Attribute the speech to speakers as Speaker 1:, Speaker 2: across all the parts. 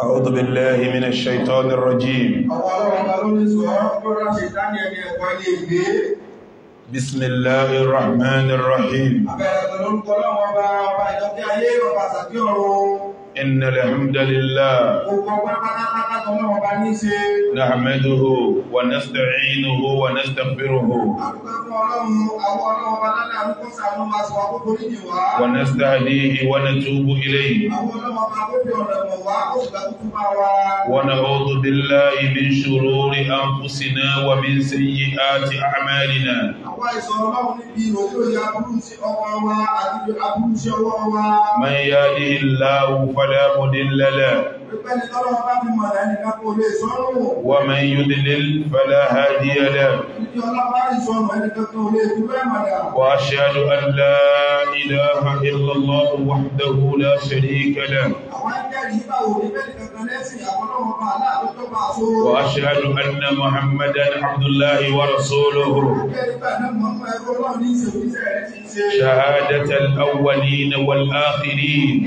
Speaker 1: أعوذ بالله من الشيطان الرجيم بسم الله الرحمن الرحيم إن الحمد لله
Speaker 2: ọlọ́run bá ní ṣe.
Speaker 1: Nahmaduhu wa nasta'inuhu wa nastaghfiruhu. Wa nasta'dihi wa natubu ilayhi. Wa na'udhu billahi min shururi anfusina wa min sayyiati a'malina. Man yahdihi Allahu fala mudilla lahu. ومن يدلل فلا هادي له وأشهد أن لا إله إلا الله وحده لا شريك له وأشهد أن محمدا عبد الله ورسوله شهادة الأولين والآخرين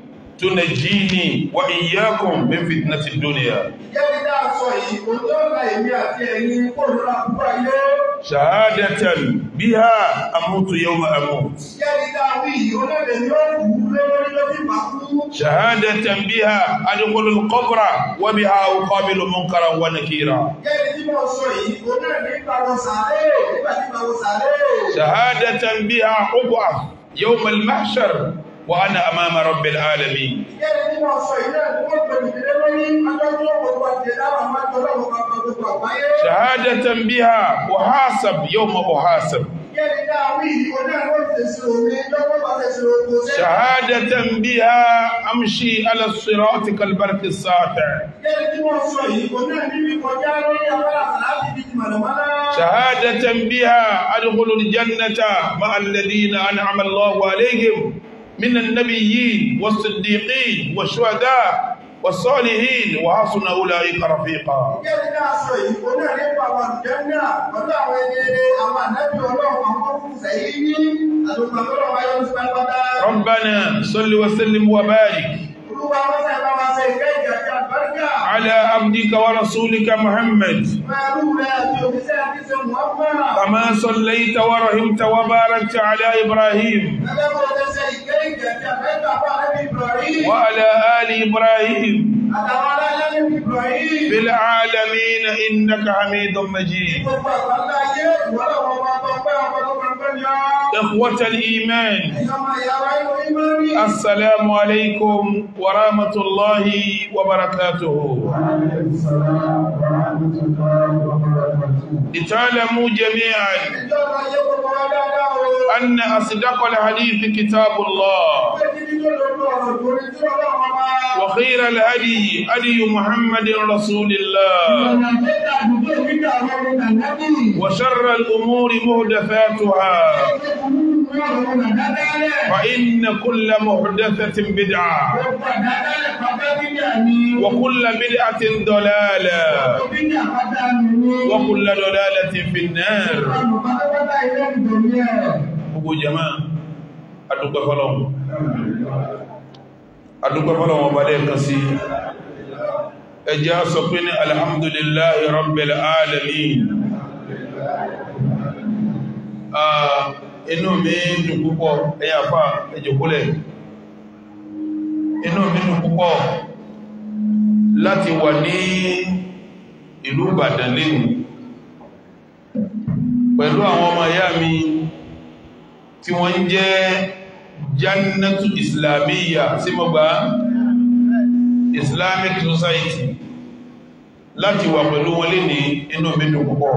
Speaker 1: tunajini wa iyyakum min fitnati dunya.
Speaker 2: Jẹ́bi dáa sọ yìí, òjò ọ̀la èmi àti ẹ̀yin kò lọ́la púpọ̀ ayé.
Speaker 1: Ṣàhádẹ́tẹ̀n bí ha amútu yawma amut.
Speaker 2: Jẹ́bi dáa wí yìí, olóòlè ni ó kú lórí lórí màkú.
Speaker 1: Ṣàhádẹ́tẹ̀n bí ha adukulu kọ́bùrà wa bí ha uqabilu munkara wa nakira.
Speaker 2: Jẹ́bi tí ní ìgbàgbọ́ sàárè, ìgbàgbọ́ sàárè.
Speaker 1: Ṣàhádẹ́tẹ̀n bí ha ọgbà yawma al-mahshar wa ana amama rabbil alamin
Speaker 2: shahadatan biha uhasab
Speaker 1: yawma uhasab
Speaker 2: شهادة
Speaker 1: بها أمشي على الصراط كالبرق الساطع
Speaker 2: شهادة
Speaker 1: بها أدخل الجنة مع الذين أنعم الله عليهم من النبيين والصديقين والشهداء والصالحين وحسن أولئك رفيقا ربنا صل وسلم وبارك على عبدك ورسولك محمد كما صليت ورحمت وباركت على إبراهيم وعلى آل إبراهيم في العالمين إنك حميد مجيد إخوة الإيمان السلام عليكم ورحمة الله وبركاته لتعلموا جميعا أن أصدق الحديث كتاب الله وخير الهدي هدي محمد رسول الله وشر الأمور مهدفاتها فإن كل محدثة بدعة وكل بدعة ضلالة وكل ضلالة في النار gbogbo jama adúpẹ́ fọ́lọ́hun adúpẹ́ fọ́lọ́hun ọba lẹ́ẹ̀kan sí ẹjá sọ pé ní alhamdulillahi rabbil alamin Ah, inú mi dùn púpọ̀ ẹ̀yà fà ẹjọ̀kúlẹ̀ inú mi dùn púpọ̀ láti wà ní ìlú Ìbàdàn lẹ́nu pẹ̀lú àwọn ọmọ ìyá mi tí wọ́n jẹ́ jannatu islamiyya sí mọ́gbà islamic society láti wà pẹ̀lú wọn lè ní inú mi dùn púpọ̀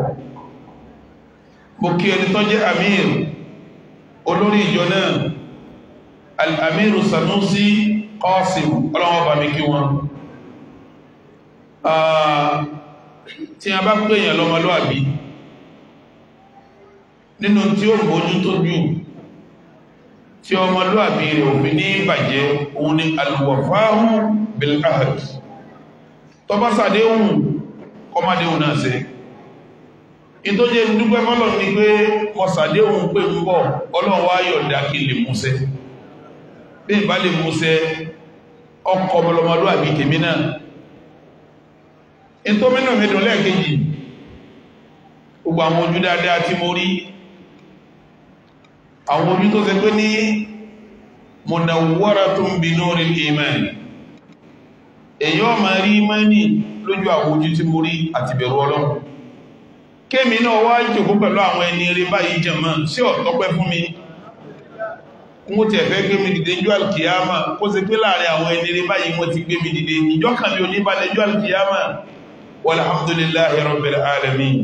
Speaker 1: mo kí ẹni tó jẹ́ amir olórí ìjọ náà al-amiru sanusi qasim ọlọ́wọ́ bá mi kí wọn ah, tí a bá pè yàn lọ́mọlúwàbí nínú tí ó bójú tó jù tí ọmọlúwàbí rẹ̀ òfin ní bàjẹ́ òun ni al-wafa'u bil-ahd tó bá ṣàdéhùn kó máa déhùn náà ṣẹ ìtọ́jẹ́ dúpẹ́ fọ́lọ̀ ní pé kọsàdé òun pé ń bọ̀ ọlọ́wà yọ̀dá kí lè múṣẹ́ bí ìbá lè múṣẹ́ ọkọ̀ ọmọlọmọdún àbí tèmi náà ètò mẹ́nà mẹ́dùn lẹ́ẹ̀kejì gbogbo àwọn ojú dáadáa tí mo rí àwọn ojú tó ṣe pé ní munawwaratun bi nuril iman èyí ọmọ rí mẹ́ni lójú àwọn ojú tí mo rí àti bẹ̀rù ọlọ́run kémi náà wá ìjòkó pẹ̀lú àwọn ẹni eré báyìí jẹmọ́ sí ọ̀tọ́pẹ́ fún mi mo tẹ̀ fẹ́ gbé mi dìde jọ́ alkiyama kó se pé láàrin àwọn ẹni eré báyìí wọ́n ti gbé mi dìde ìjọ́ kan mi ò ní balẹ̀ jọ́ alkiyama walhamdulillahi rabbil alamin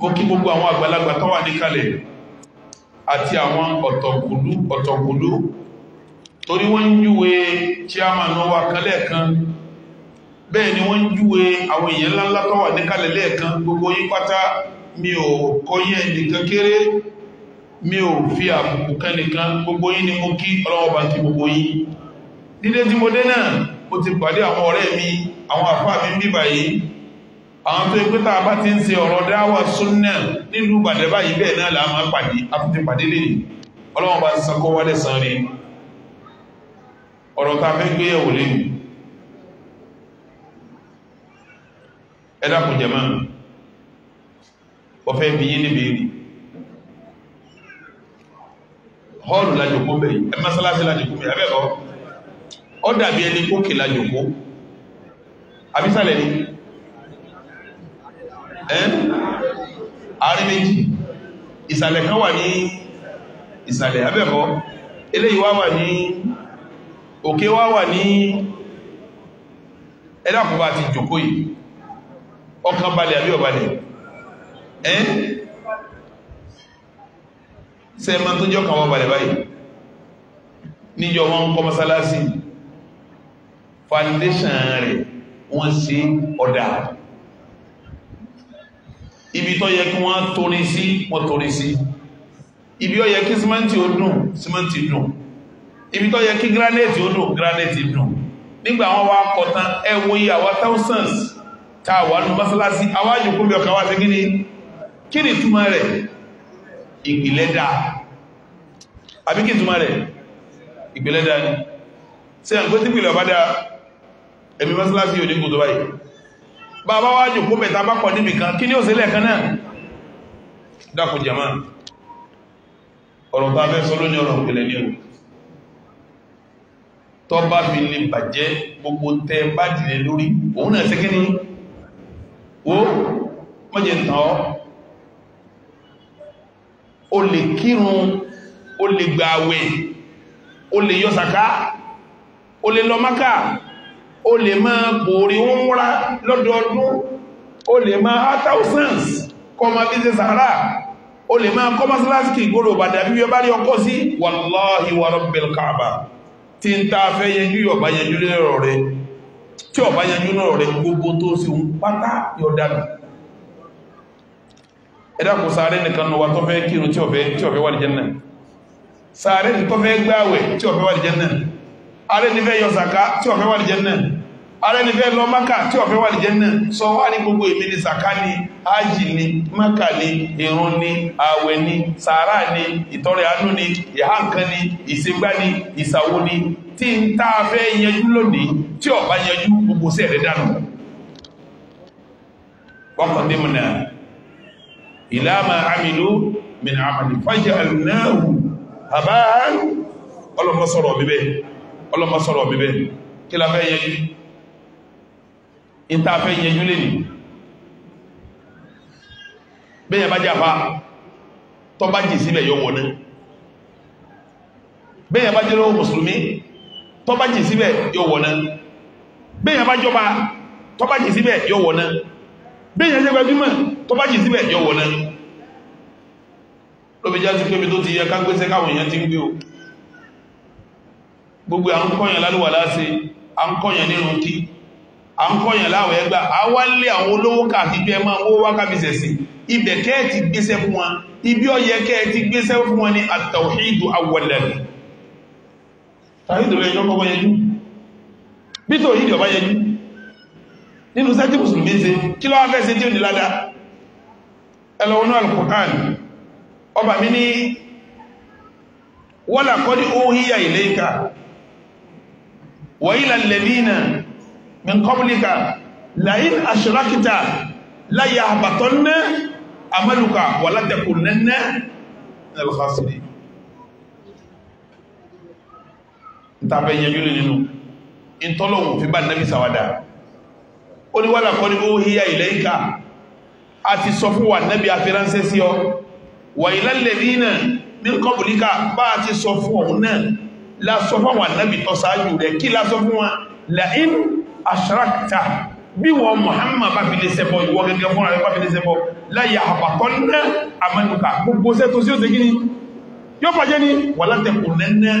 Speaker 1: mo kí gbogbo àwọn àgbàlagbà tó wà níkàlẹ̀ àti àwọn ọ̀tọ̀kùlú torí wọ́n ń júwe chairman bẹ́ẹ̀ ni wọ́n ń júwe àwọn èèyàn ńláńlá tó wà níkàlẹ̀ lẹ́ẹ̀kan gbogbo yín pátá mi ò kọyẹ nìkan kéré mi ò fi àbùkù kan nìkan gbogbo yín ni mo kí ọlọ́wọ́ bá ti gbogbo yín dídé tí mo dé náà mo ti pàdé àwọn ọ̀rẹ́ mi àwọn àfáà mi ń bíbà yìí àwọn tó pé tá a bá ti ń ṣe ọ̀rọ̀ dáwà súnnà nílùú ìbàdàn báyìí bẹ́ẹ̀ náà làá máa pàdé àtúntì pàdé lè ọlọ́wọ́n bá ń sakọ́ wálẹ̀ sàn rí ọ̀rọ̀ tá fẹ́ gbé lẹ́yìn ẹ dákun jẹ máa ọ̀fẹ́ bí yí níbi rí họ́ọ̀lù lájòkó bẹ̀ ẹ mọ́sálásí lájòkó bẹ̀ ẹbẹ̀ kọ́ ọ dàbí ẹni kókè lájòkó àbísàlẹ̀ ni ẹ́ àárín méjì ìsàlẹ̀ kan wà ní ìsàlẹ̀ ẹbẹ̀ kọ́ eléyìí wá wà ní òkè wá wà ní ẹ ti jòkó yìí ọkàn balẹ̀ àbí ọ̀balẹ̀ ẹ́ ṣe máa tó jẹ́ ọkàn wọn balẹ̀ báyìí níjọ wọn kọ́ mọ́sálásí foundation rẹ̀ wọ́n ṣe ọ̀dà ibi tó yẹ kí wọ́n torí sí wọ́n torí sí ibi ó yẹ kí símẹ́ǹtì ó dùn símẹ́ǹtì dùn ibi tó yẹ kí granite ó dùn granite dùn nígbà wọn wá kọ̀tán ẹ wo àwọn thousands ta wà nù mọ́sálásí awájòkó bí ọkàwà sí gíní kí ni túmọ̀ rẹ̀ ìpìlẹ̀ dá àbí kí túmọ̀ rẹ̀ ìpìlẹ̀ dá ní sí àgbé tí pìlẹ̀ ọba dá ẹ̀mí mọ́sálásí ò ní gbogbo báyìí bá bá wá jòkó mẹ́ta bá pọ̀ níbi kan fi lè bàjẹ́ gbogbo tẹ bá dìde lórí òun náà sẹ́kẹ́ ní ó mọ́jẹ̀ tán ó lè kírun ó lè gbààwẹ̀ ó lè yọ sàká ó lè lọ Mákà ó lè máa bòrí wọ́n múra lọ́dọọdún ó lè máa ha thousands kọ ma bí sàárà ó lè máa kọ mọ́sálásíkì gbòrò bàdà bí wọ́n bá rí ọkọ́ sí wallahi wa rabbil Kaaba tí ń ta fẹ́ yẹjú yọ̀bá yẹjú lérò rẹ̀ tí ọba yanjú náà rẹ̀ gbogbo tó sí òun pátá yọ̀dánù ẹ̀dàkù sáré nìkan nọwà tó fẹ́ kírun tí ọ̀fẹ́ wà ní jẹ́nà sáré nìkan fẹ́ gbáwẹ̀ tí ọ̀fẹ́ wà ní jẹ́nà arẹ́ ni fẹ́ yọ̀sàká tí ọ̀fẹ́ wà ní jẹ́nà arẹ́ ni fẹ́ lọ mákà tí ọ̀fẹ́ wà ní jẹ́nà sọ wá ní gbogbo èmi ni sàká ni ájì ni mákà ni ìrun ni àwẹ̀ ni sàárà ni ìtọrẹ àánú ni ìhá ni ìsegbá ni ìsàwó ni tí ń tá a fẹ́ yẹjú lónìí tí ọba yanjú gbogbo sí ẹ̀rẹ́ dànù wọ́pọ̀ dé mu náà ìlàmà àmìlú mìíràn àmàlì fàyà àlùnáàwù àbá ọlọ́mọ sọ̀rọ̀ mi bẹ́ẹ̀ ọlọ́mọ sọ̀rọ̀ mi bẹ́ẹ̀ kí la fẹ́ yanjú ìta fẹ́ yanjú lé ní bẹ́yẹn bá jáfa bá jì sílẹ̀ yọ wọ̀ná bẹ́yẹn bẹ́yàn bá jọba tó bá jì síbẹ̀ yọ wọ̀ná bẹ́yàn jẹ́ gbajúmọ̀ tó bá jì síbẹ̀ yọ wọ̀ná lóbi já sí pébi tó ti yẹ kágbésẹ́ káwọn èèyàn ti ń gbé o gbogbo à ń kọ́yàn lálùwà láṣe à ń kọ́yàn nírun kí a wá lé àwọn olówó káàkiri ẹ máa wó wá kábíṣẹ̀ sí ibẹ̀ kẹ́ẹ̀ ti gbéṣẹ́ fún wọn ibi ọyẹ kẹ́ẹ̀ ti gbéṣẹ́ fún wọn ni àtàwíìdù bí tó yìí ọba yẹjú nínú sẹ́tí mùsùlùmí ṣe kí lọ́wọ́ fẹ́ ṣe tí ò ní ládá ẹlọ́wọ́nú al-Qur'an ọba mi ní wọ́là kọ́ ní uhiya ilayka wa ila alladhina min qablika la'in ashrakta la yahbatanna amaluka wa la takunanna minal khasirin tàbẹ̀yẹjú nínú ìtọ́lọ̀wò fi bá nẹ́bí sàwádà ó ní wádà kọ́ ní ó híyà ilẹ̀ ìkà a ti sọ fún wa nẹ́bí afẹ́ránṣẹ́ sí ọ wà ilẹ̀ dínà ní kọbùlíkà bá a ti sọ fún ọ̀hún wa nẹ́bí tọ́ sáájú rẹ̀ wa la'in ashrakta bí wọ́n Muhammad bá fi lè sẹ́bọ̀ ìwọ́ gẹ́gẹ́ fún ààrẹ bá fi lè sẹ́bọ̀ láyé àpapọ̀ náà àmẹ́nukà gbogbo sẹ́tò sí ó ti gíní yóò fàjẹ́ ní wà látẹ̀kùn lẹ́nẹ́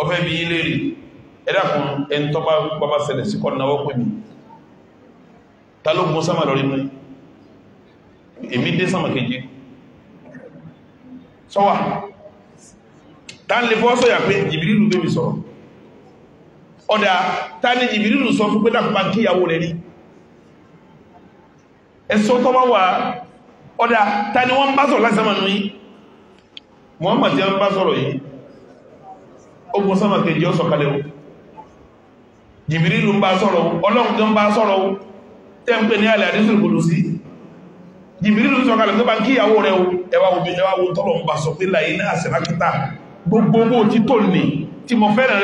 Speaker 1: ọ̀fẹ́ bí ilé rí ẹ̀dá kan ẹni tó bá bàbá ṣẹlẹ̀ sí kọ́nàwọ́ pè mí ta ló gún sámà lórí mi èmi dé sámà kejì sọ́wà ta ń lè fọ́ sọ́yà pé jìbìrìlù bébì sọ̀rọ̀ ọ̀dà ta ní jìbìrìlù sọ fún pé dákùnbá kíyàwó rẹ̀ rí ẹ̀sọ́ tó bá wà ọ̀dà ta ni wọ́n bá sọ̀rọ̀ lásánmà ogun sámà kejì ó o jìbìrìlù ń bá sọ̀rọ̀ ọlọ́run tó ń bá sọ̀rọ̀ tẹ́ ń pè ní àlẹ́ àdísùn kò lù sí jìbìrìlù ń sọ̀kalẹ̀ tó bá ń kí ìyàwó rẹ̀ ẹwà wo tọ́lọ̀ ń bá sọ pé láyé náà sẹ̀rá ní tí mo fẹ́ràn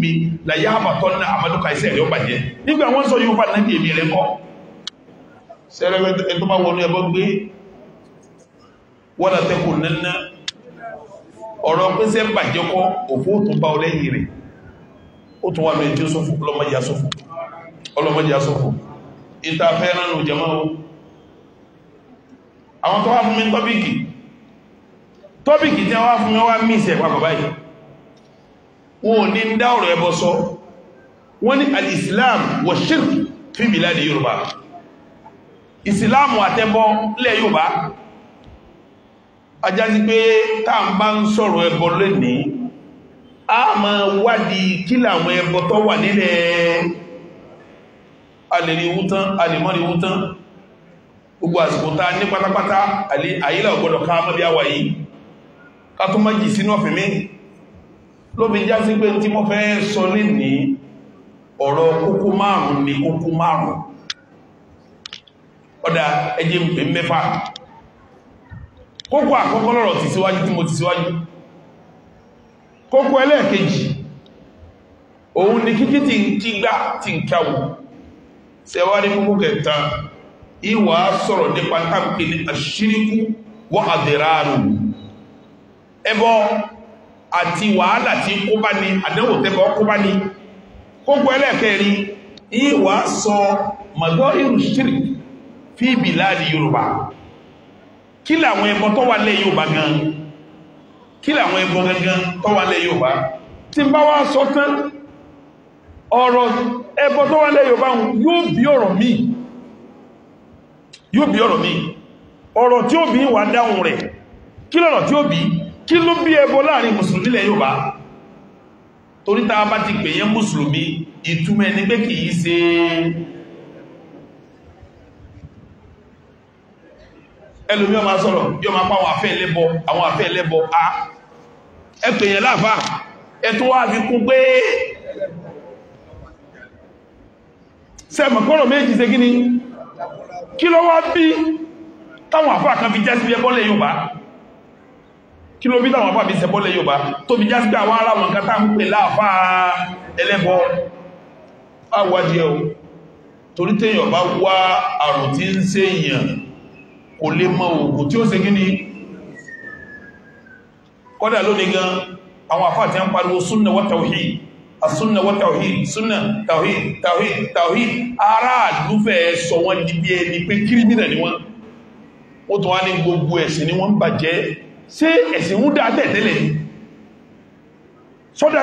Speaker 1: mi láyé àbàtọ́ ní àmàlùkà iṣẹ́ rẹ̀ ó bàjẹ́ nígbà wọ́n sọ yóò bá nàbí èmi rẹ̀ kọ́ wọ́n látẹ́kùn náà ọ̀rọ̀ pínṣẹ́ ń kọ́ òfú tún bá ọlẹ́yìn rẹ̀ ó tún wà mẹ́jọ sófò ọlọ́mọdé ọlọ́mọdé asófò ìta ránà o àwọn tó wá fún mi tọ́bíkì tọ́bíkì tí wá fún mi wá mísẹ̀ papọ̀ ajá sí pé táà bá ń sọ̀rọ̀ ẹbọ lónìí a máa wádìí kí làwọn ẹbọ tó wà nílẹ̀ alèríwútán alèmọ́ríwútán gbogbo àsìkò tá ní pátápátá àyílà ọ̀gbọ́dọ̀ ká mọ́bí àwà yìí ká tó má jì sínú ọ̀fẹ́ mi já sí pé tí mo fẹ́ sọ lónìí ọ̀rọ̀ kókó márùn-ún ni kókó márùn-ún ọ̀dà ẹjẹ́ mẹ́fà kókó àkọ́kọ́ lọ́rọ̀ ti síwájú tí mo ti síwájú kókó ẹlẹ́ẹ̀kejì òun ni kíkí tí ń kí gbá tí ń káwò sẹwárí kókó kẹta ìwà sọ̀rọ̀ nípa táàpì ní àṣíríkú wọ́n àdìráàrù ẹbọ àti wàhálà tí kó bá ní àdánwò tẹ́bọ̀ kó bá ní kókó ẹlẹ́ẹ̀kẹrin ìwà sọ mọ̀gọ́ irú ṣírí fí Yorùbá kí làwọn ẹbọ tó wà lẹ́ Yorùbá gan kí làwọn ẹbọ gangan tó wà lẹ́ Yorùbá tí bá wá sọ tán ọ̀rọ̀ ẹbọ tó wà lẹ́ Yorùbá yóò bí ọ̀rọ̀ míì yóò bí ọ̀rọ̀ míì ọ̀rọ̀ tí ó bí wà dáhùn rẹ̀ kí lọ̀rọ̀ tí ó bí kí ló bí ẹbọ láàrin mùsùlùmí lẹ́ Yorùbá bá ẹlòmí ọmọ sọ̀rọ̀ yóò máa pa àwọn àfẹ́ ẹlẹ́bọ àwọn àfẹ́ ẹlẹ́bọ a ẹ̀pẹ̀ yẹn láàfà ẹ̀tọ́ wá fi kún pé sẹ́mọ̀kọ́rọ̀ méjì ṣe gíní kí ló wá bí táwọn àfà kan fi jásí ẹbọ́lẹ̀ Yorùbá kí ló bí táwọn àfà fi sẹ́bọ́lẹ̀ Yorùbá tó fi jásí àwọn ará wọn kan táwọn pè láàfà ẹlẹ́bọ awádìí ẹ̀ torí téèyàn bá wá àrùn tí ń ṣèyàn kò lè mọ òògùn tí ó ṣe gíní kọ́dà lónìí gan àwọn àfáà tí a ń pariwo súnnà wa tawhid asúnnà wa tawhid súnnà tawhid tawhid tawhid aráàlú fẹ́ sọ wọ́n di bí ẹni pé kírímìnà ni wọ́n ó tún wá ní gbogbo ẹ̀sìn ni wọ́n ń bàjẹ́ ṣé ẹ̀sìn ń dá tẹ̀tẹ́lẹ̀ sọ́dá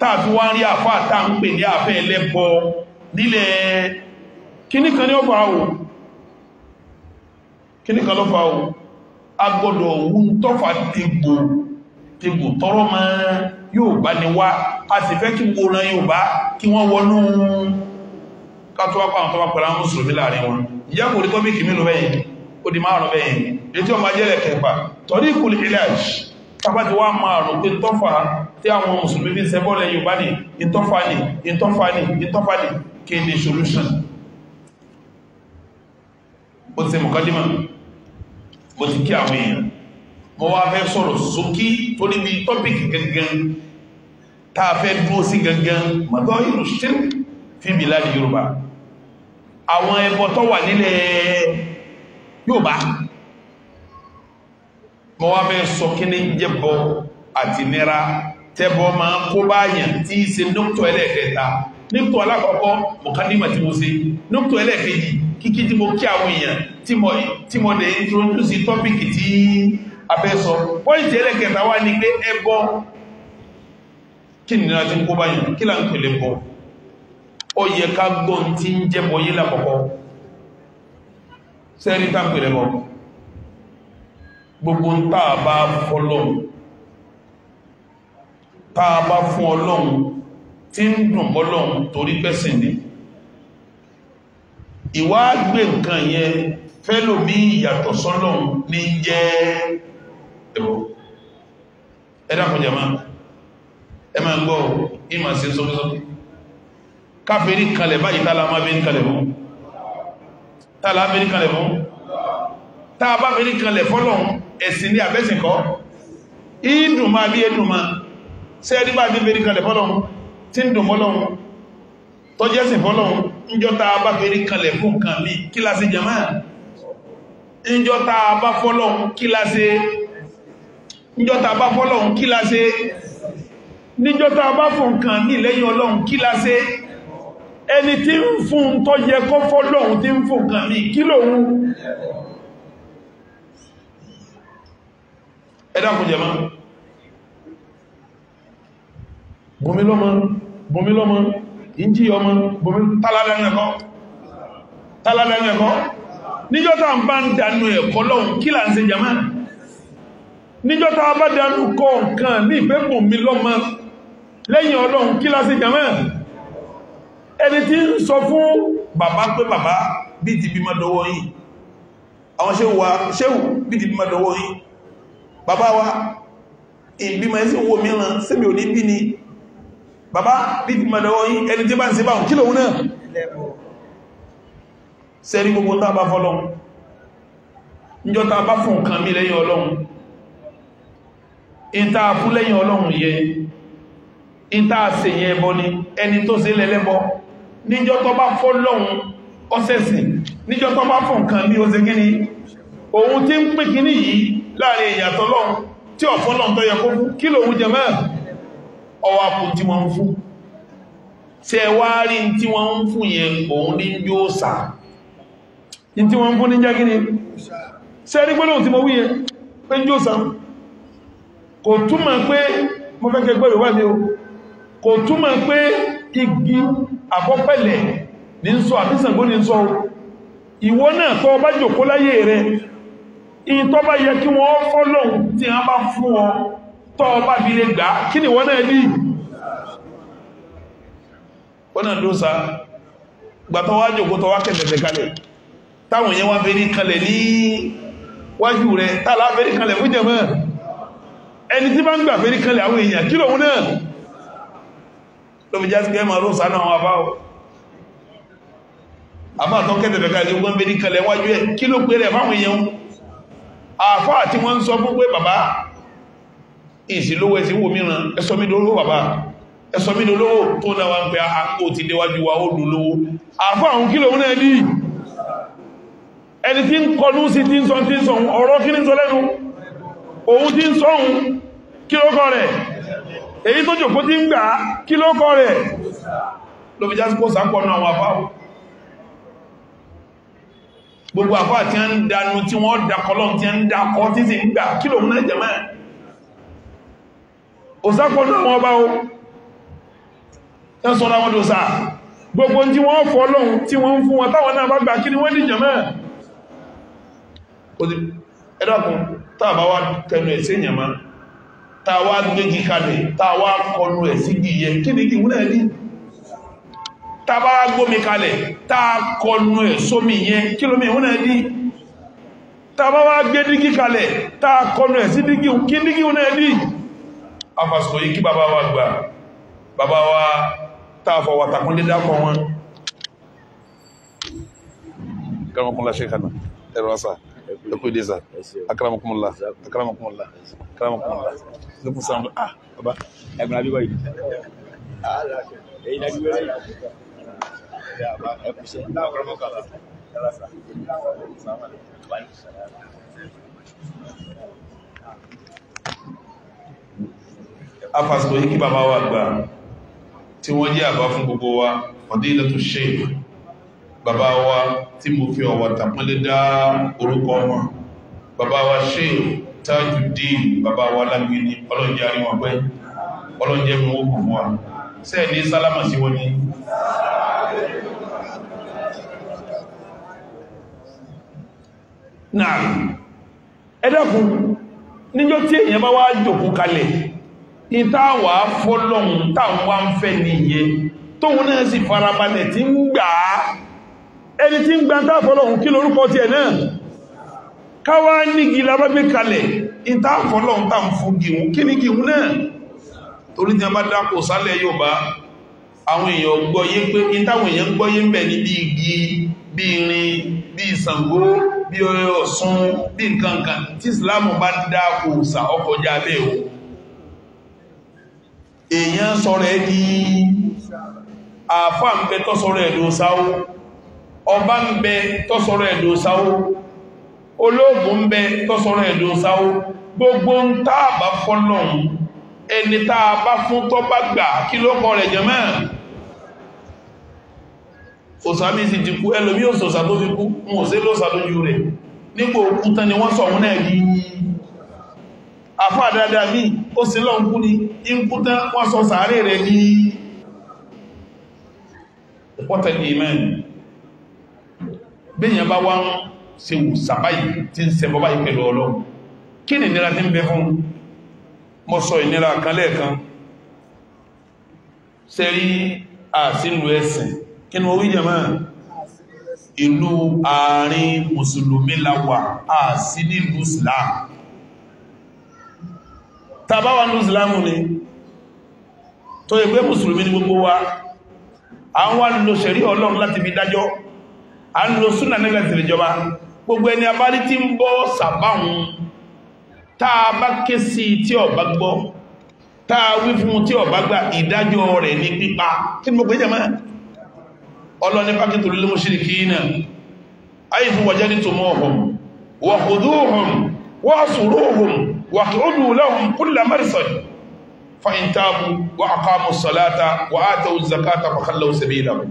Speaker 1: tààfi wá ń rí àfá àtà ń pè ní àfẹ́ ẹlẹ́bọ nílẹ̀ kíníkan ní ọfà ò kíníkan lọ́fà ò agbọ́dọ̀ ohun tọ́fà tẹ́gbò tẹ́gbò tọ́rọ ma yóò bá ní wá a sì fẹ́ kí gbogbo ran yóò bá kí wọ́n wọnú kátọ́wápá àwọn tọ́wá pẹ̀lú àwọn mùsùlùmí láàrin wọn ìyá kò rí tọ́bíkì mélòó bẹ́yìn ó tọ́fà tí àwọn mùsùlùmí fi sẹ́bọ́lẹ̀ Yorùbá ní ìtọ́fàní ìtọ́fàní ìtọ́fàní kéde solution bó ti mọ̀kọ́dímọ̀ bó ti kí àwọn èèyàn mọ́ wá fẹ́ sọ̀rọ̀ sókí tó níbi tọ́pìkì gangan táa fẹ́ dúó sí gangan mọ́tọ́ ìlú ṣe fi bìlá Yorùbá àwọn ẹbọ tó wà nílẹ̀ Yorùbá mọ́ wá fẹ́ sọ kí ní jẹ́bọ àti nira tẹ́bọ máa kó báyàn tí í ṣe nọ́pùtọ̀ ẹlẹ́ẹ̀kẹta nọ́pùtọ̀ alákọ̀ọ́kọ́ mọ̀kánnímọ̀ tí mo ṣe nọ́pùtọ̀ ẹlẹ́ẹ̀kejì kíkí tí mo kí àwọn èèyàn tí mo dẹ̀ introduce tọ́pìkì tí a fẹ́ sọ pọ́ìntì ẹlẹ́ẹ̀kẹta wá ní pé ẹbọ kí ni láti kó báyàn kí là ń pèlè bọ́ ó yẹ ká gbọ́n tí ń jẹ́bọ yé lákọ̀ọ́kọ́ sẹ́rí tá ń pèlè bọ́ gbogbo ń tàà bá fọlọ́run tá a bá fún ọlọ́run tí ń dùn mọ́lọ́run torí pẹ́sìn ni ìwà gbé nǹkan yẹn fẹ́lòmí ìyàtọ̀ sọ́lọ́run ní jẹ́ ẹ̀rọ ẹ̀dàkùnjẹ̀ máa ẹ máa gbọ́ ìmọ̀ sí sókésókè káfẹ́rí kalẹ̀ báyìí tààlà máa bẹ́rí kalẹ̀ fún tààlà bẹ́rí kalẹ̀ fún tààbá bẹ́rí kalẹ̀ fọ́lọ́run ẹ̀sìn ní àbẹ́sìn kọ́ ìdùn máa bí ẹdùn máa sí ẹni bá ti fèrí kalẹ̀ fọ́lọ́run tí ń dùn fọ́lọ́run tó jẹ́sìn fọ́lọ́run níjọ́ta bá fèrí kalẹ̀ fún kan ní kíláṣe jẹ́mọ́ níjọ́ta bá fọ́lọ́run kíláṣe níjọ́ta bá fọ́lọ́run kíláṣe níjọ́ta bá fún kan ní lẹ́yìn ọlọ́run kíláṣe ẹni tí ń fún tó yẹ kó fọ́lọ́run tí ń fún kan ní kí lòun ẹ̀dàkùn jẹ́mọ́ bomi lọ́mọ bomi lọ́mọ ìjí ọmọ bomi tálálẹ́rin ẹ̀kọ́ tálálẹ́rin ẹ̀kọ́ níjọ́ta ń bá ń danú ẹ̀kọ́ lọ́hun kí là ń ṣe jama níjọ́ta bá danú kọ nǹkan ní ìfẹ́ bomi lọ́mọ lẹ́yìn ọlọ́hun kí là ń ṣe jama ẹni tí ń sọ fún bàbá pé bàbá bí ti bímọ dọwọ́ yìí àwọn ṣe wà ṣéwù bí ti bímọ dọwọ́ yìí bàbá wa ìbímọ ẹsẹ̀ owó mìíràn sẹ́mi ò ní bí ni bàbá ní ti mọ̀lọ́wọ́ yí ẹni tí bá ń ṣe báhùn kí lòun náà sẹ́rí gbogbo tá bá fọ́lọ́un níjọ́ tá bá fún nǹkan mi lẹ́yìn ọlọ́run ìta fún lẹ́yìn ọlọ́run yẹ ìta ṣe yẹ ẹbọ ni ẹni tó ṣe lẹ́lẹ́bọ níjọ́ tó bá fọ́lọ́un ọ́sẹ̀sìn níjọ́ tó bá fún nǹkan mi ó ṣe òun tí ń pè kíní yìí láàrin ìyàtọ̀ tí ọ̀fọ́lọ́un tó yẹ kó kí lòun jẹ mẹ́rin ọwá kú tí wọ́n ń fún ṣe wá rí tí wọ́n ń fún yẹn òun ní yóò sà ní tí wọ́n ń fún ní jẹ́ gíní ṣe rí pẹ́lú tí mo wí yẹn pé yóò sà kò túmọ̀ pé mo fẹ́ kẹgbẹ́ ìwà mi o kò túmọ̀ pé igi àkọ́pẹ̀lẹ̀ ní sọ àbísàngó ní sọ ìwọ náà tó bá jòkó láyé rẹ̀ in tó bá yẹ kí wọ́n fọ́lọ̀ tọ́ ọba fi lè gbà kí ni wọ́n náà ní wọ́n náà ló sá gbàtọ́ wá jòkó tọ́ wá kẹ̀lẹ̀lẹ̀ kalẹ̀ táwọn yẹn wá fẹ́rí kalẹ̀ ní wájú rẹ̀ tààlà fẹ́rí kalẹ̀ fún jẹ̀mọ́ ẹni tí bá ń gbà fẹ́rí kalẹ̀ àwọn èèyàn kí lòun náà ló fi jásí gẹ́mọ̀ ló sá náà wọn bá ọ àbá àtọ́ kẹ̀lẹ̀lẹ̀ kalẹ̀ wọ́n fẹ́rí kalẹ̀ wájú ẹ̀ kí ló pé rẹ̀ fáwọn èèyàn àfáà tí wọ́n ń sọ fún pé bàbá ìsìlówó ẹsẹ̀ wò mìíràn ẹsọ mi dolówó bàbá ẹsọ mi dolówó tó náà wá ń pẹ àkó ti déwájú wa ó dolówó àfọ àwọn kílò ń náà dì ẹni tí ń kọlú sí tí ń sọ tí ń sọ ọ̀rọ̀ kí ní sọ lẹ́nu òun tí ń sọ́hun kí ló kọ rẹ̀ èyí tó jòkó tí ń gbà kí ló kọ rẹ̀ ló fi jásí kó sápọ̀ náà àwọn àfáà gbogbo àfáà tí ń dánú tí wọ́n dákọlọ́ tí ń dákọ tí sì ń gbà kí lòun náà jẹ̀mẹ́ òsápọ̀lú àwọn ọba o ẹ̀sọ́ra wọn dòsà gbogbo tí wọ́n fọ́ lọ́hun tí wọ́n ń fún wọn táwọn náà bá gbà kí ni wọ́n dìjọ mẹ́ ẹ̀dàkùn tàbá wá tẹnu ẹ̀sẹ̀ ìyàmá tàwá gbégi kalẹ̀ tàwá kọlu tàbá wá gbé dígí kalẹ̀ tàà kọlu dígí kí dígí náà afàsìkò yìí kí bàbá wa gbà bàbá wa tààfọ̀ wà tàkúnlé dákọ̀ wọn akaramakunla shekana ẹ̀rọ asa ẹkú ìdí sa akaramakunla akaramakunla akaramakunla lókun sáà ah bàbá
Speaker 2: ẹgbẹ́ abíwá yìí ẹ̀yìn abíwá yìí ẹkú sẹ́
Speaker 1: Thank you afásitò yìí kí bàbá wa gbà tí wọ́n jẹ́ àbá fún gbogbo wa fadilatu sheikh bàbá wa tí mo fi ọ̀wọ̀ tàpọ́nlé dá orúkọ wọn bàbá wa sheikh Tajuddin bàbá wa Lámìdí ọlọ́njẹ́ àríwọ̀n pẹ́ ọlọ́njẹ́ mú ó kùn wa sẹ́ẹ̀ ní sálámà sí wọn ni náà ẹ dákun níjọ́ tí èèyàn bá wá jókòó kalẹ̀ ịta fọ́lọ́hun táwà ń fẹ́ nìyẹ tóhun náà sì farabalẹ̀ tí ń gbà á ẹni tí ń gbà kí lórúkọ náà káwá nígi lábábé kalẹ̀ ń fún kí ní náà a bá àwọn èèyàn gbọ́yé pé èèyàn gbọ́yé ní igi irin Ṣàngó bá èèyàn sọ̀rọ̀ ẹ́ di àfá ń bẹ tó sọ̀rọ̀ ẹ̀lò sáwó ọba ń bẹ tó sọ̀rọ̀ ẹ̀lò sáwó olóògùn ń bẹ tó sọ̀rọ̀ ẹ̀lò sáwó gbogbo ń tàbà fọ́lọ̀un ẹni tàbà fún tó bá gbà kí ló kọ rẹ̀ jẹ́ mẹ́rin òsàmì sì ti kú ẹlòmí òsòsà tó fi kú wọn ò sí lóòsà lójú rẹ̀ nípò òkúta ni wọ́n sọ̀hún àfá dáadáa mí ó sí lọ ń kú ní ìkútán wọ́n sọ sàárè rẹ̀ ní ìpọ́tẹ̀ ìmẹ́n bíyàn bá wá ń se wù sàbáyì tí ń sẹ̀bọ́ báyìí pẹ̀lú ọlọ́run kí ni ìnira tí ń bẹ fún mo sọ ìnira ìlú la wà àsìlù Islam tàbá wà ní ìsìlámù ni tó yẹ pé mùsùlùmí ní gbogbo wa a ń wá lò ṣẹ̀rí ọlọ́run láti fi dájọ́ a ń lò súnà nígbà tí ìjọba gbogbo ẹni abárí tí ń bọ́ sàbáhùn táa bá ké sí tí ọba gbọ́ táa wí fún tí ọba gba ìdájọ́ rẹ̀ ní pípa kí mo pè jẹ́ mọ́ ọlọ́ni pákítù lil mushrikina ayfu wajadtumuhum wa khuduhum wa suruhum واقعدوا لهم كل مرصد فإن تابوا وأقاموا الصلاة وآتوا الزكاة فخلوا سبيلهم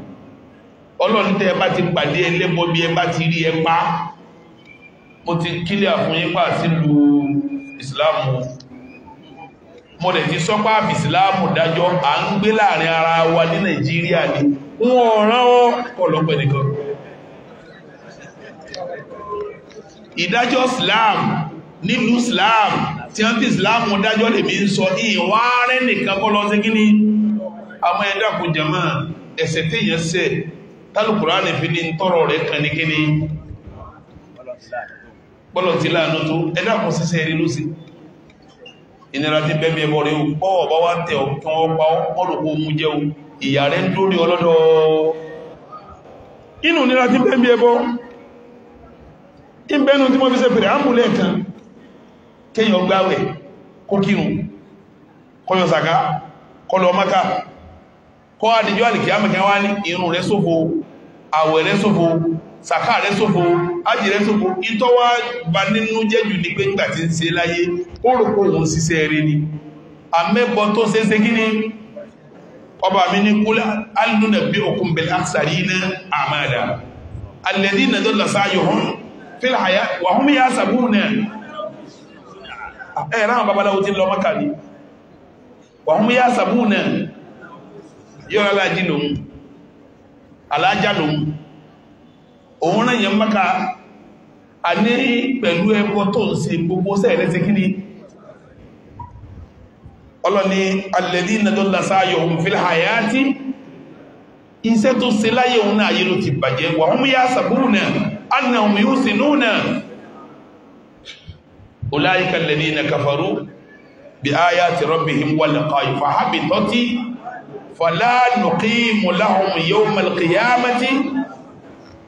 Speaker 1: ọlọ́run tẹ́ ẹ bá ti pàdé ẹlẹ́bọ bí ẹ bá ti rí ẹ pa mo ti kílẹ̀ fún yín pa sílùú ìsìláàmù mo lè ti sọ́pá àbí ìsìláàmù dájọ́ à ń gbé láàrin ara wa ní nàìjíríà ni wọn ọ̀ràn ọ́ nìkan ìdájọ́ ìsìláàmù nílùú Islam tí wọ́n fi Islam dájọ́ lè mi ń sọ ìwá rẹ̀ nìkan kọ́ lọ sí kí ni àwọn ẹ̀dá kò jẹ̀mọ́ ẹ̀sẹ̀ téèyàn ṣẹ̀ tálùkùránì fi ní tọ́rọ̀ rẹ̀ kan ní kí ni bọ́lọ̀ tí láàánú tó ẹ̀dá kò sẹ́sẹ́ rí ló sí ìnira ti bẹ́bẹ̀ ẹbọ rẹ̀ pọ́ ọ̀bá wá tẹ̀ ọ̀kan ọpa ọlọ́pọ̀ ohun jẹ́ ìyà rẹ̀ ń dórí ọlọ́dọ̀ inú ìbẹ́nu tí wọ́n fi ṣe fèrè kan kéèyàn gbáwẹ̀ kó kírun kọyọ sàká kọlọ maka kọ́ àdìjọ́ àlìkí àmìkà wá ní irun rẹ̀ sófo àwẹ̀ rẹ̀ sófo sàká rẹ̀ sófo ájì rẹ̀ sófo ìtọ́ wá bá nínú jẹ́jù ní pé nígbà tí ń ṣe láyé ó rò pé òun ṣiṣẹ́ rẹ̀ ni àmẹ́bọ tó ṣe kí ni ọba mi ní kúlẹ̀ alùnà bí òkun bẹ̀rẹ̀ àṣàrí iná àmàdà alẹ́dí nàdọ́lọ́sá yòhún fílàyà wàhún yá náà ẹ̀rọ eh, àwọn babaláwo ti lọ mọ́kà ní wọ́n mú yá sàmú náà yóò alájí lòun alájá lòun òun náà yẹn mọ́kà a ní pẹ̀lú ẹgbọ́ tó ń ṣe gbogbo sẹ́ẹ̀lẹ́ sí kí ni ọlọ́ni alẹ́dí ìnàdọ́lá sáyọ̀ òun fílẹ̀ àyàtí iṣẹ́ tó ṣe láyé òun náà ayé ló ti bàjẹ́ wọ́n mú yá sàmú náà أولئك الذين كفروا بآيات ربهم ولقائه فحبطت فلا نقيم لهم يوم القيامة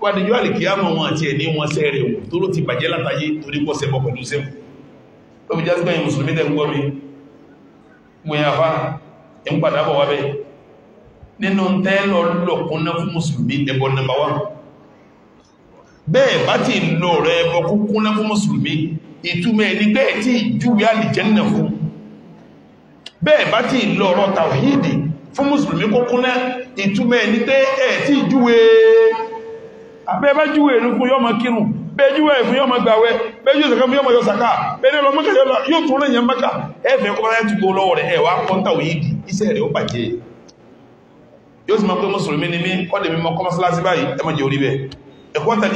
Speaker 1: wádìjọ́ alìkìyàmọ̀ wọn àti ẹni wọn sẹ́rẹ̀ ohun tó ló ti bàjẹ́ látàyé torí pọ́ sẹ́bọ̀ pẹ̀lú sẹ́mù tó bí jásígbẹ̀ yìí mùsùlùmí tẹ́ gbọ́ mi gbìyànfà ń padàbọ̀ wábẹ́ nínú tẹ́lọ lọ́kúnná fún mùsùlùmí ẹbọ number one bẹ́ẹ̀ bá ti lọ rẹ̀ ẹbọ kúkúnná fún mùsùlùmí ìtumẹ̀ ní bẹ́ẹ̀ tí ìjúwé àlìjẹ́nà fún bẹ́ẹ̀ bá ti lọ ọ̀rọ̀ tàwíìdì fún mùsùlùmí kókúnná ìtumẹ̀ ní pé ẹ̀ tí ìjúwé abẹ́bá júwé ìlú fún yọ́mọ kírùn bẹ́júwé ìfún yọ́mọ gbàwẹ́ bẹ́jú ìsẹ̀kọ́ fún yọ́mọ yọ́sàká bẹ́ẹ̀ lọ mọ́kà yóò tún lẹ́yìn mọ́kà ẹ̀fẹ́ kọ́kọ́ láti gbó lọ́wọ́ rẹ̀ ẹ̀wà kọ́ntà òyìdì iṣẹ́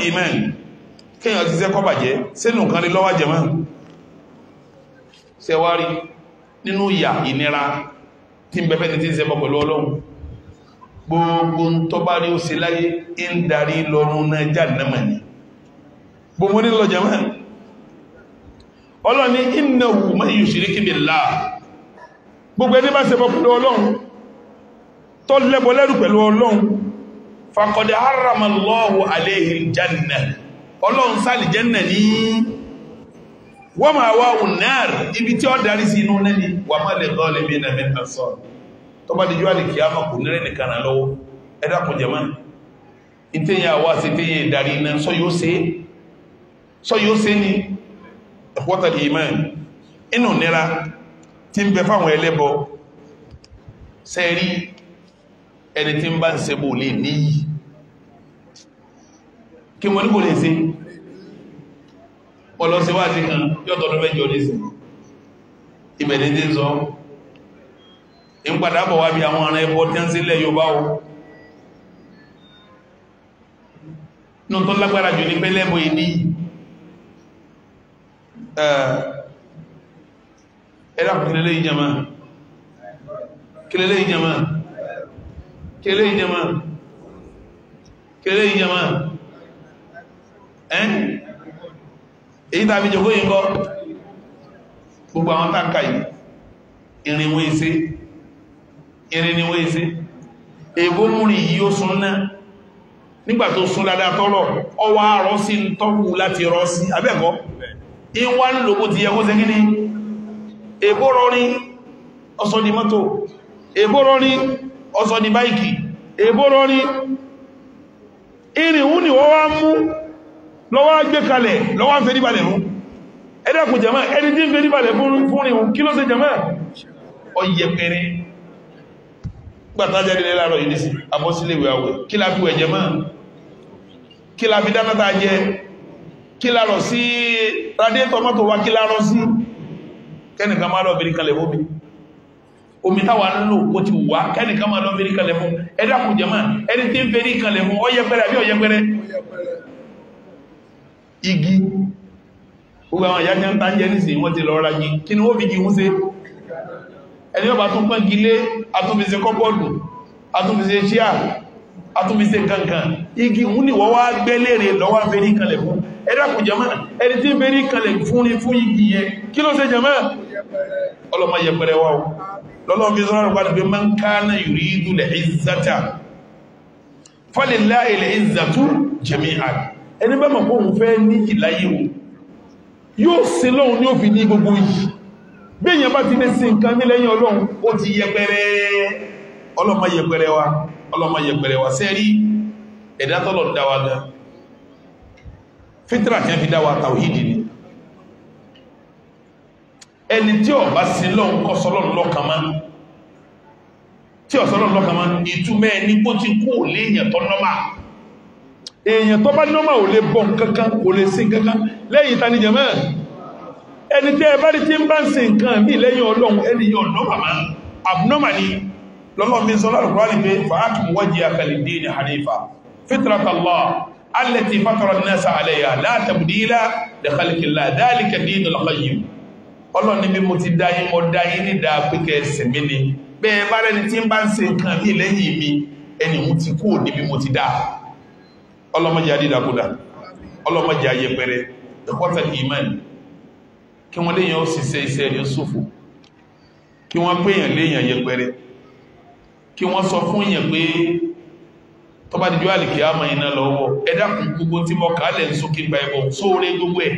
Speaker 1: rẹ̀ kéèyàn ti sẹ́kọ́ bàjẹ́ sínú nǹkan lè lọ́wọ́ jẹ̀mọ́ sẹ́wárí nínú ìyà ìnira tí ń bẹ̀fẹ́ ni tí ń sẹ́bọ̀ pẹ̀lú ọlọ́run gbogbo ń tọ́bá rí ó ṣe láyé ń darí lọ́run náà jàǹdàmà ni gbogbo ní lọ jẹ̀mọ́ ọlọ́run ní innahu man yushrik billah gbogbo ẹni ọlọ́run sáàlì jẹ́nà ní wọ́n máa wá unnar ibi tí ó darí sí inú lẹ́ni wà má lè gọ́ lèmi ẹ̀nà mẹ́ta sọ tó bá di jọ́lì kí a máa kò nílẹ̀ nìkan náà lọ́wọ́ ẹ̀dá kò jẹ́ máa ìtẹ̀yà wá sí tẹ̀yà ìdarí iná sọ yóò ṣe é sọ yóò ṣe ní ẹ̀kọ́ta ìmán inú nira tí ń bẹ fáwọn ẹlẹ́bọ sẹ́rí ẹni tí ń bá ń ṣẹbọ lè níyìí kí mo ní kò lè ṣe ọlọ́síwájú kan yọ́tọ̀ ló mẹ́jọ lè ṣe ìbẹ̀lẹ̀ dé sọ ń padà bọ̀ wá bí àwọn ará ẹbọ tí ń sílẹ̀ yóò bá o nù tó lágbára jù ní pẹ́lẹ́bọ̀ yìí ní ẹ̀rọ kílélé ìjẹmà kílélé ìjẹmà kílélé ìjẹmà kílélé ìjẹmà èyí tàbí jòkó yìí kọ́ gbogbo àwọn táǹkà yìí ise irinwó ise èbó yìí ó sun náà nígbà tó sun dáadáa tọ́rọ̀ ọwọ́ àárọ̀ sí tọ́wù láti rọ́ sí abẹ́ẹ̀kọ́ ìwá ń lògbò ti ọsọ di moto. ọsọ di ni lọ́wọ́ gbé kalẹ̀ lọ́wọ́ ń fẹ́ díbalẹ̀ fún ẹ̀dẹ́kùn jẹ́mọ́ ẹni tí ń fẹ́ díbalẹ̀ fún rí hun kí ló ṣe jẹ́mọ́ ọyẹpẹrẹ gbàtàjáde lẹ́lárọ̀ yìí sí abọ́sílẹ̀wẹ̀ àwẹ̀ kí la fi wẹ̀ jẹ́mọ́ kí la fi dánátà jẹ kí la rọ̀ sí radiator mọ́tò wa kí la rọ̀ sí kẹ́nìkan má lọ bèrè kalẹ̀ fún mi omi táwa ń lò kó ti wá kẹ́nìkan má lọ bèrè kalẹ̀ fún ẹ̀dẹ́kùn jẹ́mọ́ ẹni tí ń fẹ́ díbalẹ̀ fún ọyẹpẹrẹ àbí ọyẹpẹrẹ igi gbogbo àwọn ìyájá ń tánjẹ́ ní sí wọ́n ti lọ ra jí kí ni ó fi jí ń ṣe ẹni ọba tún pán gilé atúnfisẹ kọ́pọ̀lù atúnfisẹ ṣíà atúnfisẹ kankan igi ń ní wọ́n wá gbẹ́lẹ̀rẹ̀ lọ́wọ́ fẹ́rí kalẹ̀ fún ẹ̀dàkù jẹ́mọ́ ẹni tí fẹ́rí kalẹ̀ fún igi yẹn kí ló ṣe jẹ́mọ́ ọlọ́mọ yẹpẹrẹ wá lọ́lọ́ fi yuridu al-izzata falillahi al-izzatu jami'an ẹni bá mọ̀ pé òun fẹ́ níyì láyé o yóò ṣe lọ́hun ní ó fi ní gbogbo yìí wa ọlọ́mọ yẹpẹrẹ wa sẹ́rí ẹ̀dá tọ́lọ̀ dá wa gan ni ẹni tí ó bá sí lọ́hun kọ́ sọ́lọ́run lọ́kàn máa tí ọ̀sọ́lọ́run lọ́kàn máa ìtumẹ́ ní bó ti kú léèyàn tọ́nọ́mà èèyàn tó bá nọ́mà ò lè bọ̀ kankan ò lè sin kankan lẹ́yìn ta ni jẹ̀mọ́ ẹni tẹ́ ẹ bá rí tí ń bá ń sin nǹkan mí lẹ́yìn ọlọ́run ẹni yọ nọ́mà máa abnormal ni lọ́lọ́mí sọ́lá al-Qur'ani pé fa'akim wajhaka lid-dini hanifa fitratallah allati fatara an-nasa 'alayha la tabdila li khalqillah dhalika dinul ọlọ́run níbi mo ti dá yín mo dá yín ní dáa pé kẹ́ ni bẹ́ẹ̀ bá rẹni tí ń bá ń sin nǹkan mí lẹ́yìn mi ẹni mo ti kúrò níbi mo ti dáa ọlọ́mọdé adídàkúdà ọlọ́mọdé ayẹpẹrẹ ẹ̀kọ́tà ìmánì kí wọ́n léyàn ó ṣiṣẹ́ iṣẹ́ rẹ̀ ṣòfò kí wọ́n péyàn léyàn yẹpẹrẹ kí wọ́n sọ fún yẹn pé tọ́bá dìjọ́ àlìkì àmà iná lọ́wọ́ ẹ̀dàkùn gbogbo tí mọ́ kàálẹ̀ ń sókè gba ẹbọ sóore gbogbo ẹ̀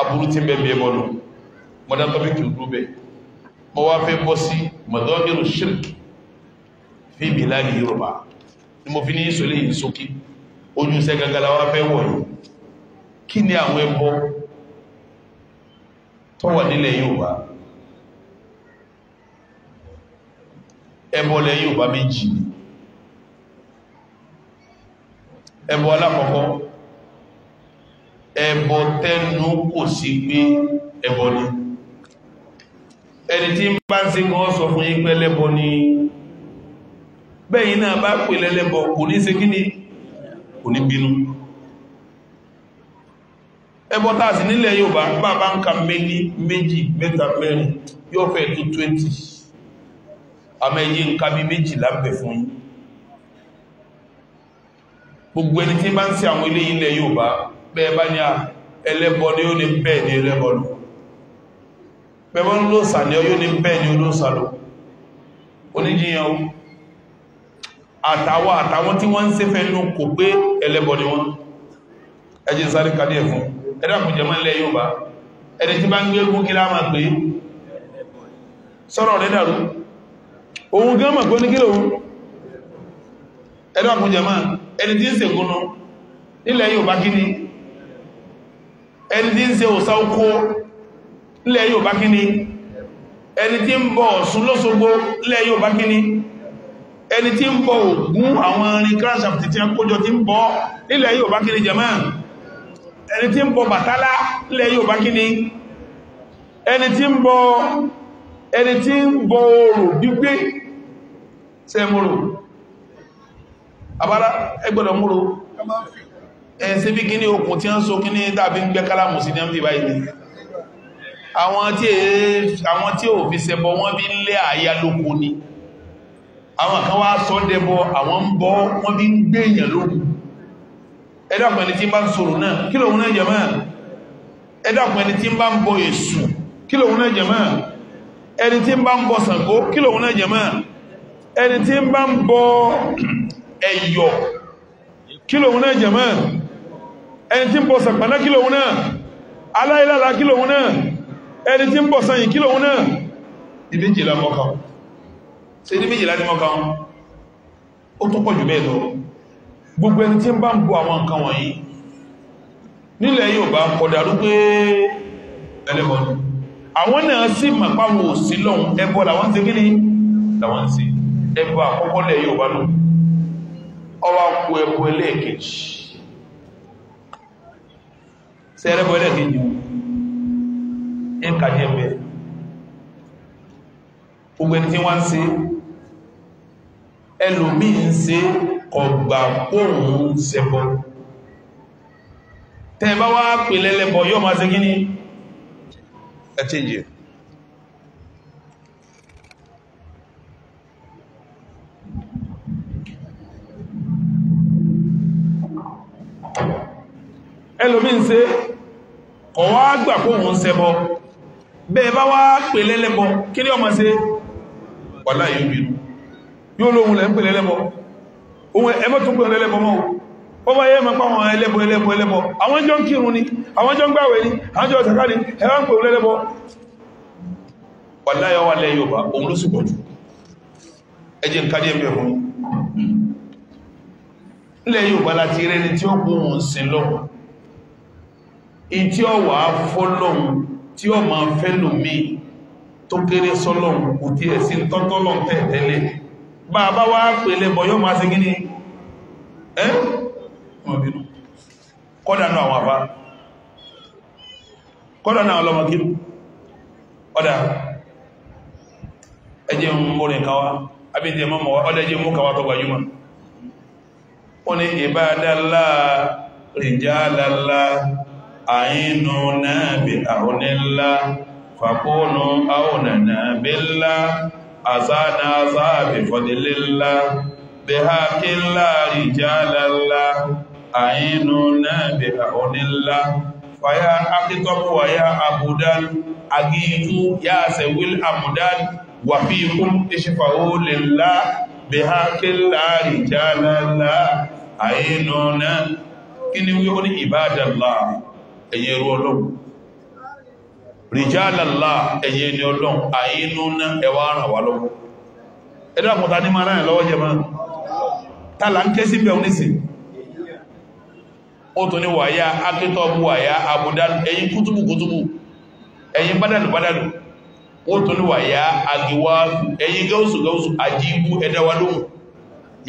Speaker 1: aburú ti bẹ́ẹ̀ bẹ́ẹ̀ bọ́lù mọ́dá tọ́bíkì dúró bẹ́ẹ̀ mọ́ wá fẹ́ bọ́ sí mọ̀dọ́gẹ́rù ṣírkì fíbi láàrin Yorùbá ni mo fi ní ìsọ̀lẹ̀ yìí sókè ojú iṣẹ́ gagala wá fẹ́ wọ̀ yìí kí ni àwọn ẹbọ tó wà nílẹ̀ Yorùbá ẹbọ lẹ̀ Yorùbá méjì ni ẹbọ alákọ̀ọ́kọ́ ẹbọ tẹ́nu kò sí pé ẹbọ ni ẹni tí ń bá ń ṣe kan sọ fún yín pé lẹ́bọ ni bẹ́yìn náà bá pè lẹ́lẹ́bọ kò ní ṣe kí ni kò ní bínú ẹbọ tá a sì nílẹ̀ Yorùbá bá bá ń ka méjì méjì mẹ́ta mẹ́rin yóò fẹ́ tó 20 àmọ́ ẹ̀yẹ nǹkan bí méjì lábẹ̀ fún yín gbogbo ẹni tí bá ń ṣe àwọn ilé ilẹ̀ Yorùbá bá ni ó ní bẹ́ẹ̀ ni ẹlẹ́bọ lò pẹ̀wọ́n lóòsàn ni ní àtàwà àtàwọn tí wọ́n ń ṣe fẹ́nu kò pé ẹlẹ́bọ ni wọ́n ẹjẹ́ sáré kàdé ẹ̀fún ẹ̀dàkùn jẹmọ́ ilẹ̀ yóò bá ẹni tí bá ń gbérú kí láàmà pé sọ́rọ̀ rẹ̀ dàrú ohun gánmà kó ní kílò ẹ̀dàkùn jẹmọ́ ẹni tí ń ṣe gúnnú nílẹ̀ yóò bá kíní ẹni tí ń ṣe òsá okó nílẹ̀ yóò bá kíní ẹni tí ń bọ̀ ọ̀sùn lọ́sọgbó nílẹ̀ yóò bá kíní ẹni tí ń bọ Ògún àwọn irin kíránṣàpùtì tí a kójọ tí ń bọ nílẹ̀ Yorùbá kí ni jẹmọ́ ẹni tí ń bọ Bàtálá nílẹ̀ Yorùbá kí ni ẹni tí ń bọ ẹni tí ń bọ orò gbígbé sẹ́mọ́rò àbára ẹgbẹ̀rẹ̀ múrò ẹ̀ẹ́sẹ́ bí kí ní okùn tí a ń so kí ní dàbí ń gbẹ́ kálàmù sí ní ẹmì báyìí àwọn kan wá sọ dẹbọ àwọn ń bọ́ wọ́n bí ń gbé èèyàn lórí ẹ̀dàkùn ẹni tí ń bá ń sọ̀rọ̀ náà kí lòun náà jẹ̀mọ́ ẹ̀dàkùn ẹni tí ń bá ń bọ èṣù kí lòun náà jẹ̀mọ́ ẹni tí ń bá ń bọ Ṣàngó kí lòun náà jẹ̀mọ́ ẹni tí ń bá ń bọ Ẹ̀yọ̀ kí lòun náà jẹ̀mọ́ ẹni tí ń bọ Ṣàpàná kí lòun náà aláìlára kí lòun náà ẹni tí ń bọ Ṣàyìn kí lòun náà ìdíje lámọ́kàn ṣe ní méjìlá ní mọ́kàn ó tó pọ̀ jù bẹ́ẹ̀ lọ gbogbo ẹni tí ń bá ń bú àwọn nǹkan wọ̀nyí nílẹ̀ Yorùbá kọ̀dàrú pé ẹlẹ́bọn àwọn náà sì mà páwọn òsì lọ́hun ẹbọ làwọn ṣe kíni làwọn ṣe ẹbọ àkọ́kọ́ lẹ̀ Yorùbá gbogbo ẹni tí wọ́n ń ṣe ẹlòmí ń ṣe ọgbà kóòrùn ṣẹbọ tẹ́ẹ̀bá wá pè lẹ́lẹ́bọ yóò máa ṣe gíní ẹ̀tíjì ẹlòmí ń ṣe ọwá gbà kóòrùn ṣẹbọ bẹ́ẹ̀ bá wá pè lẹ́lẹ́bọ kí ni ó máa wà láyé obìnrin yóò lóhun lẹ́ ń pèlẹ̀ lẹ́bọ̀ ohun ẹmọ́ tún pèlẹ̀ lẹ́bọ̀ mọ́ ó bá yẹ́ mọ́pá àwọn ẹlẹ́bọ̀ ẹlẹ́bọ̀ ẹlẹ́bọ̀ àwọn jọ ń kírun ni àwọn jọ ń gbàwẹ̀ ni àwọn jọ ṣàkà ni ẹwà ń pèlẹ̀ lẹ́bọ̀ wàláyà wà lẹ́ yóò bá ohun ló sì pọ̀ jù tó kéré sọ́lọ́hun kò tí ẹ̀ sí tọ́tọ́lọ́ tẹ̀tẹ́lẹ̀ bá a bá wá pèlè bọ̀ yóò máa ṣe gíní ẹ́ wọ́n bínú kọ́dà náà wà bá kọ́dà náà lọ́mọ gínú ọ̀dà ẹjẹ́ orin kawa abíjẹ mọ́mọ̀ ọdá ẹjẹ́ mú kawa tó gbajúmọ̀ ó ní ìbádálá rìjálálá àyínú أزانا عذاب فضل الله بحق الله رجال الله أعيننا بعون الله فيا حقكم ويا عبدا أجيتوا يا سوي الأمدان وفيكم اشفعوا لله بحق الله رجال الله أعيننا kí ni wí ó ní ìbádàlá ẹ̀yẹ̀rú ọlọ́run rìjálàlá ẹ̀yẹ ni ọlọ́run àyínú ná ẹwà ràn wá lọ́wọ́ ẹ̀dọ́ àpọ̀ta ní mara ẹ̀ lọ́wọ́ jẹ máa tààlà ń ké sí bẹ̀rún nìsìn ó tó ní wàyá akítọ́bù wàyá àbúdálù ẹ̀yin kútùbù kútùbù ẹ̀yin bádàlù bádàlù ó tó ní wàyá àgíwá ẹ̀yin gáúsù gáúsù àjíbú ẹ̀dáwà lóhùn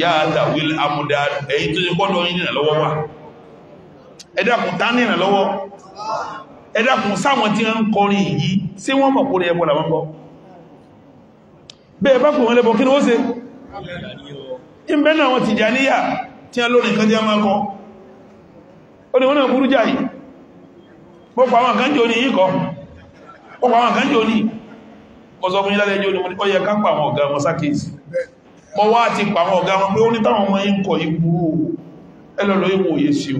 Speaker 1: yáàtà wíl amúdálù ẹ̀yin tó ti kọ́ ẹ̀dàkùn sáwọn tí wọ́n ń kọrin yìí sí wọ́n mọ̀ kórí ẹbọ làwọn bọ́ bẹ́ẹ̀ bá kùn wọ́n lẹ́bọ kí ni ó ṣe ń bẹ́ náà wọ́n ti jà níyà tí wọ́n lórí nǹkan tí wọ́n máa kọ́ ó ní wọ́n náà burú jáì pọ́pọ̀ àwọn kan jò ní yìí kọ́ pọ́pọ̀ àwọn kan jò ní mo sọ fún yín lálẹ́ jò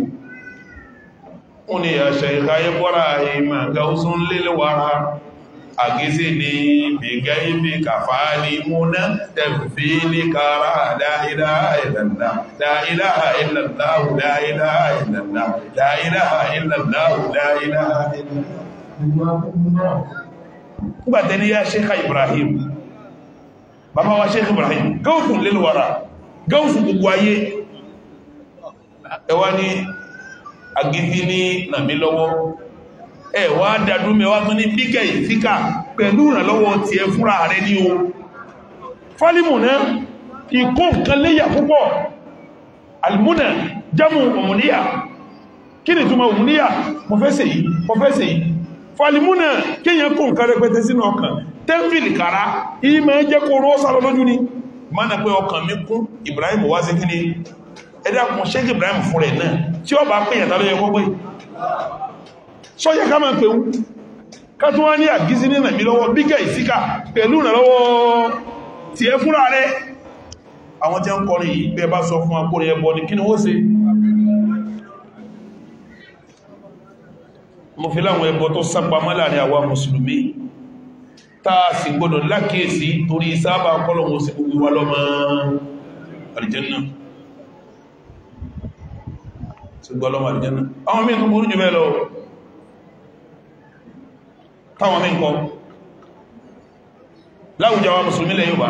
Speaker 1: قل يا شيخ إبراهيم غوث للورى أجزني بغيبك فعلمنا تنفيذك لا إله إلا الله لا إله إلا الله لا إله إلا الله لا إله إلا الله لا إله إلا الله وبعدين يا شيخ إبراهيم bàbá wa Sheikh Ibrahim gáwùsùn lè lọ́wọ́ra gáwùsùn gbogbo ayé ẹwà ni agídí ní nàmí lọ́wọ́ ẹ wá dàdú mẹ́wàá tún ní bíkẹ̀ ìfíkà pẹ̀lú ìrànlọ́wọ́ ti ẹ fúnra rẹ ní o fálímù náà ìkó nǹkan léyà púpọ̀ almúnà jẹ́mù òmùníyà kí ni túnmọ̀ òmùníyà pọ̀fẹ́sẹ̀ yìí pọ̀fẹ́sẹ̀ yìí fálímùnà kíyàn ni mana pé ọkàn mi kún Ibrahim wá sí kí ni ẹ̀dá kun Sheikh Ibrahim fún rẹ̀ náà tí ó bá pèyàn tàbí ẹkọ́ pé sọ́yẹ ká máa pẹ̀wú ká tún wá ní àgízí ní nàmí lọ́wọ́ bígẹ̀ ìsíkà pẹ̀lú ìrànlọ́wọ́ tí ẹ fúnra rẹ̀ àwọn tí ó ń kọrin yìí bẹ́ẹ̀ bá sọ fún akóre ẹbọ ní kí ni wọ́n ṣe mo fi láwọn ẹbọ tó sápamọ́ láàrin àwa mùsùlùmí táà sì gbọdọ̀ lákèésí torí sábà kọlọ̀wọ̀ sí gbogbo wa lọ́mọ àlìjẹ́nà ṣùgbọ́n lọ́mọ àdìjẹ́nà àwọn mí tó burú jù bẹ́ẹ̀ lọ táwọn mí nǹkan láwùjọ àwọn mùsùlùmí lẹ yóò bá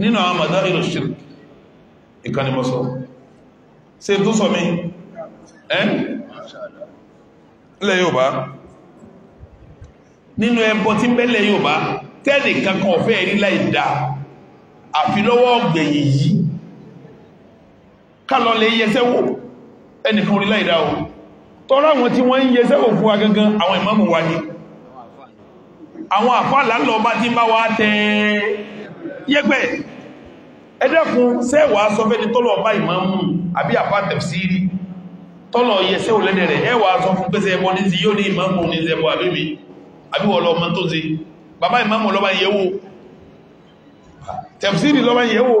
Speaker 1: nínú àwọn mọ̀dá ìlú ṣìrì ìkànnì mọ́sọ̀ ṣe tó sọ mí ẹ́ lẹ yóò bá nínú ẹbọ tí bẹ́lẹ̀ yóò bá tẹ́lì kankan ọ̀fẹ́ ẹ̀rí láì àfi lọ́wọ́ ọ̀gbẹ̀yìn yìí kálọ lè yẹsẹ́ wò ẹnìkan orílẹ̀ ìdá o tọ́rọ àwọn tí wọ́n ń yẹsẹ́ wò fún wa gangan àwọn ìmáàmù wa ní àwọn àfá lálọ́ọ̀bá tí bá wá tẹ́ yẹ́gbẹ́ ẹdẹ́kun sẹ́wà sọ fẹ́ni tọ́lọ̀ ọba ìmáàmù àbí àfá tẹ̀síìrì tọ́lọ̀ yẹsẹ́ wò lẹ́dẹ̀ rẹ̀ ẹwà sọ fún pẹ́sẹ̀ ẹbọ ní sí yóò ní yẹ̀wò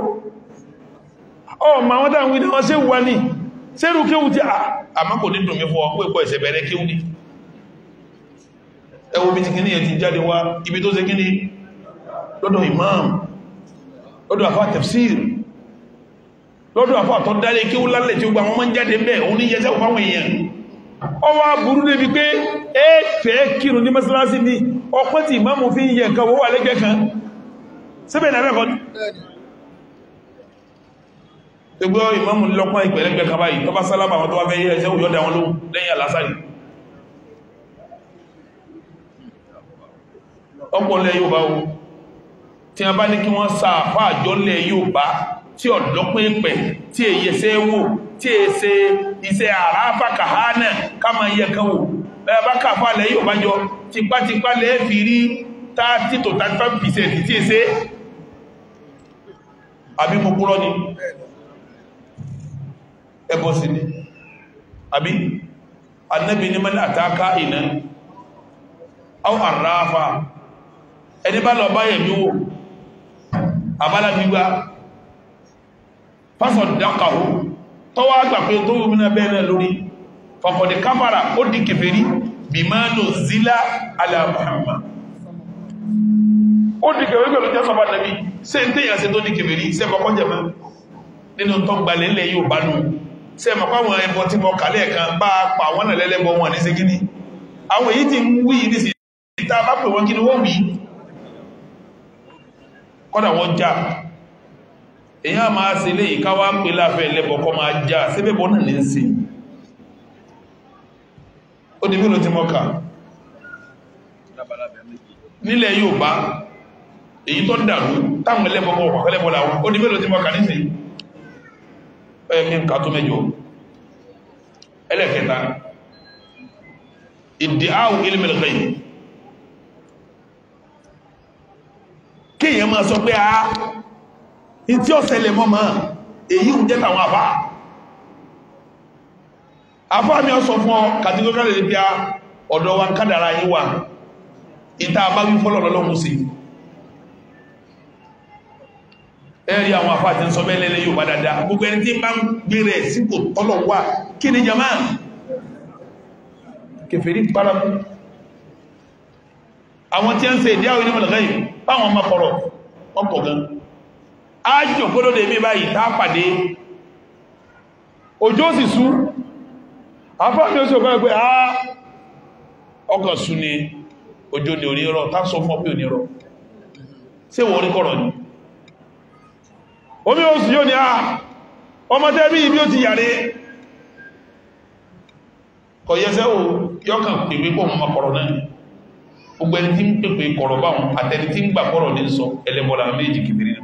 Speaker 1: ọmọ àwọn tàà ń wí ní wọ́n sí wà ní sẹ́rù kéwù tí ah, àmá kò ní dùn mí fún ọkú ẹ̀kọ́ ẹ̀sẹ̀ bẹ̀rẹ̀ kéwù ní ẹwọ́ bí ti kí ní ẹ̀ ti jáde wá ibi tó ṣe kí ní lọ́dọ̀ imam lọ́dọ̀ àfá tafsir lọ́dọ̀ àfá tó dálé kéwù lálẹ̀ tí ó gba wọn máa ń jáde bẹ́ẹ̀ òun ní yẹsẹ́ òfá àwọn èèyàn ọ wá burú débi pé ẹ fẹ́ kírun ní mọ́sálásí ní ọpọ́ tí imam fi ń yẹ nǹkan wọ́wọ́ alẹ́gbẹ̀ẹ́ kan síbẹ̀ náà rẹ̀ kọ́ gbogbo ìmámù lọ́pọ̀ ìpẹ̀lẹ́gbẹ̀ kaba yìí tọ́bá sálábà wọn tó wá fẹ́ yẹ ẹ̀ṣẹ́ òyọ́dá wọn lóhun lẹ́yìn àlásàrì ọpọlẹ Yorùbá o tí a bá ní kí wọ́n sa àfá àjọlẹ̀ Yorùbá tí ọ̀dọ́pẹ́ ìpẹ̀ tí èyẹ ṣe wò tí è ṣe iṣẹ́ àràáfà kàhánà káma yẹ kan wò bẹ́ẹ̀ bá kàfà lẹ́ Yorùbá jọ tipátipá lẹ́ fi rí 30 to 35 percent tí è ṣe àbí gbogbo rọ́ ni bẹ́ẹ̀ ẹbọ sí ni àbí annabi ní mẹ́lẹ̀ àtàkà iná au àráfà ẹni bá lọ báyẹ̀ níwò àbálá gbígbá pásọ̀ dákàwó tọ́wọ́ àgbà pé tó yóò mìíràn bẹ́ẹ̀ lórí fọ̀kọ̀dẹ̀ káfàrà ó di kèfèrí bí máa lò zílá ala Muhammad ó di kèfèrí pẹ̀lú jẹ́ sọ́bà nàbí sẹ́ntẹ́yà sí tó di kèfèrí sẹ́kọ̀kọ́ jẹ̀mọ́ nínú tó gbalẹ̀ lẹ́yìn ò bá nù ṣe mọ̀ pàwọn ẹbọ tí mọ kàlẹ̀ kan bá pa àwọn náà lẹ́lẹ́bọ wọn ní ṣégíní àwọn èyí tí ń wí ní sí ìta bá pè wọ́n kí ni wọ́n wí kọ́dà wọ́n já èyí a máa ṣe léyìí káwá pè láfẹ́ lẹ́bọ kọ́ máa já sébẹ̀bọ náà ní sí ó ní mélòó tí mọ kà nílẹ̀ Yorùbá èyí tó dàrú táwọn ẹlẹ́bọ kọ́ ó ní mélòó tí mọ kà nísìnyí ẹ̀kẹ́ nǹkan tó mẹ́jọ ẹlẹ́kẹta ìdíáwù ilmi al-ghayb kíyàn máa sọ pé a ah, in tí ó ṣẹlẹ̀ mọ́ máa èyí ń jẹ́ tàwọn àbá àbá mi ọ sọ fún ọ kàtíkọ́kọ́ lè bí a ọ̀dọ̀ wa kádàrá yíwa ìta àbá wí fọ́lọ̀ sí i ẹ̀rí àwọn àfáàtí ń sọ mẹ́lẹ́lẹ́ yóò bá dáadáa gbogbo ẹni tí bá ń gbèrè sípò tọ́lọ̀ wà kí ni jama kèfèrí paraku àwọn tí ń ṣe ìdí àwọn onímọ̀ lọ́gẹ́yìn báwọn ọmọ kọ̀rọ̀ wọ́n pọ̀ gan ájò gbọ́dọ̀ èmi báyìí tá pàdé òjò sì sú àfáàmì oṣù ọkọ̀ ẹgbẹ́ ah ọkọ̀ sú ni òjò ni onírọ̀ tá sọ fún ọ pé onírọ̀ ṣé wọ́n orí kọ̀rọ̀ ni omi oṣù yóò ní à ọmọ tẹ́rí ibi ó ti yàrí kọ yẹsẹ́ o yọ́kàn pèpè pọ̀ mọ́ kọ̀rọ̀ náà gbogbo ẹni tí ń pèpè kọ̀rọ̀ báwọn àtẹni tí ń gbà kọ̀rọ̀ ní sọ ẹlẹ́bọ̀lá méjì kìbìrì ni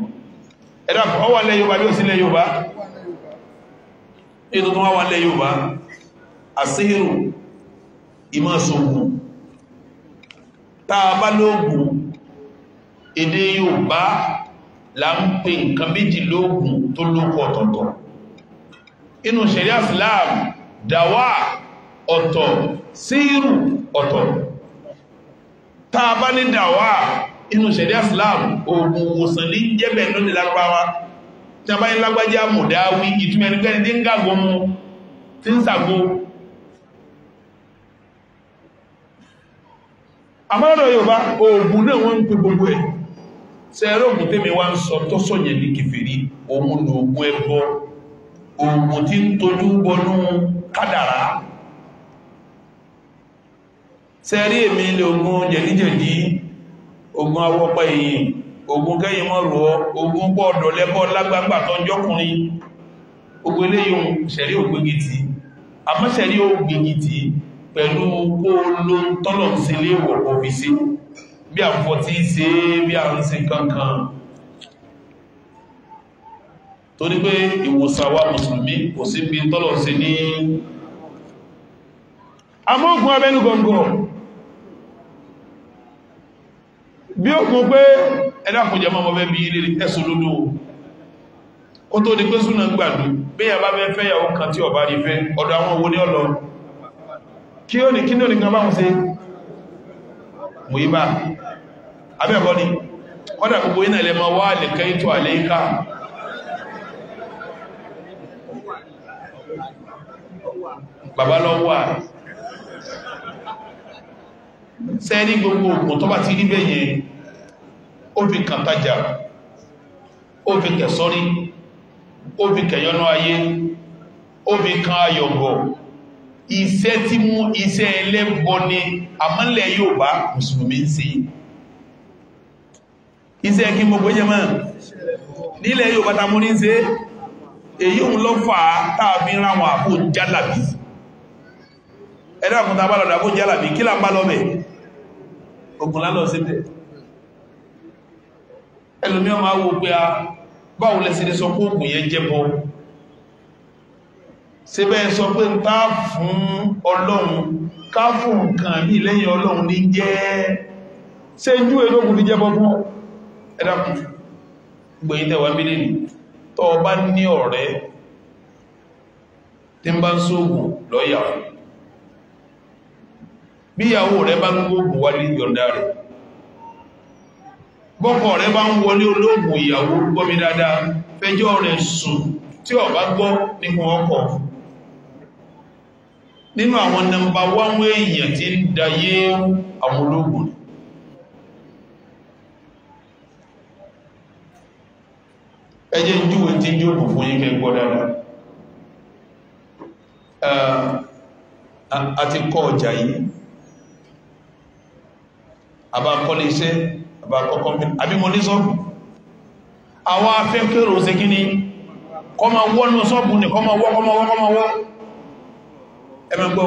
Speaker 1: Yorùbá la ń pè nǹkan méjì lóògùn tó lókọ ọ̀tọ̀ọ̀tọ̀ inú ṣẹ̀ríà Islam dàwà ọ̀tọ̀ síìrù ọ̀tọ̀ tá a bá ní dàwà inú ṣẹ̀ríà Islam oògùn òwòsàn ní jẹ́bẹ̀ lónìí lárúbáwá tí a bá ní lágbájá mọ̀dáwí ìtumẹ̀ nígbẹ́ni sẹ́rọ̀ ògùn tẹ́mi wá ń sọ tó sọ̀yẹ̀ ní kèfèrí òun lò ògùn ẹbọ ògùn tí ń tojú bọnú kádàrá sẹ́rí èmi lè ògùn jẹ̀díjẹ̀dí ògùn awọ́pá èyìn ògùn kẹ́yìn mọ́rọ̀ ògùn gbọ́ọ̀dọ̀ lẹ́bọ́ lágbàgbà tó ń jọ́kùnrin ogun eléyìn sẹ̀rí bí à ń fọtí ṣe bí à ń ṣe kankan torí pé ìwòsàn wa mùsùlùmí kò sí bí tọ́lọ̀ sí ní amóògùn abẹ́nu gọ̀ǹgọ̀ bí ó kún pé ẹ̀dàkùnjẹ mọ́ mọ́fẹ́ bí ilé ẹ̀sùn lódó ó tó di pé súnà gbàdú bí yà bá fẹ́ fẹ́yàwó kan tí ọ̀bá rí fẹ́ ọ̀dọ̀ àwọn owó ní ọlọ kí ó ní kí ní ó ní kan báhùn sí mùíbà abẹ́ẹ̀kọ́ ni kọ́dà gbogbo iná ilẹ̀ ma wá lè kẹ́ ètò àlẹ́íká bàbá lọ wà sẹ́rí gbogbo ògùn tó bá ti rí bẹ́yẹn ó fi kàn tajà ó fi kẹ̀ ó fi kẹ̀yọ́nú ayé ó fi kan ayọ̀gbọ̀ iṣẹ́ tí mú iṣẹ́ ẹlẹ́gbọ́ ni àmọ́lẹ̀ yóò bá mùsùlùmí ń ṣe iṣẹ́ kí gbogbo jẹmọ́ nílẹ̀ yóò bá tamú ní ṣe èyí òun lọ fà á tàbí ráwọn àpò jálàbí ẹ̀dàkùn tàbá lọ́dà àpò jálàbí kí là ń bá lọ́bẹ̀ ogun lálọ́ sí bẹ̀ ẹlòmí sọ pé ń tá fún ọlọ́run káfún nǹkan mí lẹ́yìn ọlọ́run ní jẹ́ ṣe jú ẹlógún ní jẹ́ bọ́bọ́ ẹ̀dàkùn gbẹ̀yìn tẹ́wà mílì ní tọ́ ọba ní ọ̀rẹ́ tí ń bá ń sóògùn lọ́yà bíyàwó rẹ̀ bá ń ní rẹ̀ bá ń wọlé olóògùn ìyàwó dáadáa fẹjọ́ rẹ̀ ọba gbọ́ ọkọ̀ nínú àwọn nọmbà wánwé èèyàn tí ń dayé àwọn ológun ẹjẹ́ ìjúwé tí ń jókù fún yíkẹ́ gbọ́ dára a ti kọ́ ọjà yìí àbákọ́lé iṣẹ́ àbákọ́ kọ́mpínì àbí mo ní sọ́ọ̀bù àwọn afẹ́kẹ́rò ṣe kí ni kọ́mọ wọ́nú sọ́ọ̀bù ni kọ́mọ wọ́ kọ́mọ wọ́ kọ́mọ wọ́ ẹmẹ́gbọ́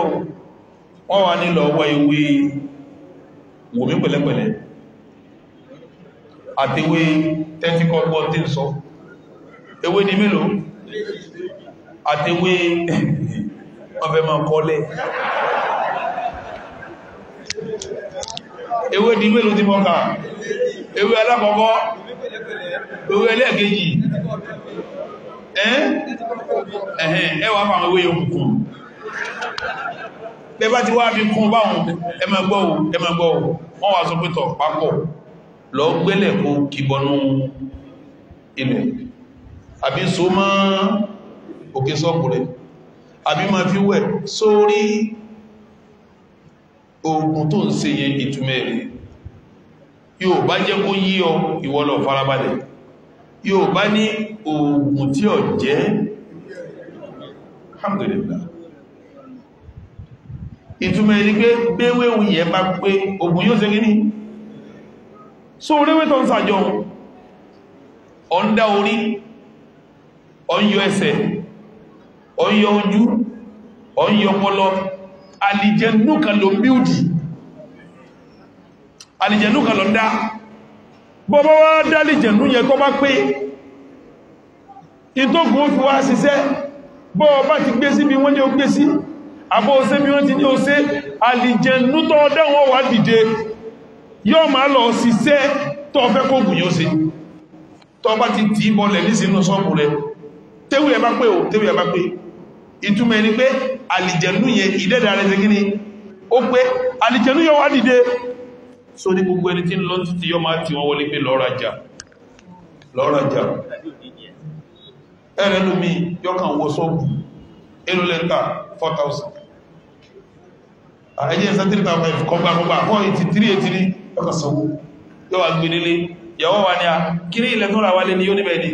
Speaker 1: wọ́n wà nílọ ọwọ́ ewé wòmí pẹ̀lẹ́pẹ̀lẹ́ àti ewé tẹ́tíkọ́ gbọ́ tí ń sọ ewé ní mélòó àti ewé ọfẹ́ máa kọ́lẹ̀ ewé ní mélòó tí mọ́ ká ewé alákọ̀ọ́kọ́ ewé ẹlẹ́ẹ̀kejì ẹ́ ẹ̀hẹ́ ẹwà fàwọn ewé yóò kùkùn bẹ́bá ti wá bí kún báwọn ẹmẹgbọ́wò ẹmẹgbọ́wò wọ́n wá sọ pẹ́tọ̀ pápọ̀ lọ gbẹ́lẹ̀ kó kìbọnú ilẹ̀ àbí so mọ́ òkè sọ́pù rẹ̀ àbí ma fi wẹ̀ sórí oògùn tó ń ṣe yẹ ìtumẹ̀ rẹ̀ yóò bá jẹ́ kó yí ọ ìwọ́lọ̀ farabalẹ̀ yóò bá ní oògùn tí ọ jẹ́ alhamdulillah ìtumọ̀ ẹni pé gbéwé òun yẹ bá pé ogun yóò ṣe gíní so oríwé tó ń sàjọ ọ̀ndá orí ọ̀nyọ ẹsẹ̀ ọ̀nyọ ojú ọ̀nyọ ọpọlọ alìjẹnúkà ló bíúdì alìjẹnúkà ló dá bọ́bọ́ wá dá alìjẹnú yẹ tó bá pé ìtókùn ó fi wá ṣiṣẹ́ bọ́ọ̀ bá ti gbé sí bí wọ́n jẹ́ gbé sí àbó ose bí wọ́n ti ní ose alìjẹnú tó ọdẹ́ wọn wà dìde yóò máa lọ síṣẹ́ tó ọfẹ́ kó gùn yóò se tó ọba ti tì í bọlẹ̀ nísìnú sọ́ọ̀bù rẹ̀ tẹ́wì ẹ̀ bá pé o tẹ́wì ẹ̀ bá pé ìtumọ̀ ni pé alìjẹnú yẹn ìdẹ́dà rẹ̀ ṣe kíni ó pé alìjẹnú yóò wà dìde so ní gbogbo ẹni tí ń lọ títí yóò máa ti wọ́n wọlé pé lọ́rajà lọ́rajà ẹ̀rẹ́ lómi yọ́kàn wọ́ sọ́ọ̀bù elólẹ́ta 4000 ẹjẹ́ ìsẹ́ 3,500 kọgbà kọgbà 483 ọkà sọ̀wọ́ yóò wà gbìnilé yàwó wà ní a kiri ilẹ̀ tó ràwà lè ní yóò níbẹ̀ ni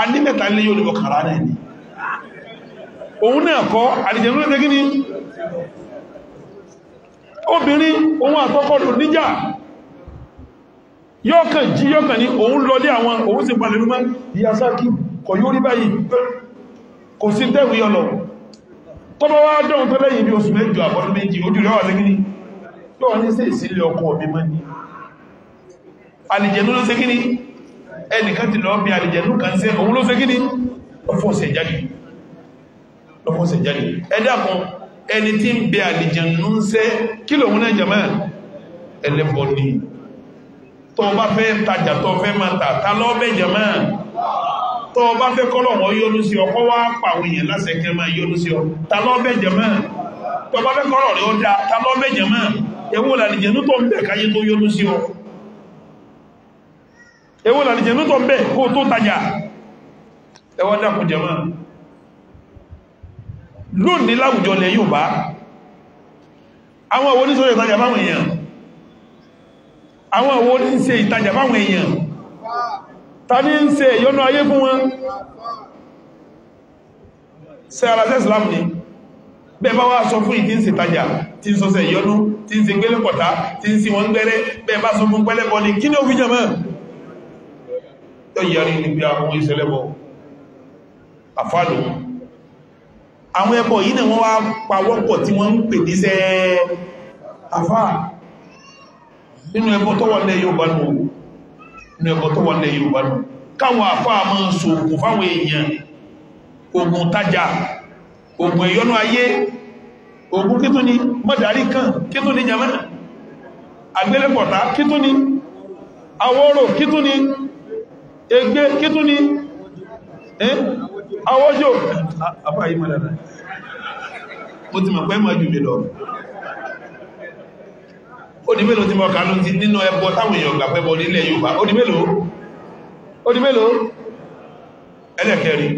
Speaker 1: a ní mẹ́ta lè yóò níbọ̀ kàrà náà ní òun náà kọ́ àdìjẹ̀nú lè tẹ́gí ní obìnrin ohun àkọ́kọ́ lò níjà yóò kàn jí yóò kàn ní òun lọlé àwọn òun sì palẹ̀ tó bá wá dọ̀n tó lẹ́yìn bí oṣù mẹ́jọ àbọ́dún méjì ojú rẹ̀ wà lẹ́gbìnì tó wọ́n ní sí ìsílẹ̀ ọkọ mi mọ́ ní àlìjẹ̀nú ló sé kíní ẹnìkan ti lọ bí àlìjẹ̀nú kan sẹ́ òun ló sé kíní lọ́fọ́sẹ̀ jáde ẹ̀dàkùn ẹni tó o bá fẹ́ kọ́lọ̀ wọ́n yọ́nú sí ọ kọ́ wá pàwọn èèyàn lásẹ̀kẹ́ máa yọ́nú sí ọ ta lọ́ bẹ̀jẹ̀ mọ́ tó o bá fẹ́ kọ́lọ̀ rẹ̀ ó dá ta lọ́ bẹ̀jẹ̀ mọ́ èwo làlìjẹ̀nú tó ń bẹ̀ káyé tó yọ́nú sí ọ èwo làlìjẹ̀nú tó ń bẹ̀ kó tó tajà ẹwọ́n dákun ta ní ń ṣe ìyọnú ayé fún wọn ṣe aláṣẹ́ islam ni bẹ́ẹ̀ bá wá sọ fún ìdí ń ṣe tajà tí ń sọsẹ̀ ìyọnú tí ń ṣe gbélé pọ̀tá tí ń ṣe wọ́n gbẹ́rẹ́ bẹ́ẹ̀ bá sọ fún pẹ́lẹ́bọ ni kí ní ó fi jẹ́ mọ́ níbi àwọn ìṣẹ̀lẹ̀bọ̀ àfáàlù ní ọkọ̀ tó wọ́n lẹ Yorùbá lọ káwọn àfáà mọ́ ń so ogun fáwọn èèyàn ogun tájà ogun ìyọnú ayé ogun kí tó ní mọ́dárí kan kí tó ní jama àgbélépọ̀tá kí tó ní awọ́rò kí tó ní egbé kí tó ní awọ́jò àfáà Odi di mélòó tí mọ̀ kanú ti nínú ẹbọ táwọn èèyàn gbà pẹ́bọ nílẹ̀ Yorùbá ó di mélòó ó di mélòó ẹlẹ́kẹrin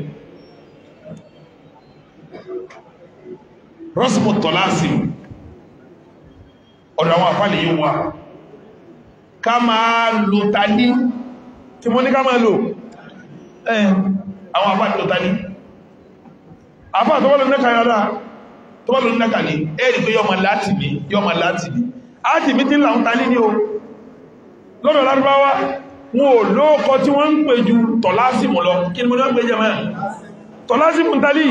Speaker 1: rọ́sùmù tọ́láàsì ọ̀dọ̀ àwọn àfáàlì yìí wà ká máa lò tání tí mo ní ká máa lò ẹ̀ àwọn àfáàlì lò tání àfáà tó wọ́n lò nẹ́kà yọ́dá tó wọ́n lò nẹ́kà ní ẹ̀rì pé yọ́mà láti láti bí áti mítí láun ta ní o lọ́dọ̀ lárúbáwá wọn ò lóòkọ tí wọ́n ń pè ju tọ̀lásìmù lọ kí ni mo lọ́pẹ́ jẹ mẹ́ tọ̀lásìmù tàlí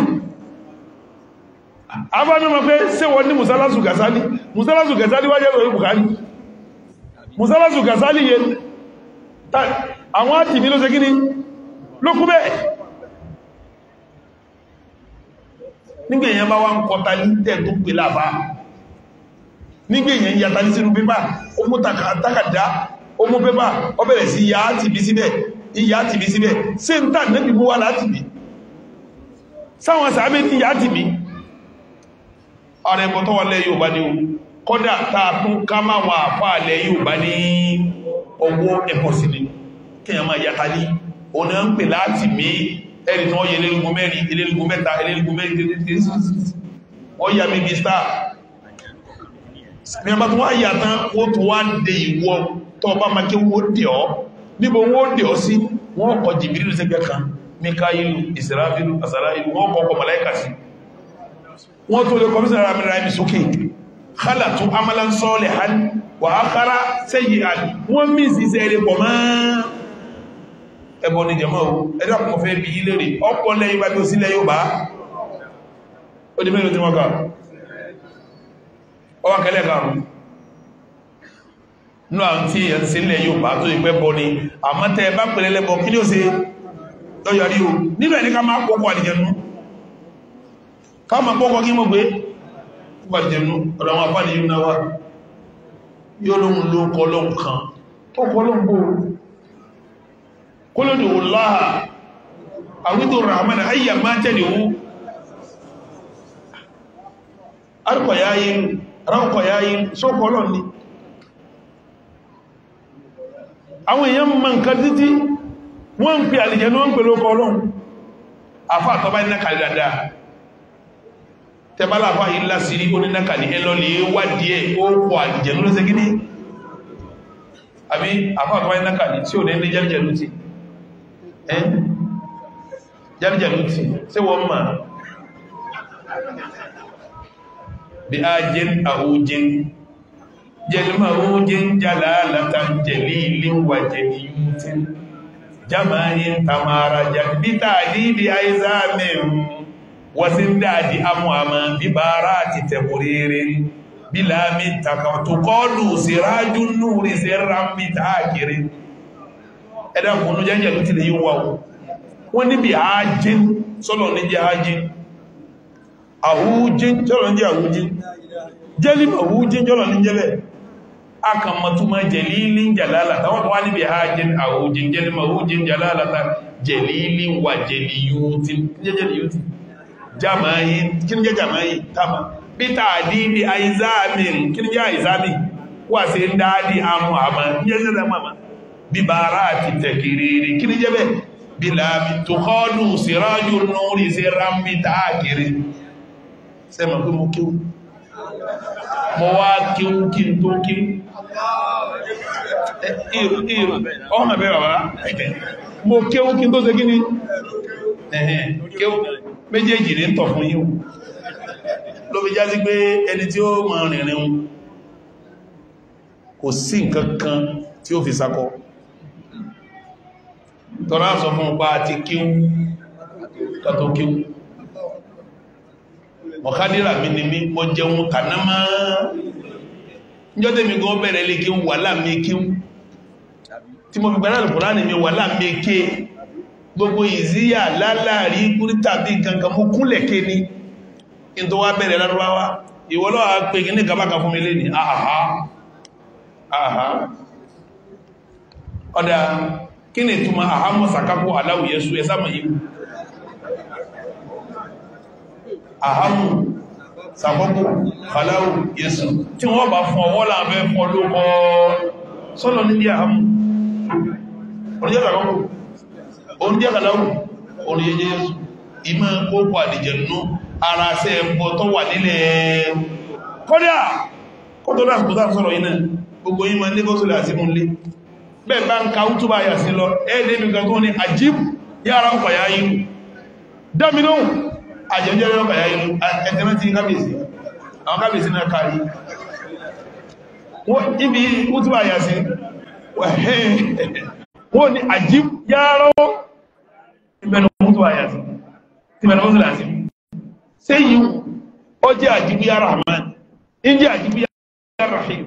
Speaker 1: abánúmọ̀ pé ṣé wọ́n ní musalasu gasali musalasu gasali wájẹ́ lórí bukari musalasu gasali yẹ àwọn áti nígbè yẹn yàtà ní sínú pépà ó mú takàdá ó mú pépà ó bẹ̀rẹ̀ sí ìyá tìbí síbẹ̀ ìyá tìbí síbẹ̀ sí ń tà níbi mú wà láti bì sáwọn sàábé ní ìyá tìbí ààrẹ bọ̀tọ́ wọlé yóò bá ní o kọ́dà táa tún ká máa wà fàálẹ̀ yóò bá ní ọwọ́ ẹ̀kọ́ sí ni kíyàn máa yàtà ní ọ̀nà ń pè láti mí ẹni tí wọ́n yẹ elérùgún mẹ́rin elérùgún mẹ́ta elérùgún mẹ́rin wọ́n yà mí bí star ní ọba tó wá yàtá ó tó wá dé ìwọ tó ọba máa kí wó dẹ̀ ọ́ níbo wó dẹ̀ ọ́ sí wọ́n kọ jìbìrì sẹ́gbẹ̀ kan mikailu israfilu asarailu wọ́n kọ ọkọ mọ̀láìkà sí wọ́n tó lè kọmísà rà mìíràn mi sókè kálà tó amalan salihan wà á kára sẹ́yìn àlè wọ́n mí sí iṣẹ́ ẹ̀rẹ́ pọ̀ máa ẹbọ ní jẹmọ́ ẹ̀dá kọfẹ́ bí ilé rẹ̀ ọ̀pọ̀ ọwọ́n kẹlẹ̀ karùn nú àwọn tí ẹ̀ ti sílẹ̀ yóò bá tó ìpẹ́ bọ́ ni àmọ́ tẹ́ bá pèlè lẹ́bọ kí ni ó ṣe lọ́yọrí o nínú ẹni ká máa kókó àlìjẹnú ká máa kókó kí mọ́ gbé kókó àlìjẹnú ọ̀rọ̀ àwọn apá nìyí náà wà yóò lóhun ló kọ́ lóhun kan tó kọ́ lóhun bó kólódò láà àwítò rahman ayyà máa ránkọ̀ ya yí sókọ̀ lọ ní àwọn èèyàn mọ̀ nǹkan títí wọ́n ń pè àlìjẹ̀ ní wọ́n ń pè lókọ̀ ọlọ́run àfá àtọ́bá ní nákàlì dáadáa tẹbálà àfá yìí lásìrí ó ní nákàlì ẹlọ lè wá díẹ̀ ó kọ àlìjẹ̀ ló ti jẹ́rìjẹ̀ wọ́n mọ̀ bí ájín àhújín jẹlmà ójín jalálatan jẹlílin wà jẹliyútin jama'in tamara jẹbí tàdíbi aizamin wasin dádi amuama bí bára ti tẹ̀kùririn bí láàmì takọ̀tukọ́lù sírájú núrí sí rámi tààkiri ẹ̀dàkùnú jẹ́ jẹ́lú ti lè yíwọ́ wọ́n níbi ájín sọ́lọ̀ ní jẹ́ ájín àwújín jọ́lọ̀ ní àwújín jẹ́lì àwújín jọ́lọ̀ ní jẹ́lẹ̀ akàmọ̀túnmọ̀ jẹ̀lílín jàlálàtà wọ́n wá níbi hajjín àwújín jẹ́lì àwújín jàlálàtà jẹ̀lílín wà jẹ̀lì yúútín bí láàbí tó kọ́ lù sí rájú lórí sí rámbí tàà kiri sẹ́mọ̀ pé mo kíw mo wá kíw kí n tó kíw ọmọ bẹ́ bàbá mo kíw kí n tó ṣe kí ni ẹ̀hẹ̀n kíw méjèèjì ní tọ̀ fún yíò ló fi já sí pé ẹni tí ó mọ̀ rìnrìn kò sí nǹkan kan tí ó fi sakọ tọ́lá sọ fún ọpa àti kíw kàtó kíw ọ̀kadìrà mi ni mí mo jẹun kànámá níjọ́ tẹ́mi gan bẹ̀rẹ̀ lè kí wà láàmìkí tí mo fi gbẹ̀rẹ̀ alùpùrá ní mi wà láàmìkí gbogbo ìzíyà lálàrí kúrí tàbí gangan mú kúnlẹ̀ ké ní in tó wá bẹ̀rẹ̀ lárúwáwá ìwọ́lọ́wà pé kí ní gabaka fún mi lé ní àhá àhá ọ̀dá kí ni ìtumọ̀ àhámọ́ sàkápò ẹ̀sàmọ̀ yìí àhámù sàkọ́kù fàláwù yẹsù tí wọ́n bá fún ọwọ́ láàbẹ́ fún olóòkọ́ sọ́lọ nílé àhámù oníjẹ́ sàkọ́kù oníjẹ́ fàláwù oníjẹ́ yẹsù ìmọ̀ kókò àdìjẹ̀nú ara sẹ́ ẹ̀bọ̀ tó wà nílẹ̀ kọ́dá kọ́tọ́ náà kò sáà sọ̀rọ̀ iná gbogbo yí ma ní gọ́sùlẹ̀ àti múlé bẹ́ẹ̀ bá ń ka útúbà yà sí lọ ẹ́ẹ̀dẹ́bì kan tó ní àjíb yára ọkọ̀ yá yìí dámilóhùn àjẹjẹ́ yọ́ kàyà inú ẹ̀tẹ̀mẹ́tì kábíyèsí àwọn kábíyèsí náà kárí ibi útùbà yà sí wọ́n ni àjíb yára wọ́n ìbẹ̀rẹ̀ útùbà yà sí ti bẹ̀rẹ̀ útùbà sí sí yìí ó jẹ́ àjíb yára Rahman ìjẹ́ àjíb yára Rahim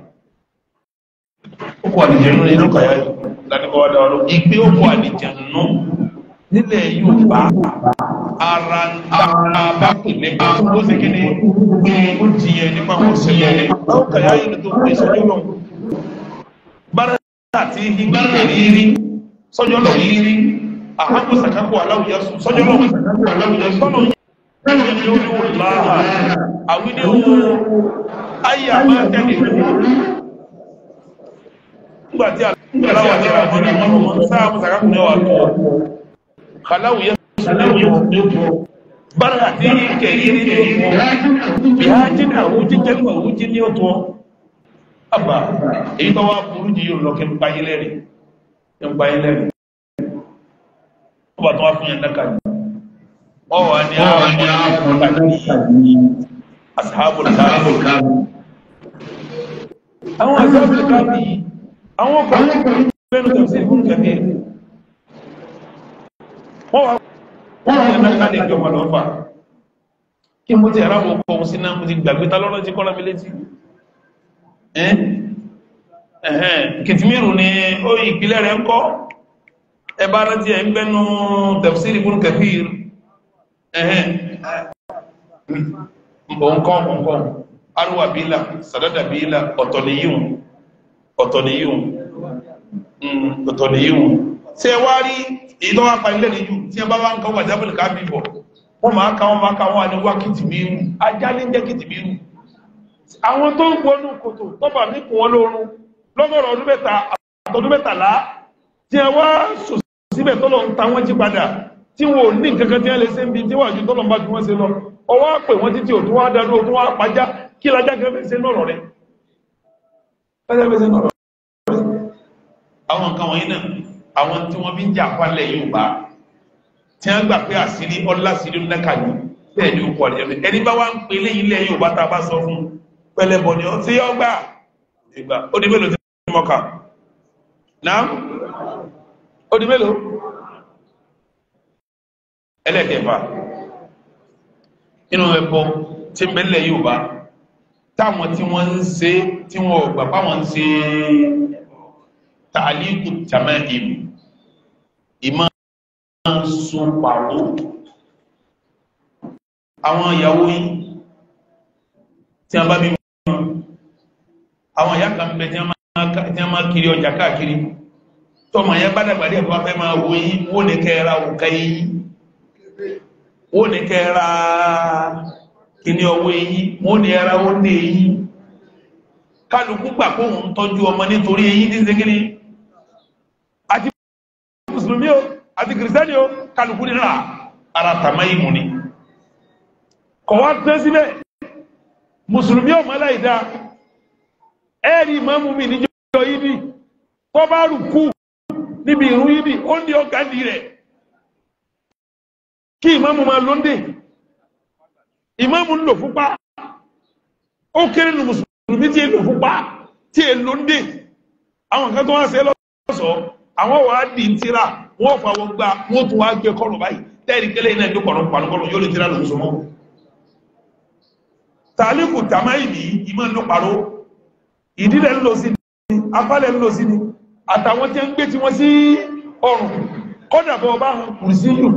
Speaker 1: ó kò àdìjẹ̀nú inú kàyà ìgbé ó kò àdìjẹ̀nú nílẹ̀ Yorùbá ara bá kù nípa ó ṣe kí ni ó di yẹn nípa ó ṣẹlẹ̀ ní. báwo kàyà yìí ni tó fi sọ́jọ́ lọ. gbára àti gbára rírí sọ́jọ́ lọ rírí àhánkù sàkánkù aláwùjá sọ́jọ́ lọ sàkánkù aláwùjá sọ́nà yìí ni ó ní wò láàá àwídé owó ayé àbá tẹ̀lé nígbà tí aláwọ̀ àti àwọn ọmọ sáà kù sàkánkù náà wà lọ́wọ́. خلو يصدقه برهته كريم بهاتن أهوت كم أهوت نيوتو أبا إذا وابرو جيو لكن بايلري كم بايلري ọba tó wá fún yẹn dákà ní ọwà ní àwọn asáàbùlùkáàbù àwọn asáàbùlùkáàbù àwọn ọkọ̀ lẹ́nu tẹ̀sí wọ́n wá wọ́n wá ní ká lè kí mo ti ohun ti gbàgbé ta lọ́rọ́ ti kọ́ra mi létí kìtìmírù ni ó ìpìlẹ̀ rẹ̀ ń kọ́ èyí tó wá pa ilé níjú tí ẹ bá wá ń kọ́ wàjábìlì ká bí bọ̀ wọ́n máa ka wọ́n máa ka wọ́n àníwá kìtì mírù ajá ní jẹ́ kìtì mírù àwọn tó ń wọnú kòtò tọ́bà mí kò wọ́n lórun lọ́gọ́rọ̀ ọdún mẹ́ta àtọ́dún mẹ́tàlá tí ẹ wá sòsì síbẹ̀ tọ́lọ̀ ń ta wọ́n jí padà tí wọn ò ní nǹkan kan tí ẹ lè ṣe ń bi tí wàá ju tọ́lọ̀ ń bá ju wọ́n ṣe lọ ọwọ́ pè wọ́n títí òtún wá darú òtún wá pajá kí lajá kan fẹ́ ṣe lọ́rọ̀ rẹ̀ àwọn nǹkan wọ̀nyí náà àwọn tí wọ́n fi ń jà pálẹ̀ yóò bá tí wọ́n gbà pé àṣírí ọlá sírí ńlẹ́ka jù bẹ́ẹ̀ ni ó kọ̀ ọ̀dẹ́ ẹni bá wá ń pe lẹ́yìn ilẹ̀ yóò bá ta bá sọ fún pẹlẹbọ ni ó ti yọ gbà ìgbà ó di mélòó tí wọ́n mọ̀ọ́kà náà ó di mélòó ẹlẹ́kẹ̀ẹ́fà nínú ẹ̀bọ tí ń bẹ́lẹ̀ yóò bá táwọn tí wọ́n ń ṣe tí wọ́n gbà páwọn ń ṣe tààlíkù tàmáìmù ìmọ̀ sun pàwó àwọn ìyàwó yín tí a bá bí mọ́ àwọn ìyá kan bẹ tí a máa kiri ọjà káàkiri tọmọ yẹn bá dàgbà díẹ̀ bá fẹ́ máa wo yín wó ní kẹ́ra òkà yín wó ní kẹ́ra kíní ọwọ́ yín wó ní ẹra ó ní yín kálukú gbà kóhun tọ́jú ọmọ nítorí yín tí ń segin àti kìrìsìtẹ́nì o kálukú nira ara tàmá ìmù ni kọ̀ wá tẹ́ mùsùlùmí ọ̀mọ́ aláìda ẹ̀rí ìmáàmù mi níjọ́ yìí ni tó bá rùkú níbi ìrun yìí ni ó ní ọ̀gá di rẹ̀ kí ìmáàmù máa lóńdè ìmáàmù ń lò fúnpá ó kéré nu mùsùlùmí tí èlò fúnpá tí èlò ń dè àwọn kan tó wá ṣe lọ́sọ̀ọ́ àwọn wàá dì í tíra wọ́n fa wọn gba wọ́n tún wá gbé kọ́rọ̀ báyìí tẹ́rì kẹ́lẹ́ iná ẹgbẹ́ kọ̀rọ̀ pàlùkọ́rọ̀ yóò lè tẹ́lá lóṣù mọ́ tàlíkù tàmáìlì ìmọ̀ ló parọ́ ìdílé ńlọ sí ni apálẹ̀ ńlọ sí ni àtàwọn tí ń gbé tí wọ́n sí ọrùn kọ́dà bọ́ bá hàn kùrù sí yù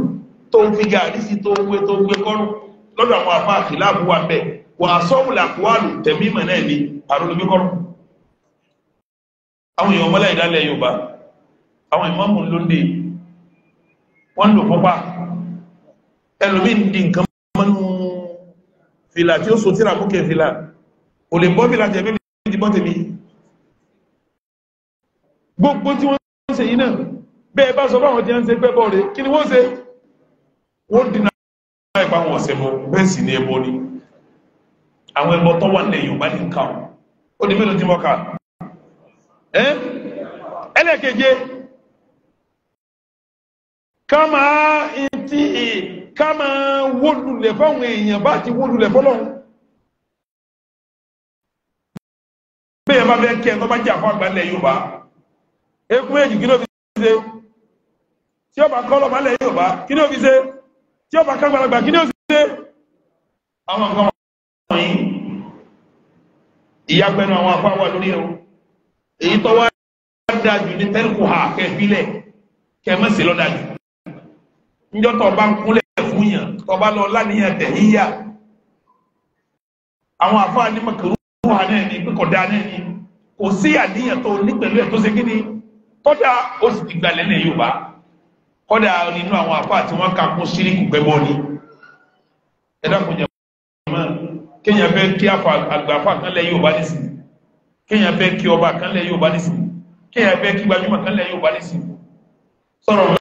Speaker 1: tó fi gàrí sí tó gbé tó gbé kọ́rùn lọ́dọ̀ àwọn afá àkìláàbù wa bẹ̀ wà sọ́wùlà àwọn èèyàn mọ́lá ìdálẹ̀ Yorùbá wọ́n lò pọ́pá ẹlòmí ń di nǹkan mọ́nú fìlà tí ó so tíra mú kẹfìlà ò lè bọ́ fìlà jẹ́ mẹ́bí ìdíbọ́ tèmi gbogbo tí wọ́n ń ṣe yìí náà bẹ́ẹ̀ bá sọ fáwọn tí wọ́n ń ṣe gbẹ́bọ̀ rẹ̀ kí ni wọ́n ṣe wọ́n dínà ìpa wọn ọ̀sẹ̀ bọ̀ bẹ́ẹ̀ sì ni ẹbọ ni àwọn ẹbọ tó wà nílẹ̀ Yorùbá ní nǹkan ó di mélòó tí wọ́n kà ẹ́ ẹlẹ́kẹ̀jẹ́ kama ntí kama wólulẹ̀ fáwọn èèyàn bá ti wólulẹ̀ fọ́lọ́run bẹ́ẹ̀ bá bẹ́ẹ̀ kẹ́ ẹ̀ tó bá jẹ́ àfọ́ àgbàlẹ̀ Yorùbá ekun èjì kí ló fi ṣe tí ó bá kọ́ lọ́mọ alẹ́ Yorùbá kí ló fi ṣe tí ó bá kọ́ gbàlagbà kí ló fi ṣe àwọn nǹkan wọ̀nyí ìyàgbẹ́nu àwọn afọ àwọn lórí ẹ̀rọ èyí tó wá dájú ní tẹ́lifù ha kẹfílẹ̀ kẹmẹ́sì lọ́dájú níjọ́ tó bá ń kúnlẹ̀ fún yàn tó bá lọ láníyàn tẹ̀híyà àwọn àfáà ní mọ̀kìrú wà náà ní pé kọ̀dá náà ní kò sí àníyàn tó ní pẹ̀lú ẹ̀ tó ṣe kí ni tọ́jà ó sì ti gbalẹ̀ ní Yorùbá kọ́dà nínú àwọn àfáà tí wọ́n kà kún síríkù gbẹ́bọ́ ni ẹ dákun jẹ mọ́ kéèyàn fẹ́ kí àgbàfà kan lẹ̀ Yorùbá nísìnyí kéèyàn fẹ́ kí ọba kan lẹ̀ Yorùbá nísìnyí kéèyàn fẹ́ kí gbajúmọ̀ kan lẹ̀ Yorùbá nísìnyí sọ̀rọ̀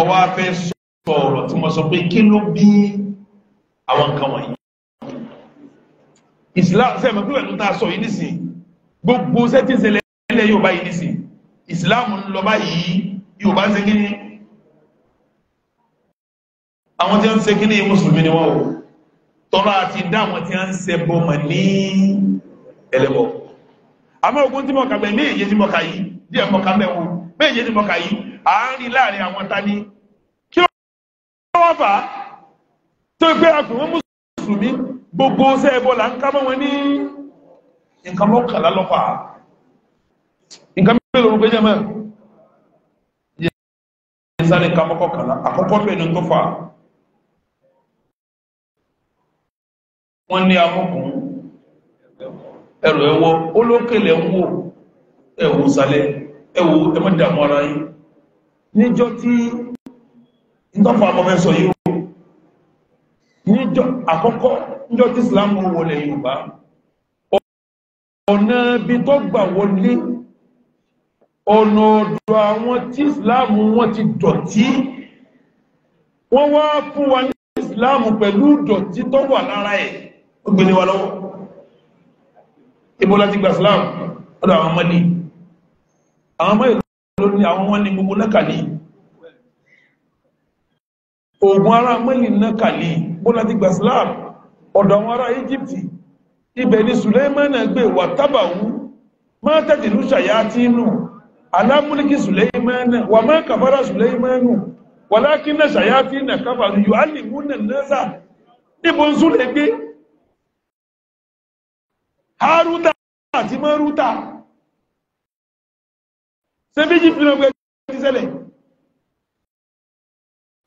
Speaker 1: ọwọ́ afẹ́ sọ ọ̀rọ̀ tí mo sọ pé kí ló bí àwọn nǹkan wọ̀nyí islam sẹ́mi pé pẹ̀lú tá a sọ yìí nísìn gbogbo sẹ́tí ìṣẹ̀lẹ̀ ilẹ̀ yorùbá yìí nísìn islam ń lọ báyìí yorùbá ń ṣe kí ni àwọn tí wọ́n ń ṣe kí ni mùsùlùmí ni wọ́n o tọ́lá àti dá àwọn tí wọ́n ń ṣe bọ́mọ̀ ní ẹlẹ́bọ̀ àmọ́ ogun tí mo kà bẹ́ẹ̀ méje tí mo kà yìí díẹ̀ mo kà bẹ́ẹ̀ wo méje tí mo kà yìí à ń rí láàrin àwọn tani kí ló wọ́n fà á tó gbé àgbọ̀n mùsùlùmí gbogbo ṣe ẹbọ là ń ká mọ́ wọn ní nǹkan mọ́kànlá lọ́fà nǹkan mẹ́rin lórúkọ jẹ́ mẹ́rin sáré ka mọ́kọ́ àkọ́kọ́ bẹ́ẹ̀ ni tó fa wọ́n ní amọ́kùn ẹ̀rọ ẹ̀wọ́ olókèlè ń wò ẹ̀wò sálẹ̀ ẹ̀wò ẹ̀mọ́dàmọ́ra yìí níjọ́ tí ìtọ́fà ọmọmẹ́sọ yíò níjọ́ àkọ́kọ́ níjọ́ tí Islam wọlé Yorùbá ọ̀nà bí tó gbà wọlé ọ̀nà ọ̀dọ̀ àwọn tí Islam wọ́n ti dọ̀tí wọ́n wá fún wa ní Islam pẹ̀lú dọ̀tí tó wà lára ẹ̀ ó gbé ní wa lọ́wọ́ ibo láti gba Islam ọ̀dọ̀ àwọn ọmọdé àwọn ọmọdé lórí àwọn wọn ni gbogbo nákàlì oògùn ara mẹ́lì nákàlì bọ́lá ti gbà Islam ọ̀dọ̀ àwọn ará Egypt ibẹ̀ ni Sùlẹ́mánà gbé wà tábàwú máa tẹ́tì ló ṣàyá tí inú alámúlíkì Sùlẹ́mánà wà máa kàfàrà Sùlẹ́mánà wà lákínà ṣàyá tí inà kàfàrà yóò alìmúnà náà níbo ń súnlẹ̀ gbé Haruta àti Maruta ṣé méjì pinnu pé kí ṣẹlẹ̀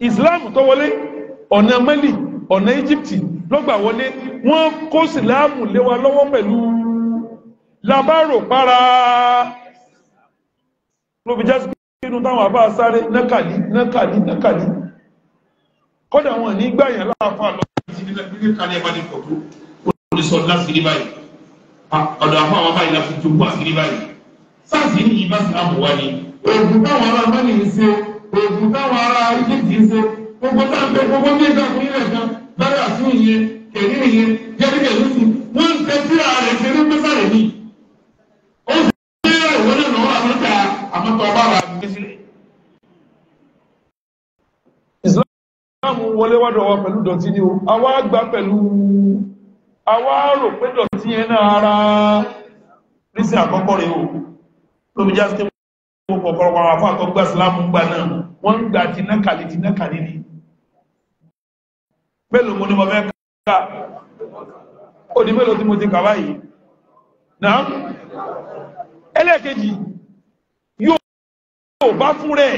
Speaker 1: Islam tó wọlé ọ̀nà Mali ọ̀nà Egypt lọ́gbà wọlé wọ́n kó síláàmù lé wa lọ́wọ́ pẹ̀lú labaro para ló fi jásí nínú táwọn àbá sáré nákàlí nákàlí nákàlí kọ́dà wọn ní gbà yẹn láàfà lọ sí ilé gbígbé kalẹ̀ ìbàdí pọ̀ tó olùsọ̀ láti rí báyìí ọ̀dọ̀ àfọ àwọn báyìí láti tó kú àti rí báyìí sáàsì ní ìbá sí àbò wá ní. oògùn táwọn ará mọ́nì ń ṣe oògùn táwọn ará egypt ń ṣe gbogbo táǹpẹ́ gbogbo ní ìgbà fún ilẹ̀ kan lọ́rẹ́ àtúnyìn yẹn kẹ̀lí nìyẹn jẹ́rìkẹ̀ lùsùn wọ́n ń tẹ́ sí ààrẹ ṣe ní pẹ́sàrẹ̀ ní. ó sì ń gbé ìwé náà lọ́wọ́ àmọ́ta àmọ́ta ọba rà ní sílẹ̀. ìsìláàmù wọlé wádọ̀ wa pẹ̀lú dọ̀tí ni o àwa gbà pẹ̀lú àwa rò pé dọ̀tí yẹn náà ara rísí àkọ́kọ́ rẹ̀ o tó fi jásí gbogbo ọ̀pọ̀lọpọ̀ àwọn afọ́ àtọ́gbà sílámù gbà náà wọ́n ń gbà tí nákàlì tí nákàlì ni mélòó mo ní mo fẹ́ ká ó di mélòó tí mo ti kà báyìí náà ẹlẹ́ẹ̀kejì yóò bá fún rẹ̀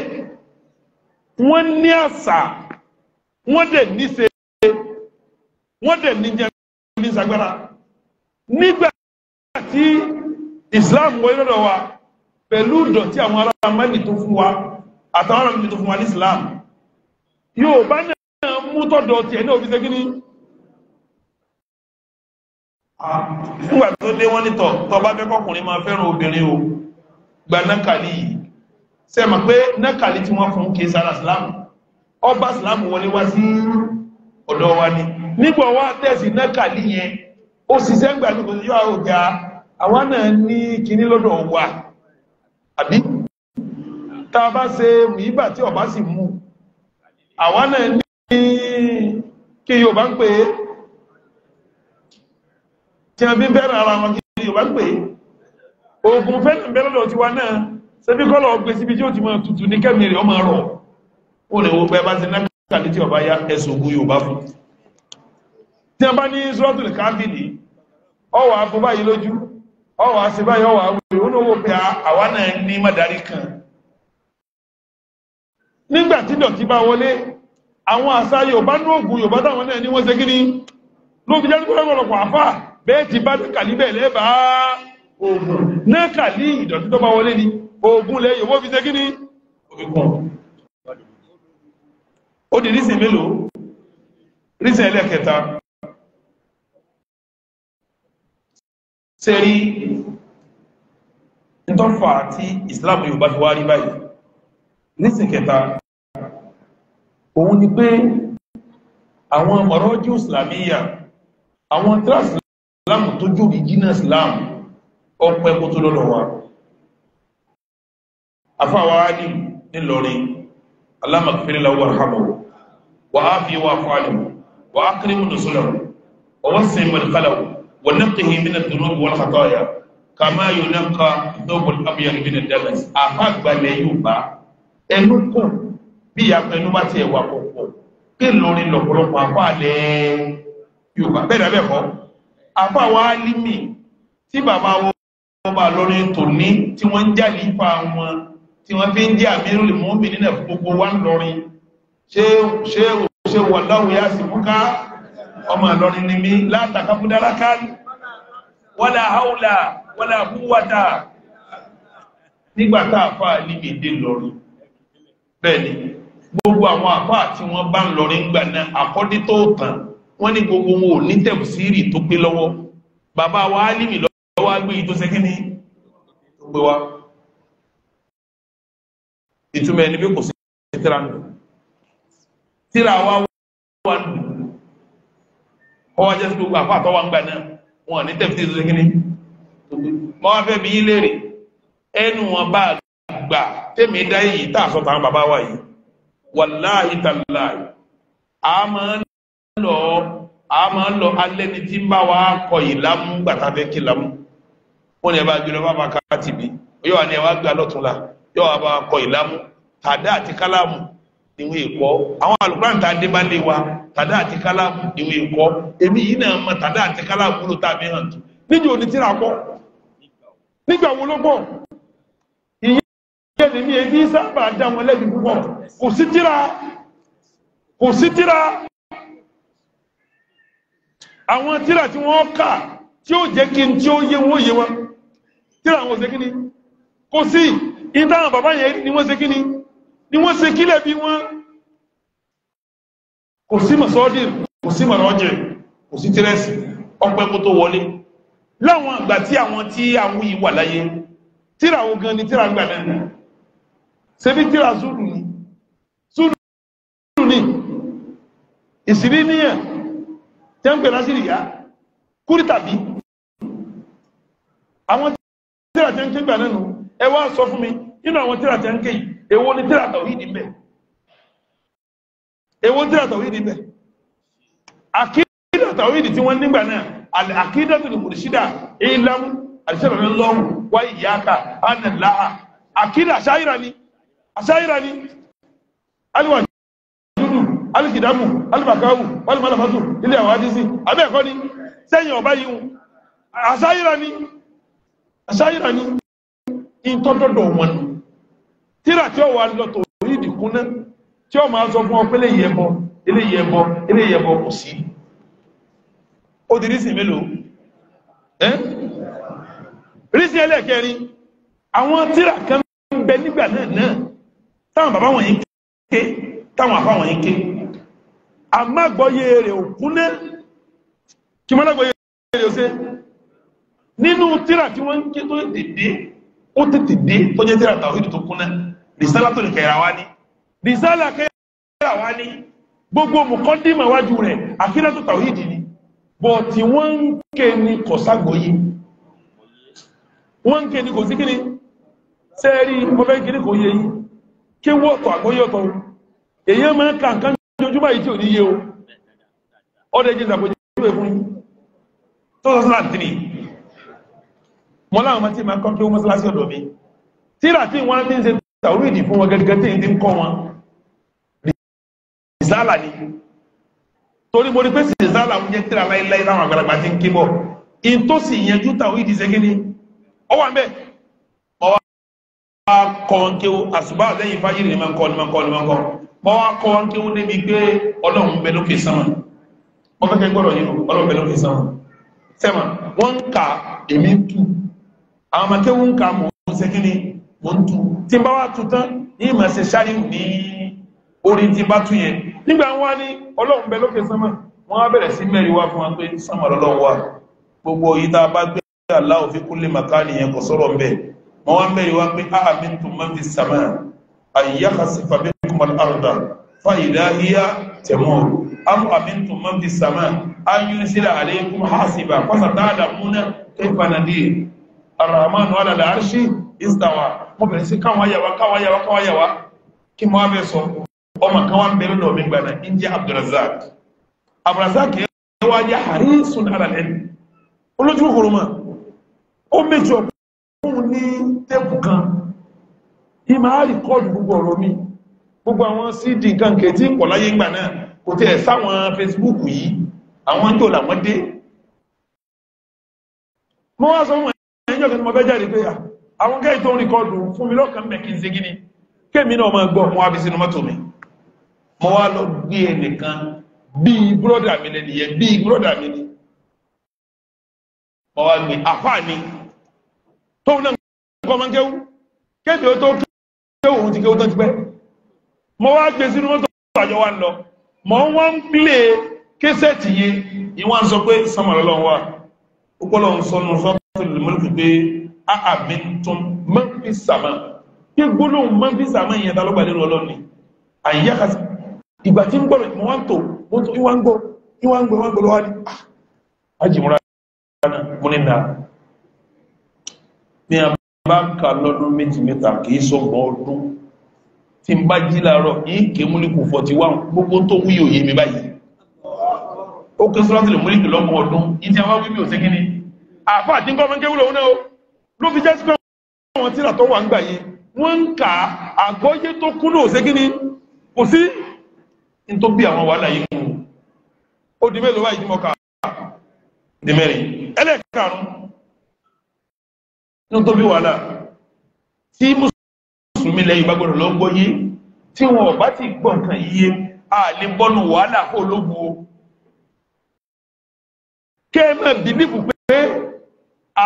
Speaker 1: wọ́n ní àṣà wọ́n dẹ̀ níṣe wọ́n dẹ̀ ní jẹ́ ní ìsagbára nígbà tí Islam wọ́n lọ́dọ̀ wa pẹ̀lú ìdọ̀tí àwọn ará tó fún wa àtàwọn tó fún wa ní Islam yóò bá náà mú tọ́dọ̀ ti ẹ̀ ní fi ṣe kí ni tó dé wọ́n nítọ̀ tó bá fẹ́ràn obìnrin o gba nákàlì yìí pé nákàlì tí wọ́n fún sára Islam ọba Islam wọlé wá sí wa ni nígbà wá tẹ̀sí yẹn ó ṣiṣẹ́ yóò àwọn náà ní àbí tá bá ṣe mìíbà tí ọba sì mú àwa náà ní kí yóò bá ń pè é tí a bí bẹ́rẹ̀ ara wọn kí yóò bá ń pè é oògùn fẹ́ẹ̀ bẹ́rẹ̀ lọ ti wa náà ṣe bí kọ́lọ̀ ọgbẹ́ síbi tí ó ti mọ̀ tutù ní kẹ́mì rẹ̀ ọmọ rọ̀ ó lè wo pé bá ti náà tí ọba ya ẹ̀sùn ogun yóò bá fún tí a bá ní sọ́tùlù káfíìnì ọwọ́ àfọ lójú ọwọ́ àṣìbá yọ wà wípé ó lówó pé àwa náà ní mọ́dárí kan nígbà tí dọ̀tí bá wọlé àwọn àṣà Yorùbá ní ògùn Yorùbá táwọn náà ní wọ́n ṣe kíní ló fi jẹ́ pẹ́lọ́pọ̀ àfà bẹ́ẹ̀ ti bá kàlí bẹ́ẹ̀ lẹ́bàá ògùn náà kàlí ìdọ̀tí tó bá wọlé ni ògùn lẹ́ Yorùbá fi ṣe kíní ó di rísìn mélòó rísìn ẹlẹ́kẹta ṣe rí ìtọ́fà tí Islam yóò bá fi wá rí báyìí nísìn kẹta òun ni pé àwọn mọ̀rọ́jú islamiyya àwọn trans-islam tó jù original islam ọpẹ́ kó tó lọ́lọ́ wa afáwa ní nílọrin alámàkífẹ́lẹ́ lọ́wọ́ àhábọ̀ wà mú nùsùlọ̀ ọwọ́ sí ونقه من الذنوب والخطايا كما ينقى الثوب الابيض من الدنس àfàgbà lẹ Yorùbá ẹnu kò bí apẹnu bá tiẹ̀ wà pọ̀pọ̀ pé lórí lọ̀pọ̀lọpọ̀ àfà lẹ Yorùbá bẹ́ẹ̀ dábẹ́ kọ́ àfà wa límì tí bàbá wọn bá lórí tòní tí wọ́n ń jáde ipa wọn tí wọ́n fi ń jẹ́ àmírù lè mú mi nínú gbogbo wa ń lọrin ṣé ṣé ṣé wà láwùjá sí fúnká ọmọ Ìlọrin ni mí látàkàbúdáráká wọ́lá haúlà wọ́lá húwátà nígbàtà àfà níbi èdè lọ́rin bẹ́ẹ̀ni gbogbo àwọn àfà tí wọ́n bá ń lọ́rin gbà náà àkọ́dí tó tàn wọ́n ní gbogbo wọn ò ní tẹ̀bùsírì tó pé lọ́wọ́ bàbá wa álìmì lọ́wọ́ gbé ìtò sẹ́kíní tó gbé wa ìtumẹ̀ ni bí kò sí tíra nù tíra wa wà nù ọwọ́ ajẹ́ sí gbogbo àpá àtọ́wà ń gbà náà wọn ní tẹ̀fítì tó ṣe kí ni mọ́ wá fẹ́ bí yín léèrè ẹnu wọn bá gbà tèmi dá yìí tá a sọ tàwọn bàbá wa yìí wàláhì tàláhì a máa ń lọ a máa ń lọ alẹ́ ni tí ń bá wa kọ yìí lámú gbàtà fẹ́ kí lámú wọn ni ẹ bá gbé lọ bá ká tìbí yóò wá ní ẹ wá gbé alọ́tún la yóò wá bá kọ yìí lámú tàdá àti kálámù ìwé ìkọ́ àwọn alùpùpù tá wa tàdá àti kálámù ìwé ìkọ́ èmi yìí náà mọ tàdá àti kálámù ló tàbí hàn tó níjẹ òní tíra kọ nígbà wo ló gbọ́ ìyẹn ní mi wọn lẹ́bi púpọ̀ kò sí tíra kò sí tíra àwọn tíra tí wọ́n kà n tí bàbá yẹn ni wọ́n ni wọ́n ṣe kílẹ̀ bí wọ́n kò sí mọ̀sọ́dì kò sí mọ̀rọ̀jẹ̀ kò sí tírẹ́sì ọpẹ́ kó tó wọlé láwọn àgbà tí àwọn tí àwọn yìí wà láyé tíra àwọn gan ni tíra gbà náà ṣe bí tíra zulu ni zulu ni ìsìrí níyàn tẹ́ ń pè lásìrì yá kúrì tàbí àwọn tíra tẹ́ ń ké gbà náà ẹ wá sọ fún mi nínú àwọn tíra tẹ́ ń ké yìí èwo ni tíra tàwídì bẹ̀ èwo tíra tàwídì bẹ̀ àkídà tàwídì tí wọ́n nígbà náà àkídà tó ní mùrìṣídà ìlàmù àdìsẹ́bẹ̀rẹ̀ lọ́wọ́ wáyé ìyáka ánàláà àkídà àṣáyíra ni àṣáyíra ni alùwà dúdú alùkìdámù alùbàkáwù alùmọ́làfàtù ilé àwọn adísí abẹ́ẹ̀kọ́ ni sẹ́yìn ọ̀bá yìí àṣáyíra ni àṣáyíra ni ìtọ́dọ̀dọ̀ wọn tíra tí ó wà lọ tó rí ìdìkúnná tí ó máa sọ fún ọ pé lè yẹbọ ilé yẹbọ ilé yẹbọ kò sí ó di rísì mélòó ẹ́ rísì ẹlẹ́ẹ̀kẹrin àwọn tíra kan ń bẹ nígbà náà náà táwọn bàbá wọ̀nyí ké táwọn àfá wọ̀nyí ké àmàgbọ́yé rẹ̀ òkúnná kí mọ́lágbọ́yé rẹ̀ ó sé nínú tíra tí wọ́n ń ké tó dìde ó tètè dé tó jẹ́ tíra tàwídì tó kúnná risala tó ní kẹyàrá wa ní risala kẹyàrá wa ní gbogbo mùkọ́ndìmọ̀ wájú rẹ̀ àkídàtò tàwídì ni bọ̀ tí wọ́n ń ké ní kọ̀ságbóyé wọ́n ń ké ní kò sí kíni sẹ́ẹ̀rí ọbẹ̀ kíní kò yé yìí kí wọ́n tọ̀ àgbóyé ọ̀tọ̀ èyí máa ń ka nǹkan jojúmọ́ yìí tí ò ní yé o ọdẹ jẹ́ ìsàkójẹ́ ìlú ẹ̀fún yìí 2003 mọ́láwọn máa ti ń ṣe tàwídì fún wọn gẹ́gẹ́ tí ìdí ń kọ́ wọn rìsálà ni torí mo rí pé rìsálà ń jẹ́ tíra láíláí láwọn àgbàlagbà ti ń ké bọ̀ in tó sì yẹnjú tàwídì ṣe kíni ọ wà mẹ́ ọwọ́ kọ́ńkéwó àṣùbà lẹ́yìn fájìrì ni máa ń kọ́ ni máa ń kọ́ ni máa ń kọ́ mọ́ wá kọ́ńkéwó débi pé ọlọ́run bẹ lókè sánmà wọ́n fẹ́ kẹ́ gbọ́dọ̀ yìí ọlọ́run bẹ lókè sánmà sẹ́mà wọ́n ń ka èmi ń tu àwọn ọmọ kéwọ́n ń ka mò ń ṣe kíni mo ń tu tí n bá wá tu tán yìí mà ṣe ṣáàrì ní orí tí n bá tu yẹn nígbà wá ní ọlọ́run bẹ lókè sánmà wọn á bẹ̀rẹ̀ sí mẹ́rin wá fún wa pé sánmà lọ́lọ́run wà gbogbo yìí tá a bá gbé Allahu fi kulli makani yẹn kò sọ̀rọ̀ ń bẹ̀ wọn wá mẹ́rin wá pé amintum man fi sánmà ayyakasifa bikum al-arda fa idha hiya tamur am amintum man fi sánmà an yursila alaykum hasiba fasata'lamuna kayfa nadir ar-rahmanu ala ìsìtàwà mo bẹ̀rẹ̀ sí káwọn ayàwá káwọn ayàwá káwọn ayàwá kí mo wá bẹ̀ sọ ọmọ kan wá ń bẹ lọ́dọ̀ mi gbàna ń jẹ́ Abdulrazak Abdulrazak yẹn wá jẹ́ harisun alalẹ́ni olójú kòkòrò mà ó méjì ọ̀pọ̀ ní tẹ́pù kan ní máa rí gbogbo ọ̀rọ̀ mi gbogbo àwọn cd nǹkan kẹtí pọ̀ láyé gbà náà kò tẹ́ sáwọn Facebook yìí àwọn tó làwọn dé mo wá sọ fún ẹ̀yìn ọ̀gá ni mo fẹ́ jáde pé à ah, àwọn gẹ́ ìtò rìkọdù fún mi lọ́kàn mẹ́ kí n ṣe gíní kémi náà máa gbọ́ mọ́ abisinu mọ́tò mi mo wá lọ gbé ẹnìkan bí bróda mi lẹ́ni yẹ bí bróda mi ni mo wá gbé àfáà ni tó náà nǹkan máa ń kéwú kémi ó tó kéwú òun ti kéwú tó ti pẹ́ mo wá gbé sínú mọ́tò àjọ wa ń lọ mo ń wá ń plé késẹ̀tì yé ìwọ́n sọ pé sọmọlọ́lọ́ wa ó pọ́lọ́ àmìntún mọ́fíìsàmà kí gbólóhùn mọ́fíìsàmà yẹn ta ló gbà lérò ọlọ́ni àyíyá kàtí ìgbà tí ń gbọ́rọ̀ ìmọ̀ wá ń tò wọ́n tó ìwà ń gbọ́ ìwà ń gbọ́ ìwà ń gbọ́ lọ́wọ́ ni àjìmúra ah, mo ní nà ní a bá ń ka lọ́dún méjì mẹ́ta kì í sọgbọ́n ọdún tí ń bá jí láàárọ̀ yìí kì í múlí kù fọ̀tí wà gbogbo tó wí òye mi báyìí ó kí sọ́lá ti lè múlí kì lọ́gbọ̀n ọdún ìdí àwọn wíwí ò ni àfáà tí ń kọ́ mọ́ ló fi jẹ́ sí pé àwọn tíra tó wà ń gbà yẹn wọ́n ń kà àgbọ́yé tó kúrò ṣe kí ni kò sí ní tó bí àwọn wàhálà yìí mú ó di mélòó báyìí mọ́ka di mẹ́rin ẹlẹ́ẹ̀karùn-ún ní tó bí wàhálà tí mùsùlùmí lẹ́yìn bá gbọ́dọ̀ lọ ń gbọ́yé tí wọn ò bá ti gbọ́ nǹkan yíye a lè bọ́nu wàhálà ológun o kẹ́ bìbí kù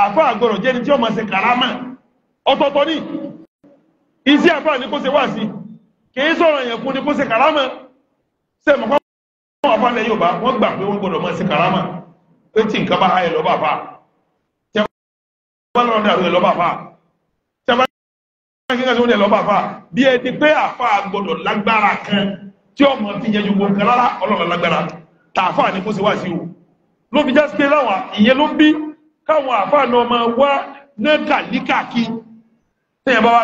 Speaker 1: àfá àgbọ̀rọ̀ jẹ́ni tí ó máa ṣe kàrámà ọ̀tọ̀ọ̀tọ̀ ní iṣẹ́ àfá ní kó ṣe wá sí kìí sọ̀rọ̀ èèyàn fún ní kó ṣe kàrámà ṣe mọ̀kọ́ àfá lẹ yóò bá wọ́n gbà pé wọ́n gbọ́dọ̀ máa ṣe kàrámà pé tí nǹkan bá háyẹ lọ́bà fà tẹ́ bá lọ́rọ̀ dàrú ẹ̀ lọ́bà fà tẹ́ bá lọ́bà fà bí ẹni pé àfá gbọ́dọ̀ lágbára kan tí ọmọ fi yẹjú gbọ̀ǹkan rárá ọlọ́run lágbára tààfà ní kó ṣe wá sí o ló fi já sí pé láwọn ìyẹn ló bí káwọn àfáàná ọmọ wá nẹ́ẹ̀kà níkàkí tẹ́yẹ̀ bá wá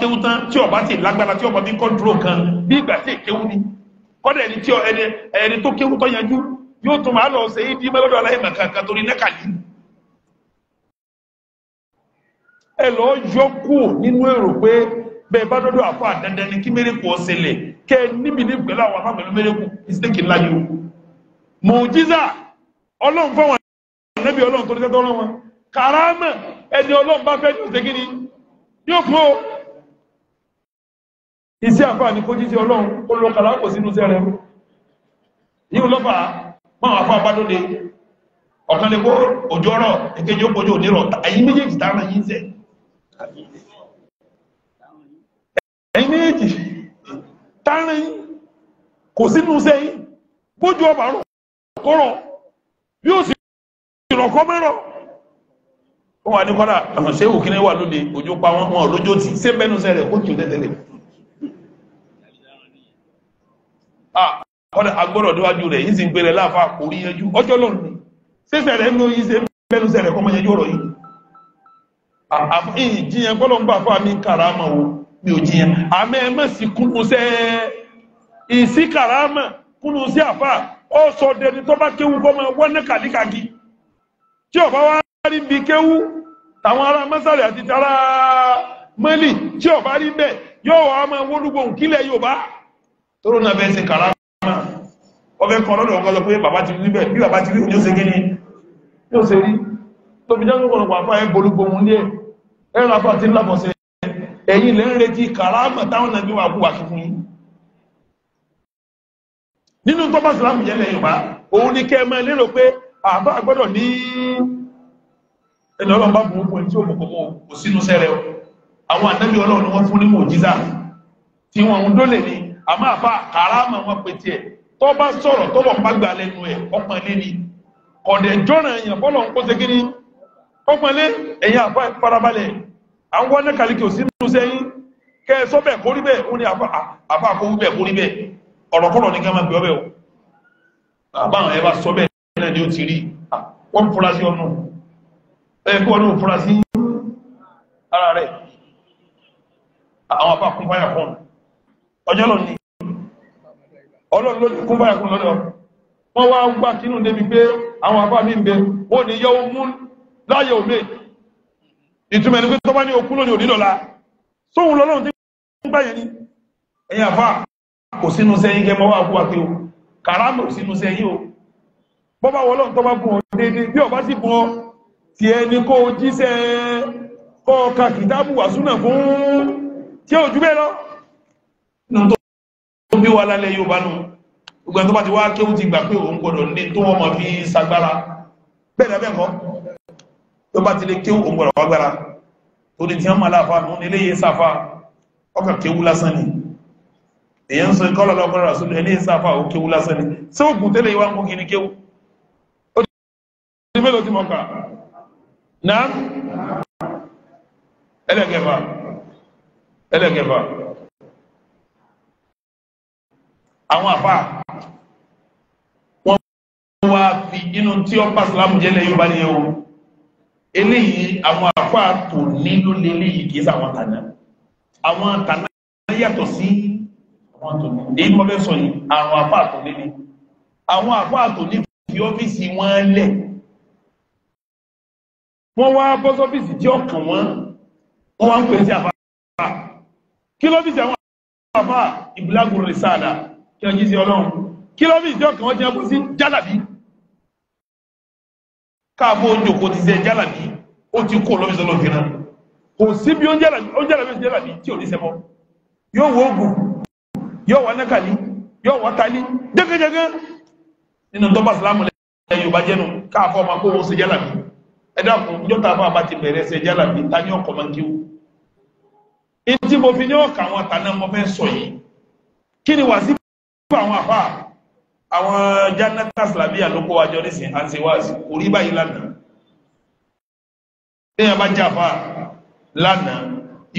Speaker 1: kéwú tán tí ọba ti lágbára tí ọba bí kọ́ńtúrò kan bí ìgbà tí èkéwú ni kọ́dẹ̀ ẹni tí ẹni tó kéwú tó yanjú yóò tún máa lọ ṣe é di mẹ́lọ́dọ̀ aláìmọ̀ kankan torí nẹ́ẹ̀kà yìí ẹ lọ yọ kú nínú èrò pé bá ni kí níbi ní ànábì ọlọ́run tó ní tẹ́tọ́ ọlọ́run wọn kàrámà ẹni ọlọ́run bá fẹ́ yóò ṣe kí ni yóò fún o iṣẹ́ àfáàní kó jíṣẹ́ ọlọ́run kó lọ kàrámà kò sínú sẹ́rẹ̀ yíò lọ́fà máa fún abádóde ọ̀kan lè kó òjò ọ̀rọ̀ èkejì ó kojú òní rọ̀ àyí méjèèjì táwọn yìí ń sẹ́ ẹ̀yìn méjèèjì táwọn yìí kò sínú sẹ́yìn bójú ọba rọ̀ kọ́rọ̀ yóò sì kìlọ̀ kọ́ mẹ́rọ̀ ó wà ní kọ́lá àwọn sẹ́wù kí ni wà lóde òjò pa wọn wọn lójó tì sí bẹ́nu sẹ́rẹ̀ ó kì í tẹ́tẹ́lẹ̀ kọ́lá agbọ́dọ̀ níwájú rẹ̀ yìí sì ń gbé láàfà kò rí yanjú ọjọ́ lọ́rùn ni sẹ́sẹ̀ rẹ̀ ń lo yìí ṣe bẹ́nu sẹ́rẹ̀ kọ́ mọ yanjú ọ̀rọ̀ yìí àfihàn ìjiyàn gbọ́dọ̀ ń gbà fún àmì kàràmà wo mi ò jiyàn àmì ẹ̀ mọ̀ sí kúnnú sẹ́ ìsí kàràmà kúnnú sí àfà ó sọ dẹni tó bá kéwu kọ́ mọ wọ́n ní kàlíkàkí tí ọba wa rí bí kéwú tàwọn ará mọ́sálì àti tara mọ́lì tí ọba rí bẹ́ẹ̀ yóò wá máa wólúgbò nkílẹ̀ yorùbá tóró náà bẹ́ẹ̀ sí kàrámà ọbẹ̀ kan lọ́dọ̀ ọkọ̀ lọ pé bàbá ti rí bẹ́ẹ̀ bí bàbá ti rí òun yóò ṣe kíni yóò ṣe rí tóbi jẹ́ lókùnrin wà fún ẹ bolúgbò òun lé ẹ ẹ̀rọ afọ àti ńlábọ̀ sí ẹ̀yìn lẹ́ ń retí kàrámà táwọn náà gbé wà kú wà kí fún nínú tọ́pọ̀ sàlámù jẹ́lẹ̀ yorùbá òun ni kẹ́ ẹ máa lérò pé àbá gbọ́dọ̀ ní ẹ̀lọ́ ọlọ́pàá fún òkú tí òkùnkùn kò sínú sẹ́rẹ̀ o àwọn ànábì ọlọ́run wọ́n fún ní mòjíza tí wọ́n ń dólè ní àmọ́ àbá kàrámà wọn pe tiẹ̀ tó bá sọ̀rọ̀ tó bọ̀ pàgbà lẹ́nu ẹ̀ ọpọ̀ lé ni ọ̀dẹ̀ jọ́nà èèyàn bọ́lọ̀ ń kó se kí ni ọpọ̀ lé ẹ̀yìn àbá farabalẹ̀ àwọn ní kàlíkì ò sínú sẹ́yìn kẹ́ ẹ sọ bẹ́ẹ̀ kórí bẹ́ẹ̀ ó ní àbá àkówú bẹ́ẹ̀ kórí máa gbé ọbẹ̀ o àbá ẹ bá sọ ni ó ti rí ah, wọ́n fúra sí ọ̀nà ẹ̀kọ́ ọ̀nà fúra sí ara rẹ̀ ah, àwọn apá kún báyà kún ọjọ́ lọ ní ọlọ́run ló kún báyà kún lọ́dọ̀ wọ́n wá ń gbá kínú débi pé àwọn apá mi ń bẹ wọ́n ní yọ ohun láyé òmè ìtumẹ̀ ní pé tọ́bá ní okú lónìí òní lọ́la sóhun lọ́lọ́run tí ń gbá yẹn ni ẹ̀yà fà kò sínú sẹ́yìn kẹmọ́ wà kú wa pé o kàrámù sínú sẹ́yìn o bọ́bá wọlọ́n tó bá bùn ọ dédé bí ọba sì bùn ọ tí ẹni kó o jíṣẹ́ kọ́ ọ ka kìtàbù wà súnà fún tí ò jù bẹ́ẹ̀ lọ. nínú tó bí wa lálẹ́ Yorùbá nù gbogbo ẹni tó bá ti wá kéwù ti gbà pé òun gbọdọ̀ ní tó wọ́n mọ̀ fi sagbára bẹ́ẹ̀ lọ kọ́ tó bá ti lè kéwù òun gbọdọ̀ wá gbára tó lè ti hàn máa láfa nù nílé yẹn sáfa ọkà kéwù lásán ni èyàn sọ kọ́lọ̀ lọ́kọ́lọ́ rà sólù ẹni sáfà ó kéwú lásán ni sí ògùn tẹ́lẹ̀ ìwà ń kó kiri kéwú mélòó tí mo kà náà ẹlẹ́gẹ̀fà ẹlẹ́gẹ̀fà àwọn àfà wọ́n wá fi inú tí ó pàṣílámù jẹ́ lẹ́yìn bá nìyẹn o eléyìí àwọn àfà tò nílò lélẹ́yìí kìí sáwọn tànà àwọn tànà yàtọ̀ sí àwọn tò ní èyí mọ́ fẹ́ sọ yìí àwọn àfà tò nílé àwọn àfà tò ní fi ọ́fíìsì wọn lẹ̀ wọ́n wá bọ́sí ọ́fíìsì tí ọkàn wọn wọ́n wá ń pèsè àfáà kí lọ́fíìsì àwọn àfáà ìbúlágùn rẹ̀ sáàdà kí wọ́n jí sí ọlọ́run kí lọ́fíìsì tí ọkàn wọn jẹ́ bọ́sí jálàbí káàbọ̀ òjòkó ti sẹ́ jálàbí ó ti kó lọ́fíìsì ọlọ́fíìsì náà kò sí bí ó jálàbí ó jálàbí tí ò ní sẹ́mọ́ yóò wọ ogun yóò wọ anákàlí yóò wọ tali dẹ́gẹ́dẹ́gẹ́ nínú tọ́ba ẹ̀dàkùn jọ́ta fún àbá ti bẹ̀rẹ̀ ṣe jálà bí ta ní ọkọ̀ máa ń kíw ìtí mo fi ní ọkà àwọn àtàná mo fẹ́ sọ yìí kí ni wàásù àwọn àfà àwọn jannata sàlàbíyà ló kó wájọ nísìn à ń ṣe wáàsí kò rí báyìí lánàá téèyàn bá jáfa lánàá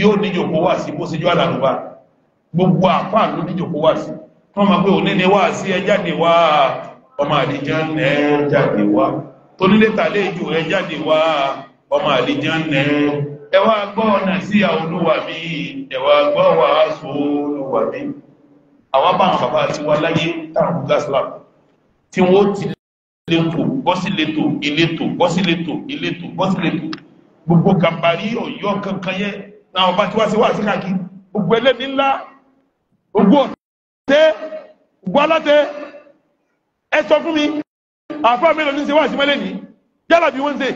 Speaker 1: yóò níjòkó wáàsí bó ṣe jọ àlàrúbá gbogbo àfà ló níjòkó wáàsí wọn máa pé òní ni wáàsí ẹ jáde wá ọmọ àdìjá ẹ jáde wá tonílé tàlé ìjù rẹ jáde wá ọmọ àlìján nẹ ẹwà gbọ́ ọ̀nà sí olúwa mi ẹwà gbọ́ wà sọ olúwa mi àwọn báwọn bàbá ti wá láyé tààrùn gaslam tí wọ́n ti lẹ́tò bọ́sílẹ́tò ìletò bọ́sílẹ́tò ìletò bọ́sílẹ́tò gbogbo kàbàrí ọ̀yọ́ kankan yẹ náà ọba tí wá sí wà sí kàkí gbogbo ẹlẹ́ni ńlá gbogbo ọ̀tẹ́ gbogbo alátẹ ẹ sọ fún mi àfáà mélòó ní ṣe wá sí mẹ́lẹ́ ní yálà bí wọ́n ṣe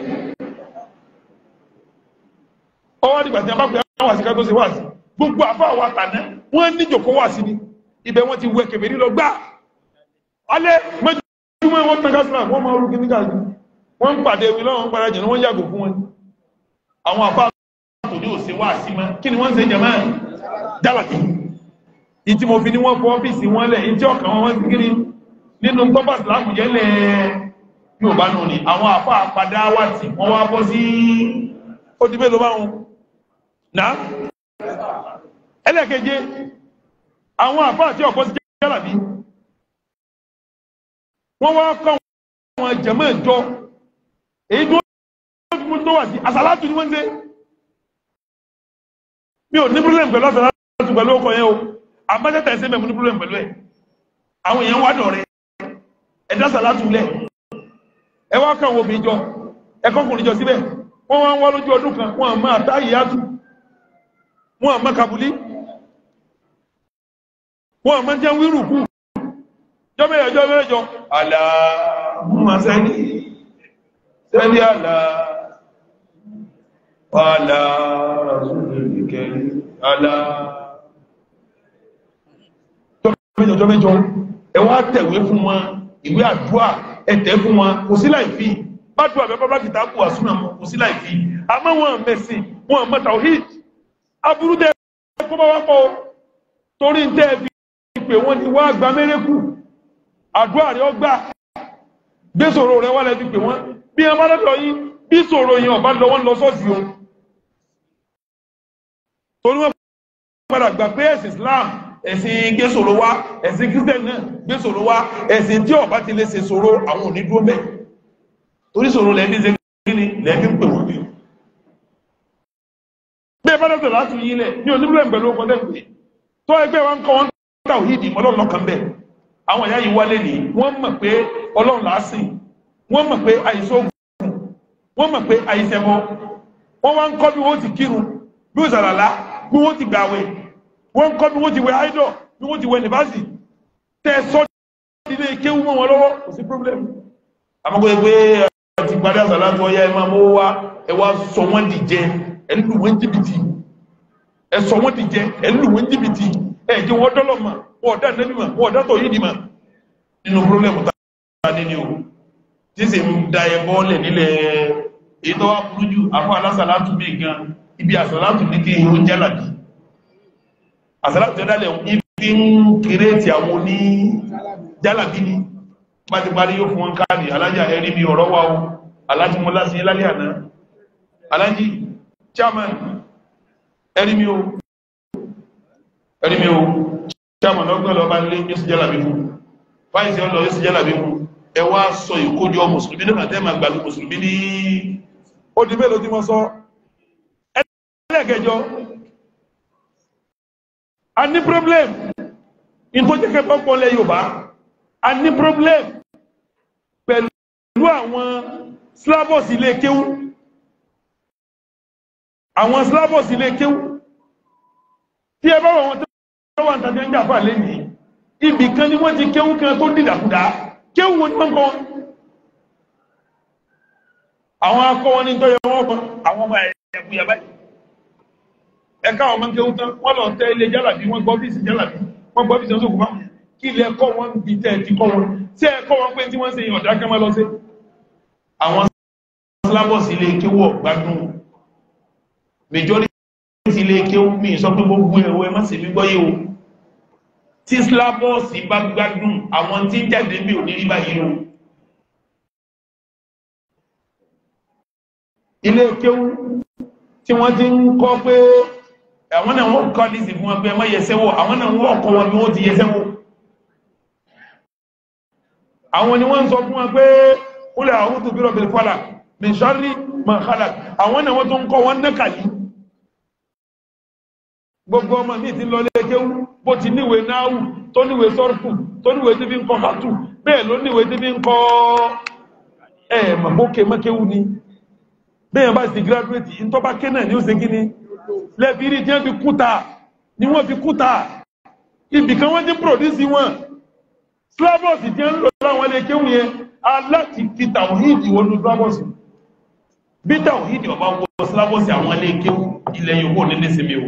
Speaker 1: ọwọ́ nígbà tí a bá àwọn àṣìká tó ṣe wá sí gbogbo àfáà wa tàná wọ́n ní jòkó wá sí ni ibẹ̀ wọ́n ti wẹ kẹfẹ́ nílọ gbá alẹ́ mẹ́jọ́júmọ́ wọn tán kásìlá wọ́n máa rúkí nígbà wọ́n ń pàdé ewì lọ́wọ́n ń para jẹ̀ wọ́n yàgò fún wọn àwọn àfáà tó ní òṣè wá sí mọ́ kí ni wọ́n ṣe jẹ̀mọ́ jálàbí ìtì mo fi ní wọ́n fọ ọ́fíìsì wọn lẹ̀ ìtì ọ̀kan wọn wọ́n ti kiri nínú tọ́pọ̀ ìsìláàmù jẹ́lẹ̀ yóò bá nù ní àwọn àfá àpadà wà tí wọ́n wá bọ́ sí ó ti mélòó báhùn náà ẹlẹ́keje àwọn àfá àti ọ̀pọ̀ sí jálàbí wọ́n wá kọ́ àwọn jẹ̀mọ́ ìjọ èyí tó wà sí àsàlátù ní wọ́n dé mi ò ní problem pẹ̀lú àsàlátù pẹ̀lú ọkọ̀ yẹn o àbájẹ́tẹ̀ sí mẹ́mú ní problem pẹ̀lú ẹ̀ àwọn èèyàn wádọ̀ rẹ̀ ẹ̀dá sàlátù lẹ̀ ẹ wá kàn wọ́n obìnrin jọ ẹ kọ́kùnrin jọ síbẹ̀ wọ́n wá ń wá lójú ọdún kan wọ́n àmọ́ àtàyè àtù wọ́n àmọ́ kàbúlí wọ́n àmọ́ jẹ́ wírù kú jọ́bẹ̀ ẹ̀jọ́ bẹ́ẹ̀ jọ àlà mọ́ sẹ́ni sẹ́ni àlà àlà ìkẹrì àlà jọ́bẹ̀ ẹ̀jọ́ bẹ́ẹ̀ jọ ẹ wá tẹ̀wé fún wọn ìwé àdúà ẹ̀tẹ́ fún wọn kò sí láì fi bádùn àbẹ́ bábá kìtà kù àsúnà wọn kò sí láì fi àmọ́ wọn mẹ̀sìn wọn mọ tawhid aburú tẹ́ kó bá wá pọ̀ torí tẹ́ fi pé wọ́n ti wá gba mérékù àdúà rẹ̀ ọgbà gbé sòro rẹ̀ wá lẹ́bi pé wọ́n bí ẹ má lọ́dọ̀ yín bí sòro yẹn ọ̀bá lọ wọ́n lọ sọ́ọ̀sì wọn torí wọ́n padà gbà pé ẹ̀sìn Islam ẹ̀sìn gẹ́sọ̀ ló wá ẹ̀sìn christian náà gẹ́sọ̀ ló wá ẹ̀sìn tí ọba ti lè ṣe sòro àwọn onídúró mẹ́ torí sòro lẹ́bí ṣe kí ni lẹ́bí ń pè wọ́n bí. bí ẹ bá dọ̀tọ̀ láti yí lẹ̀ ní oníbúrò ẹ̀ǹbẹ̀ ló kọjá pé tó ẹgbẹ́ wa ń kọ́ wọn ká òhìdì ọlọ́run lọ́kàn bẹ́ẹ̀ àwọn ìyá yìí wálé nìyí wọ́n mọ̀ pé ọlọ́run làásìn wọ́n mọ̀ pé àìsóògùn wọ́n mọ̀ pé àìsẹ̀mọ́ wọ́n wá ń kọ́ bí wọ́n ti kírun bí ó sàràlá bí wọ́n ti gbàwé wọ́n ń kọ́ bí wọ́n ti wẹ̀ áìdọ̀ bí wọ́n ti wẹ̀ nìbásì tẹ́ sọ́ ilé ike wọ́n wọn lọ́wọ́ kò sí problem. àmọ́ pé pé àti gbadé àṣà láti ọ̀yá ẹ̀ máa mọ́ wá ẹ wá sọ wọ́n di jẹ ẹ̀ ń lù wọ́n jìbìtì ẹ sọ wọ́n di jẹ ẹ̀ ń lù wọ́n jìbìtì ẹ̀ jẹ́ wọ́n dọ́lọ̀ mà wọ́n ọ̀dà nẹ́bí mà wọ́n ọ̀dà tọ̀yìn ni mà nínú problem ta ni ni o tí sì ń da ẹ bọ́ọ̀lẹ̀ nílẹ̀ èyí tó wá burú jù àfọ alásàlátù mí gan ibi àṣàlátù ní kí ó jálàbí àsàlátù tó dálẹ̀ ibi ń kírètì àwọn oní jálàbí ni bá ti parí yóò fún wọn káàdì alájà ẹrí mi ọ̀rọ̀ wa o alájì mo lásì lálẹ́ àná alájì chairman ẹrí mi o ẹrí mi o chairman ọgbọ́n lọ́ba lé yóò sì jálàbí fún fáìsì ọlọ́ yóò sì jálàbí fún ẹ wá sọ ìkójọ mùsùlùmí náà tẹ́ máa gbàlú mùsùlùmí ní ó mélòó tí wọ́n sọ ẹlẹ́kẹjọ a ní problem ìtọ́jẹ́kẹ́ pọ́pọ́ lẹ Yorùbá a ní problem pẹ̀lú àwọn slavos ilé kéwú àwọn slavos ilé kéwú tí ẹ bá wọn tó wà tàbí ẹgbẹ́ àfà lẹ́yìn ibì kan ni wọ́n ti kéwú kan tó dìdàkudà kéwú wọn ni wọ́n kọ́ àwọn akọ́ wọn ní tọ́jọ́ wọn kọ́ àwọn ọmọ ẹ̀yẹ̀kú yàbáyìí ẹ̀ka ọmọ ń kéwú tán wọ́n lọ tẹ́ ilé jálàbí wọ́n gbọ́ fíìsì jálàbí wọ́n gbọ́ fíìsì ọ̀ṣọ́kù báwọn kí ilé ẹ̀kọ́ wọn bí tẹ́ ẹ ti kọ́ wọn tí ẹ̀kọ́ wọn pé tí wọ́n ṣe ọ̀dà kẹ́mọ́ lọ sí. àwọn sílábọ̀sì ilé kéwú ọ̀gbádùn majority ilé kéwú mi sọ pé gbogbo ẹ̀wọ́ ẹ má ṣe mí gbọ́yé o tí sílábọ̀sì bá gbádùn àwọn tí jáde mi ò ní rí báyìí o. ilé kéwú tí wọ́n ti ń kọ́ pé àwọn náà wọ́n kọ́ lísì fún wọn pé ẹmọ́ yẹsẹ́ wò àwọn náà wọ́n kọ́ wọn ni wọ́n ti yẹsẹ́ wò àwọn ni wọ́n sọ fún wọn pé qul a'udhu bi rabbil falaq min sharri ma khalaq àwọn náà wọ́n tó ń kọ́ wọn nákàlí gbogbo ọmọ mi ti lọ lékéwú bó ti níwe náwù tó níwe sọ́rùkù tó níwe tí fi ń kọ́ hátù bẹ́ẹ̀ ló níwe tí fi ń kọ́ ẹ̀ mọ̀mọ́kẹ́ mọ́kéwú ni bẹ́ẹ̀ bá sì gírádúrétì ń tọ́ bá ké náà ni ó ṣe kí ni lẹ́bìrí jẹ́ fi kúta ni wọ́n fi kúta ibìkan wọ́n ti pòdísì wọn slavos jẹ́ ń lò láwọn ilé kéwù yẹn aláti fi tàwíìdì wọnú slavos bí tàwíìdì ọba wọ slavos àwọn ilé kéwù ilẹ̀ yòókù nílé sinmi o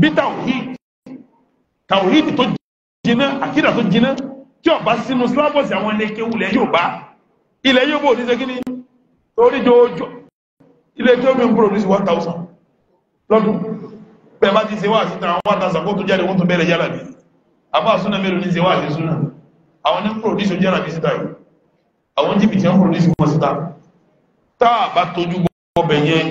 Speaker 1: bí tàwíìdì tàwíìdì tó jiná àkídà tó jiná tí ọba sínú slavos àwọn ilé kéwù ilẹ̀ yóò bá ilẹ̀ yóò bó ní sẹ́kíní torí jọjọ́ ilé tó bí ń produce 1000 lọ́dún bẹ́ẹ̀ bá ti ṣe wá síta àwọn 1000 kó tó jáde wọ́n tó bẹ̀rẹ̀ yára bí àbá súnà mélòó ní ṣe wá sí súnà àwọn ní produce ó yára bí síta yìí àwọn jìbìtì ń produce wọn síta táà bá tójú ọbẹ̀ yẹn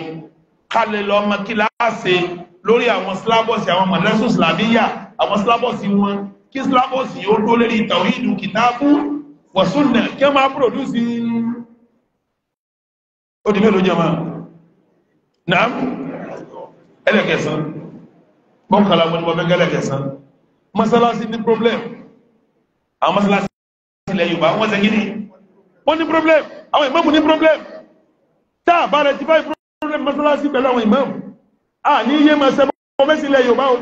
Speaker 1: kálẹ̀ lọ ọmọ kíláàsì lórí àwọn sílábọ̀sì àwọn mọ̀lẹ́sùn sìlábíyà àwọn sílábọ̀sì wọn kí sílábọ̀sì yóò dó lórí tàwíìdù kìtàbù wa súnà kí wọ́n máa produce ó di mélòó jẹ́ máa naam ẹlẹ́kẹsán mọ́kànlá wọn ni wọ́n fẹ́ gẹ́lẹ́kẹsán masalasi ní problem àwọn masalasi ilẹ̀ Yorùbá wọ́n ṣe gíní wọ́n ní problem àwọn ìmáàmù ní problem tá a bá rẹ̀ ti báyìí problem masalasi pẹ̀lú àwọn ìmáàmù a ní iye máa ṣe bọ́ mẹ́sì ilẹ̀ Yorùbá o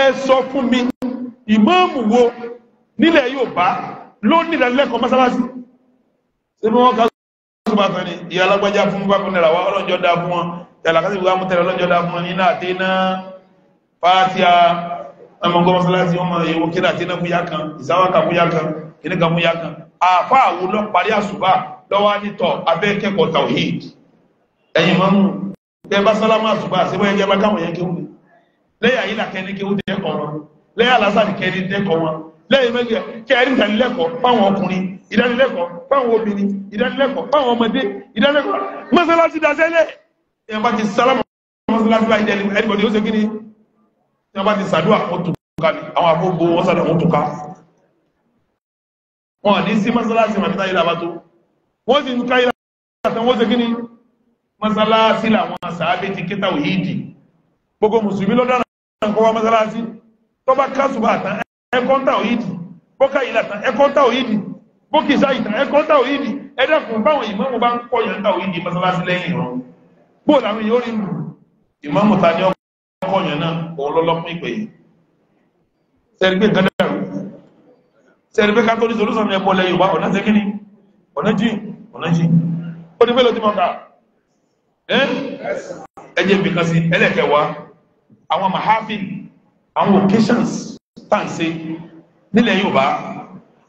Speaker 1: ẹ sọ fún mi ìmáàmù wo nílẹ̀ Yorùbá ló ní ìdánilẹ́kọ̀ọ́ masalasi ṣé bí wọ́n ká túnmà tó ní ìyá alágbájá fún pápọ̀ náírà wá ọlọ́njọ́ dá fún wọn ìyàlàkásí ìwà mútẹ̀rẹ̀ ọlọ́njọ́ dá fún wọn ní náà tí ná fàátíà ọmọgọ́ mọ́sálásí ọmọ ewu kí náà tí ná múyá kan ìsáwákà múyá kan kìníkà múyá kan àfá àwo lọ parí àsùbá lọ́wọ́ nítọ̀ abẹ́ kẹ́kọ̀ọ́ tawhid ẹ̀yìn mọ́mú tẹ bá sálámà àsùbá síbẹ̀ ẹgbẹ́ bá káwọn yẹn kéwù ní lẹ́yìn àyílà kẹ́ni kéwù dẹ́kọ̀ wọn lẹ́yìn alásàdì kẹ́ni dẹ́kọ̀ wọn lẹ́yìn mẹ́gbẹ̀ẹ́ kẹ́rin tẹ̀lẹ́kọ̀ọ́ fáwọn ọkùnrin ìdánilẹ́kọ̀ọ́ fáwọn obìnrin ìdánilẹ́kọ̀ọ́ fáwọn ọmọdé ìdánilẹ́kọ̀ọ́ mọ́sálásí dasẹ́lẹ̀ èèyàn bá ti sálámà mọ́sálásí láì dẹ́ni ẹnìbọ̀dì ó ṣe kí ni èèyàn bá ti sàdúrà wọ́n tún ká ní àwọn àfọ́gbó wọ́n sàdà wọ́n tún ká wọn àdí sí mọ́sálásí màmí táyé làbá tó wọ́n sì ń ká yìí látàn wọ́n ṣe kí ni mọ́sálásí làwọn sàábé ti kíta òyìdì gbogbo mùsùlùmí lọ́dọ̀ náà kọ́ wá mọ́sálásí tọ́ba kásùbà àtàn ẹ̀kọ́ ń ta òyìdì bọ́kà yìí látàn ẹ̀kọ́ ń ta bókìsá ìtàn ẹ̀kọ́ táwọn ìdí ẹ̀dẹ́kùn báwọn ìmáàmù bá ń kọ́ yẹn táwọn ìdí mọ́sálásí lẹ́yìn rọ bóò làwọn èèyàn rí nù ìmáàmù ta ni ọkọ yẹn náà òun lọ́lọ́pọ̀ ìpè yìí sẹ́rìgbé nǹkan dẹ́rù sẹ́rìgbé kátólì solúsọ̀mù ẹ̀kọ́ lẹ́yìn Yorùbá ọ̀nà ṣe kíni ọ̀nà jìn ọ̀nà jìn ó ní pẹ́lú tìmọ̀ta ẹjẹ́ mi kan sí ẹlẹ́kẹ̀wá àwọn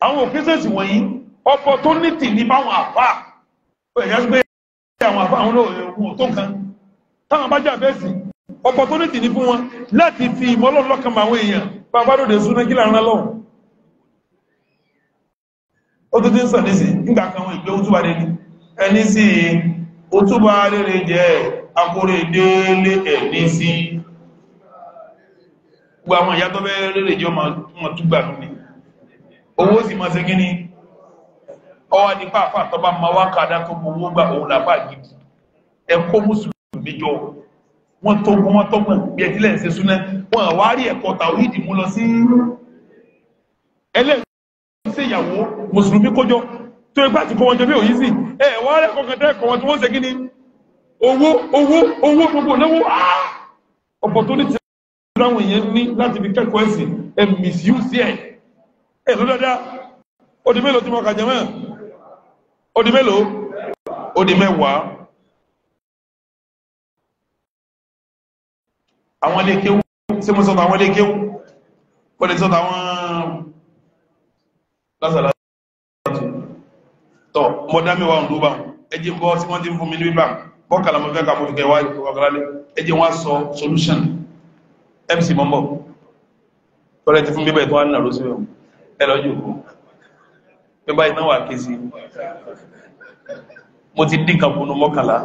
Speaker 1: àwọn òkèsèsì wọ̀nyí opportunity ní báwọn àfà ẹ̀yà gbé àwọn àfà àwọn olóòwò tó nǹkan táwọn bá jà bẹ́ẹ̀sì opportunity ní fún wọn láti fi ìmọ́lọ́lọ́kan àwọn èèyàn bàbá lòdè súná kí láàrín lọ́wọ́ ó tó tí ń sọ ní sí nígbà kan wọn ìgbé òtúbà lè ní ẹni sí òtúbà lè lè jẹ akórè délé ẹni sí gbogbo àwọn ìyá tó bẹ́ẹ̀ lè lè jẹ́ ọmọ túgbà lónìí owó sì máa ṣe kí ni ọwọ́ ní pàápàá tó bá máa wá kàdá tó gbowó gba òun làbá gidi ẹ kó mùsùlùmí jọ wọn tó gbọ́n wọn tó gbọ́n bí ẹtí lẹ́yìn ṣe súná wọn àwa rí ẹ̀kọ́ tàwíìdì mú lọ sí ẹlẹ́yìn ṣe ìyàwó mùsùlùmí kójọ tó ipá ti kó wọn jọ bí òyìn sí ẹ wọ́n rẹ̀ kọ̀ọ̀kan tẹ́ ẹ̀kọ́ wọn tí wọ́n ṣe kí owó owó owó gbogbo náwó ọ̀pọ̀ tó ní ti láwọn èèyàn ní láti fi kẹ́kọ̀ọ́ ẹ̀sìn ẹ̀ misuse ẹ̀ èso dáadáa ó di mélòó tí mo kà jẹ́ mẹ́rin odi di mélòó ó di mẹ́wàá àwọn ilé kéwú sí mo sọ́tọ̀ àwọn ilé kéwú kò lè sọ́tọ̀ àwọn lásàlá tọ́ mọ́ dámì wa ń dúbà ẹjí bọ́ sí wọ́n ti fún mi ní bíbà bọ́kàlà mọ́ fẹ́ kà mọ́ fi kẹwàá ìwàkàlálẹ̀ ẹjí wọ́n sọ solution mc mọ́mọ́ tọ́lẹ̀ ti fún bíbà ètò ànà lóṣèlú ẹ lọ jòkó pé báyìí náà wà ké sí mo ti dín kan kunu mọ́kànlá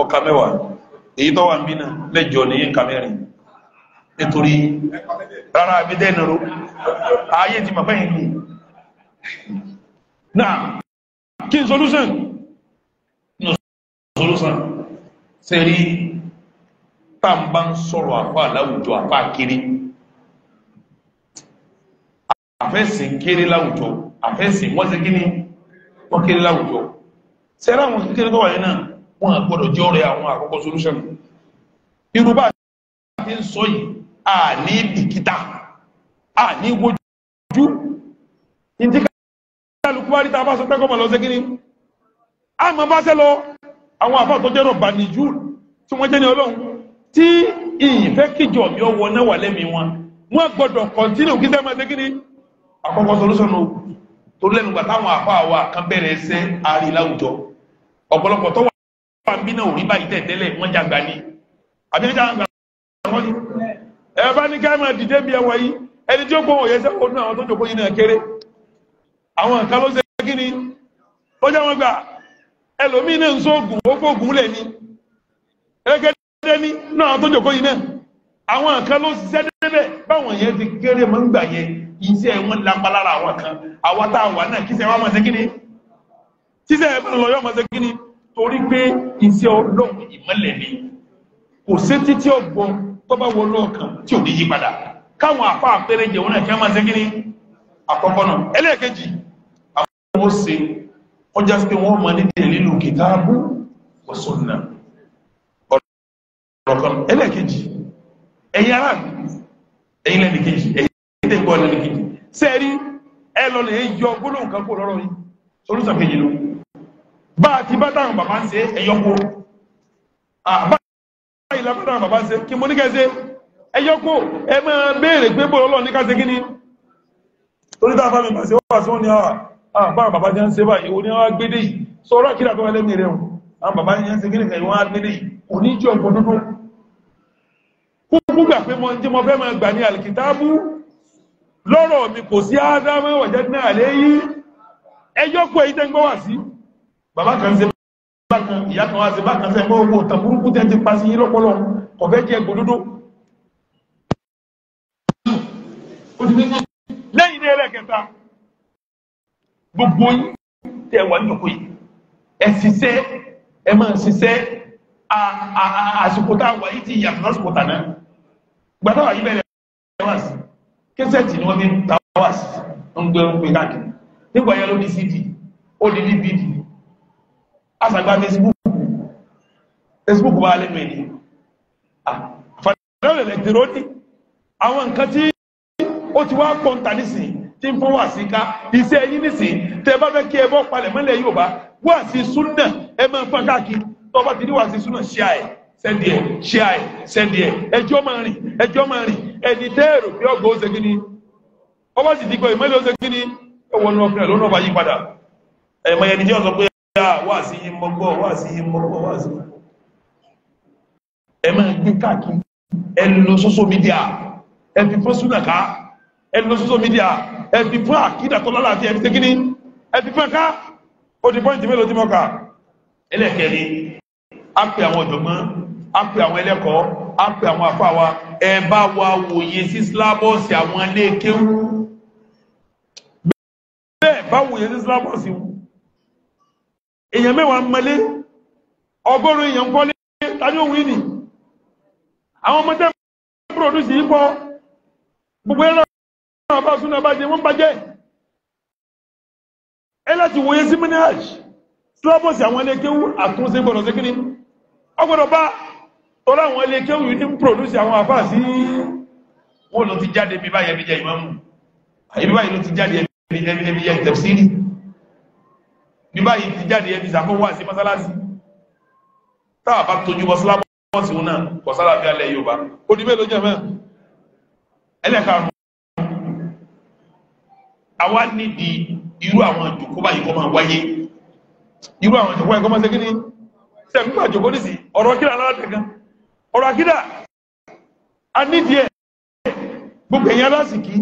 Speaker 1: ọ̀ka mẹ́wàá èyí tó wà ń bí náà mẹ́jọ nìyí nǹkan mẹ́rin nítorí rárá mi dẹ́ nìró ayé ti màpá yìí nù náà kí n solution n solution sẹ́rí tá n bá ń sọ̀rọ̀ àpá láwùjọ àpá kiri àfẹ́sìn kéré láwùjọ àfẹ́sìn wọ́n ṣe kíní wọ́n kéré láwùjọ sẹ́rà àwọn kékeré tó wà yẹn náà wọ́n á gbọ́dọ̀ jẹ́ ọ̀rẹ́ àwọn àkọ́kọ́ solution irú bá ti ń sọ yìí à ní bìkítà à ní wojú ìdí kálukú wá rí tá a bá sọ pé kọ́mọ lọ sí kíní a máa bá sẹ́ lọ àwọn àbá tó jẹ́rọ̀ bá ní tí wọ́n jẹ́ ní ọlọ́run tí ìyìn kíjọ mi ọwọ́ náà wà wọn wọ́n gbọ́dọ̀ kọ́ntínú kí sẹ́ máa ṣe kíní àkọ́kọ́ solution o torí lẹ́nu gbàtà àwọn àfa àwa kan bẹ̀rẹ̀ ẹsẹ̀ àárín láwùjọ ọ̀pọ̀lọpọ̀ tó wà ń bí náà báyìí tẹ̀tẹ́lẹ̀ wọ́n gbà ní gbà wọ́n ní ẹ bá ní máa dìde bí ẹwọ yìí ẹni tí ó òye àwọn tó jòkó yìí náà kéré àwọn nǹkan ló ṣe kí ni ó wọn gbà ẹlòmíín náà ń sóògùn ó iṣẹ́ wọn lápá lára àwọn kan àwọn tá a wà náà kíṣẹ́ wọn mọ̀ sí kíni tíṣẹ́ ẹ̀ bọ́n lọ yọ̀ mọ̀ sí kíni torí pé iṣẹ́ ọlọ́run ìmọ́lẹ̀ ni kò sí títí ọgbọ́n tó bá wọlé ọkàn tí ò ní yí padà káwọn àfa àpẹẹrẹ jẹun náà kí wọn mọ̀ sí kíni àkọ́kọ́ náà ẹlẹ́ẹ̀kejì àwọn ọmọ ṣe ọjà sí pé wọ́n tẹ̀ gbọ́ lẹ́nu gidi sẹ́ẹ̀rí ẹ lọ lè yọ gbólóhùn kan kó lọ́rọ̀ yìí solúsàn kejì ló bá a ti bá táwọn bàbá ń ṣe ẹ̀yọ́ kó àbá ìlà bá táwọn bàbá ń ṣe kí mo ní kẹsẹ́ ẹ̀yọ́ ẹ máa béèrè pé bó lọ́lọ́ ní ká ni àbá bàbá jẹ́ ń ṣe báyìí ó ní wọn gbédè yìí sọ̀rọ̀ kí làtọ́ ẹlẹ́mì rẹ̀ wọn pé mo jẹ́ mo fẹ́ máa gbà ní àlìkìtábù lọ́rọ̀ mi kò sí ádámọ́ ìwọ̀jẹ́ náà lé yí ẹjọ́ kú èyí tẹ́ ń gbọ́ wà sí bàbá kan ṣe bákan ìyá kan wá ṣe bákan ṣe mọ́ owó tàn burúkú tẹ́ ti pa sí yí lọ́pọlọ kò fẹ́ jẹ́ gbòdodo lẹ́yìn ní ẹlẹ́kẹta gbogbo yín tẹ́ wà níjòkó yìí ẹ ṣiṣẹ́ ẹ máa ṣiṣẹ́ àsìkò tá a wà yìí ti yàtọ̀ lásìkò tà náà gbàtà wà yìí bẹ̀rẹ̀ kẹsẹ̀tì ni wọ́n fi ń ta wáàs ń gbé ń gbé káàkiri nígbà yẹn ló di cd ó di dvd àṣàgbà facebook facebook wà lẹ́nu ẹ̀dí fàdánù ẹ̀lẹ́tìrónì àwọn nǹkan tí ó ti wá pọ̀ǹtà nísìn tí ń fún wà sí ká iṣẹ́ ẹ̀yìn nísìn tẹ́ bá fẹ́ kí ẹ bọ́ palẹ̀ mọ́lẹ̀ yóò bá wà sí súnà ẹ máa ń fọ́n káàkiri tó bá ti ní wà sí súnà ṣíà ẹ̀ sẹ́ndì ẹ̀ ṣíà ẹ̀ sẹ́ndì ẹ̀ ẹjọ́ máa rìn ẹjọ́ máa rìn ẹni tẹ́ẹ̀rù bí ọgbọ̀n ó ṣe kí ni ọwọ́ sì ti gbọ́ ìmọ̀lẹ́ ó ṣe kí ni ẹwọ́n ní ọkùnrin lọ́nà ọba yí padà ẹ̀mọ ẹni tí ó sọ pé ah, wà sí yí mọ́gbọ́ wà sí yí mọ́gbọ́ wà sí ẹ máa gbé káàkiri ẹ lọ social media ẹ fi fún súnàká ẹ lọ social media ẹ fi fún àkídàtọ́ lálàáfíà ẹ fi ṣe kí ni ẹ fi fún ẹ̀ká ó Ampe pè àwọn ẹlẹ́kọ̀ọ́ á pè àwọn àfa wa ẹ bá wa wòye sí sílábọ̀sì àwọn ilé kéwú bẹ́ẹ̀ bá wòye sí sílábọ̀sì wù èèyàn mẹ́wàá mọ́lé ọgọ́rùn-ún èèyàn kọ́lé tani òun ni àwọn ọmọdé produce yìí pọ̀ gbogbo ẹ̀rọ náà bá súnà bá jẹ wọ́n bàjẹ́ ẹ láti wòye sí minhaj sílábọ̀sì àwọn ilé kéwú àtúnṣe gbọ́dọ̀ sí kíni ọgbọ́dọ̀ bá tọ́lá àwọn ilé kéwù ní pòdúsì àwọn àfáà sí wọ́n ló ti jáde bí báyẹ̀ bí jẹ́ ìmáàmù àyè bí báyìí ló ti jáde ẹbí jẹ́ tẹ̀fsírì bí báyìí ti jáde ẹbí sàkówà sí mọ́sálásí táà bá tójú mọ́sálámọ́sí wọn náà kọ̀sálà fi alẹ́ Yorùbá ó di mélòó jẹ́ mẹ́rin ẹlẹ́karùn àwa nídìí irú àwọn ìjòkó báyìí kọ́ máa wáyé irú àwọn ìjòkó báyìí kọ́ máa ṣe kí ni sẹ́gbẹ́ àjòkó nìsí ọ̀rọ̀ kí ọ̀rọ̀ àkídà a nídìí ẹ̀ gbogbo ẹ̀yin alásìkí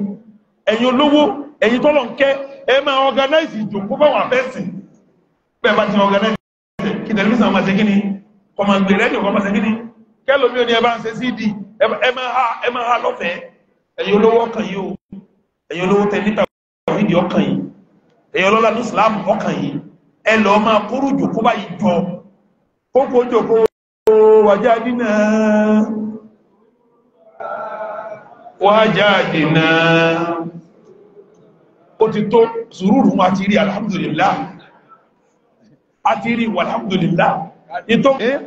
Speaker 1: ẹ̀yin olówó ẹ̀yin tọ́lọ̀ ń kẹ́ ẹ máa organize ìjòkó báwọn afẹ́sìn bẹ́ẹ̀ bá ti organize kí tẹlifíṣàn máa ṣe kíni kọ̀mọ̀gbè rẹ́díò kọ́ máa ṣe kíni kẹ́lòmí ò ní ẹ bá ń ṣe CD ẹ máa ha lọ́fẹ̀ẹ́ ẹ̀yin olówó ọkàn yìí o ẹ̀yin olówó tẹ níta ìdí ọkàn yìí ẹ̀yin ọlọ́lá ní Islam ọkàn yìí ẹ lọ́ọ́ máa kúrú ìjòkó báyìí jọ kókó ìjòkó وجدنا وجدنا ó ti tó sùúrù wọn àti rí alhamdulillah àti rí walhamdulillah ìtò eh?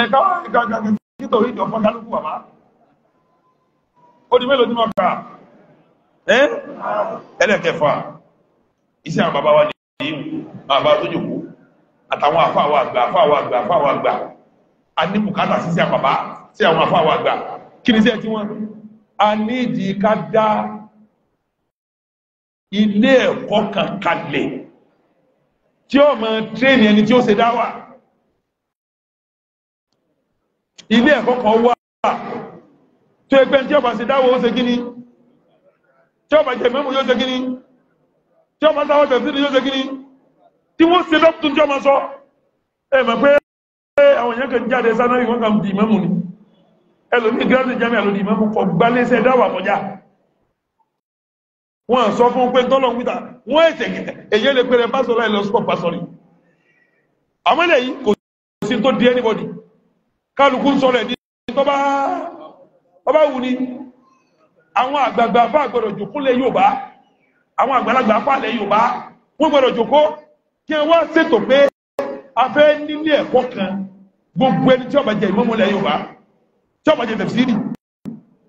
Speaker 1: ẹ̀kọ́wọ́ ìgbàgbàgbà nítorí ìjọba kálùkù wà máa ó di mélòó tí mọ́ ká ẹ́ ẹlẹ́kẹfà iṣẹ́ àwọn bàbá wa ní àbá tó jùkú àtàwọn àfáwà àgbà àfáwà àgbà àfáwà àgbà a ní bùkátà sí sí àpàbá sí àwọn àfáà wa àgbà kí ni sí ẹ tí wọ́n a ní ìdí ká dá ilé ẹ̀kọ́ kan kalẹ̀ tí ó máa tírẹ́nì ẹni tí ó ṣe dáwà ilé ẹ̀kọ́ kan wà tó ẹgbẹ́ tí ó bá ṣe dáwà ó ṣe kíní tí ó jẹ mẹ́mú yóò ṣe kíní tí ó bá dáwà tẹ̀sí yóò ṣe kíní tí wọ́n ṣe lọ́pùtù tí ó sọ ẹ pé àwọn èèyàn kan jáde sánárì wọ́n kàn di ìmámù ni ẹlòmí gíráàdì jami àlòdì ìmámù kọ gbálẹ́sẹ̀ dáwà kọjá wọ́n sọ fún pé tọ́lọ̀n pítà wọ́n ẹ̀sẹ̀ èyí lè pẹ̀rẹ̀ pásọ̀rọ̀ ẹlọ́sọ̀ pásọ̀rì àwọn ilẹ̀ yìí kò sí tó di anybody kálukú ń sọ̀rọ̀ ẹ̀dí tó bá wù ní àwọn àgbààgbà afá àgbọ̀dọ̀ jòkó lẹ Yorùbá àwọn àgbàlagbà afá lẹ Yorùbá wọ́n gbọ́dọ̀ jòkó kí wọ́n ṣètò pé afẹ́ nílé ẹ̀kọ́ kan gbogbo ẹni tí ó bá jẹ́ ìmọ̀mọ́ ilẹ̀ Yorùbá tí ó bá jẹ́ tẹ̀fsírì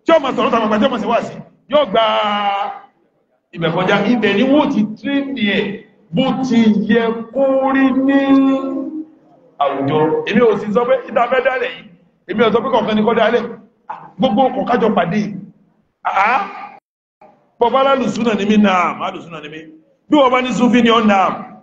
Speaker 1: tí ó máa sọ̀rọ̀ tàwọn àgbà tí ó máa wá sí yóò gba ibẹ̀ ibẹ̀ ni wọ́n ti tírínì ẹ̀ bó ti yẹ kó rí ní àwùjọ èmi ò sì sọ pé ìdáfẹ́ dálẹ̀ yìí èmi ò sọ pé kọ̀ọ̀kan ni kọ́ dálẹ̀ gbogbo kọ̀ọ̀kájọ pàdé àá bọ̀bá lálùsúnà ni mí náà má lùsúnà ni mí bí wọ́n bá ní súnfí ni ọ́ náà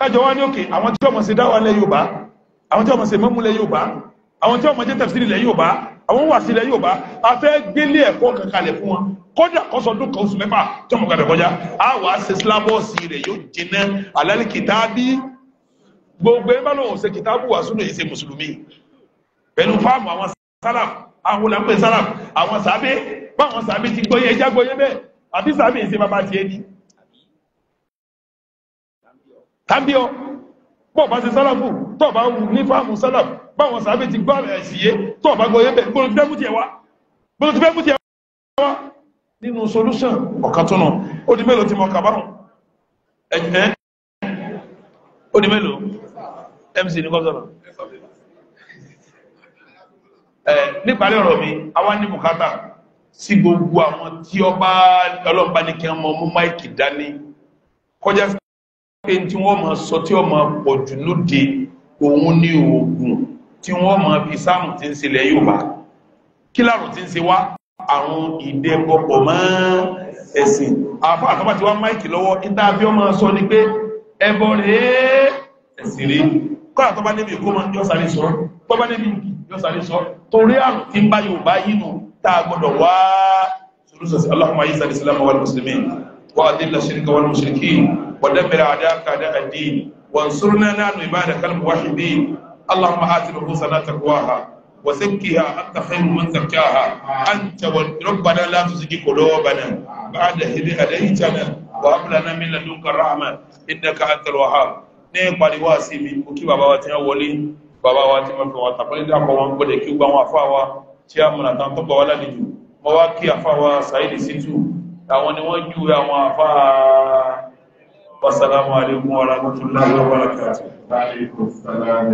Speaker 1: kájọ wá ní òkè àwọn tí ọmọ ṣe dáwà lẹ Yorùbá àwọn tí ọmọ ṣe mọ́mú lẹ Yorùbá àwọn tí ọmọ jẹ́ tẹ̀síìrì lẹ Yorùbá àwọn wà sí lẹ Yorùbá a fẹ́ gbélé ẹ̀kọ́ kankanlẹ̀ fún wọn kọjá kọsọ dún kan oṣù mẹ́fà tí ọmọ gbàgbẹ́ kọjá a wà ṣe sílábọ̀ọ̀sì rẹ̀ yóò jiná àlálẹ́ kìtàbí gbogbo ẹ bá lọ́wọ́ ṣe kìtàbù wà sínú èyí mùsùlùmí pẹ̀lú fáàmù àwọn sálàm àwọn olàǹpẹ̀ sálàm àwọn sàbẹ̀ báwọn sàbẹ̀ ti gbọ́yẹ ẹjá gbọ́yẹ bẹ́ẹ̀ àbí sàbẹ̀ ìṣe bàbá tiẹ̀ ni tàbí ọ pọ̀ bá ṣe sálàfù tọ́ bá wù ní fáàmù sálàfù báwọn sàábé ti gbá rẹ̀ síyé tọ́ bá gbọ́yé bẹ̀ gbọ́n fẹ́ mú tiẹ̀ wá gbọ́n fẹ́ mú tiẹ̀ wá nínú solution ọ̀kan tó náà ó di mélòó ti mọ kàbárùn ẹ̀jẹ̀ ó di mélòó mc ní gọ́ọ̀sọ̀nà ẹ̀ níparí ọ̀rọ̀ mi àwa ní bùkátà sí gbogbo àwọn tí ọba ọlọ́mọba ní kí wọ́n mọ mú máìkì dání kọjá sí pé tí wọ́n máa sọ tí wọ́n máa pọ̀ jù lóde òun ní oògùn tí wọ́n máa fi sáàmù tí ń ṣe ilẹ̀ Yorùbá kí láàrùn tí ń ṣe wá àrùn ìdẹ́pọ̀pọ̀ mọ́ ẹ̀sìn àfọ àtọ́bà tí wọ́n máìkì lọ́wọ́ níta bí wọ́n máa sọ ni pé ẹbọ rèé ẹ̀sìn rèé kọ́ àtọ́bà níbi ìkó máa ń yọ sáré sọ tọ́bà níbi yọ sáré sọ torí àrùn tí ń bá Yorùbá yìí nù tá a gbọ́dọ̀ wá sùrùsọ̀sì Allahumma yìí sàlẹ̀ sàlámù wal muslimin wa adilla shirka wal mushrikin ودمر أعداءك أعداء الدين وانصرنا نحن عبادك الموحدين اللهم آت نفوسنا تقواها وزكها أنت خير من زكاها أنت ربنا لا تزكي قلوبنا بعد إذ هديتنا وهب لنا من لدنك الرحمة إنك أنت الوهاب ní ìpàdé wá sí mi mo kí bàbá wa ti ń wọlé bàbá wa ti máa fi wọn tàbí nígbà kan wọn gbọ́dọ̀ kí gbogbo àwọn àfa wa tí a mọ̀nà tán tó gbà wá lálejò mo wá kí àfa wa Saheed Shittu àwọn ni wọ́n ju àwọn àfa والسلام عليكم ورحمة الله وبركاته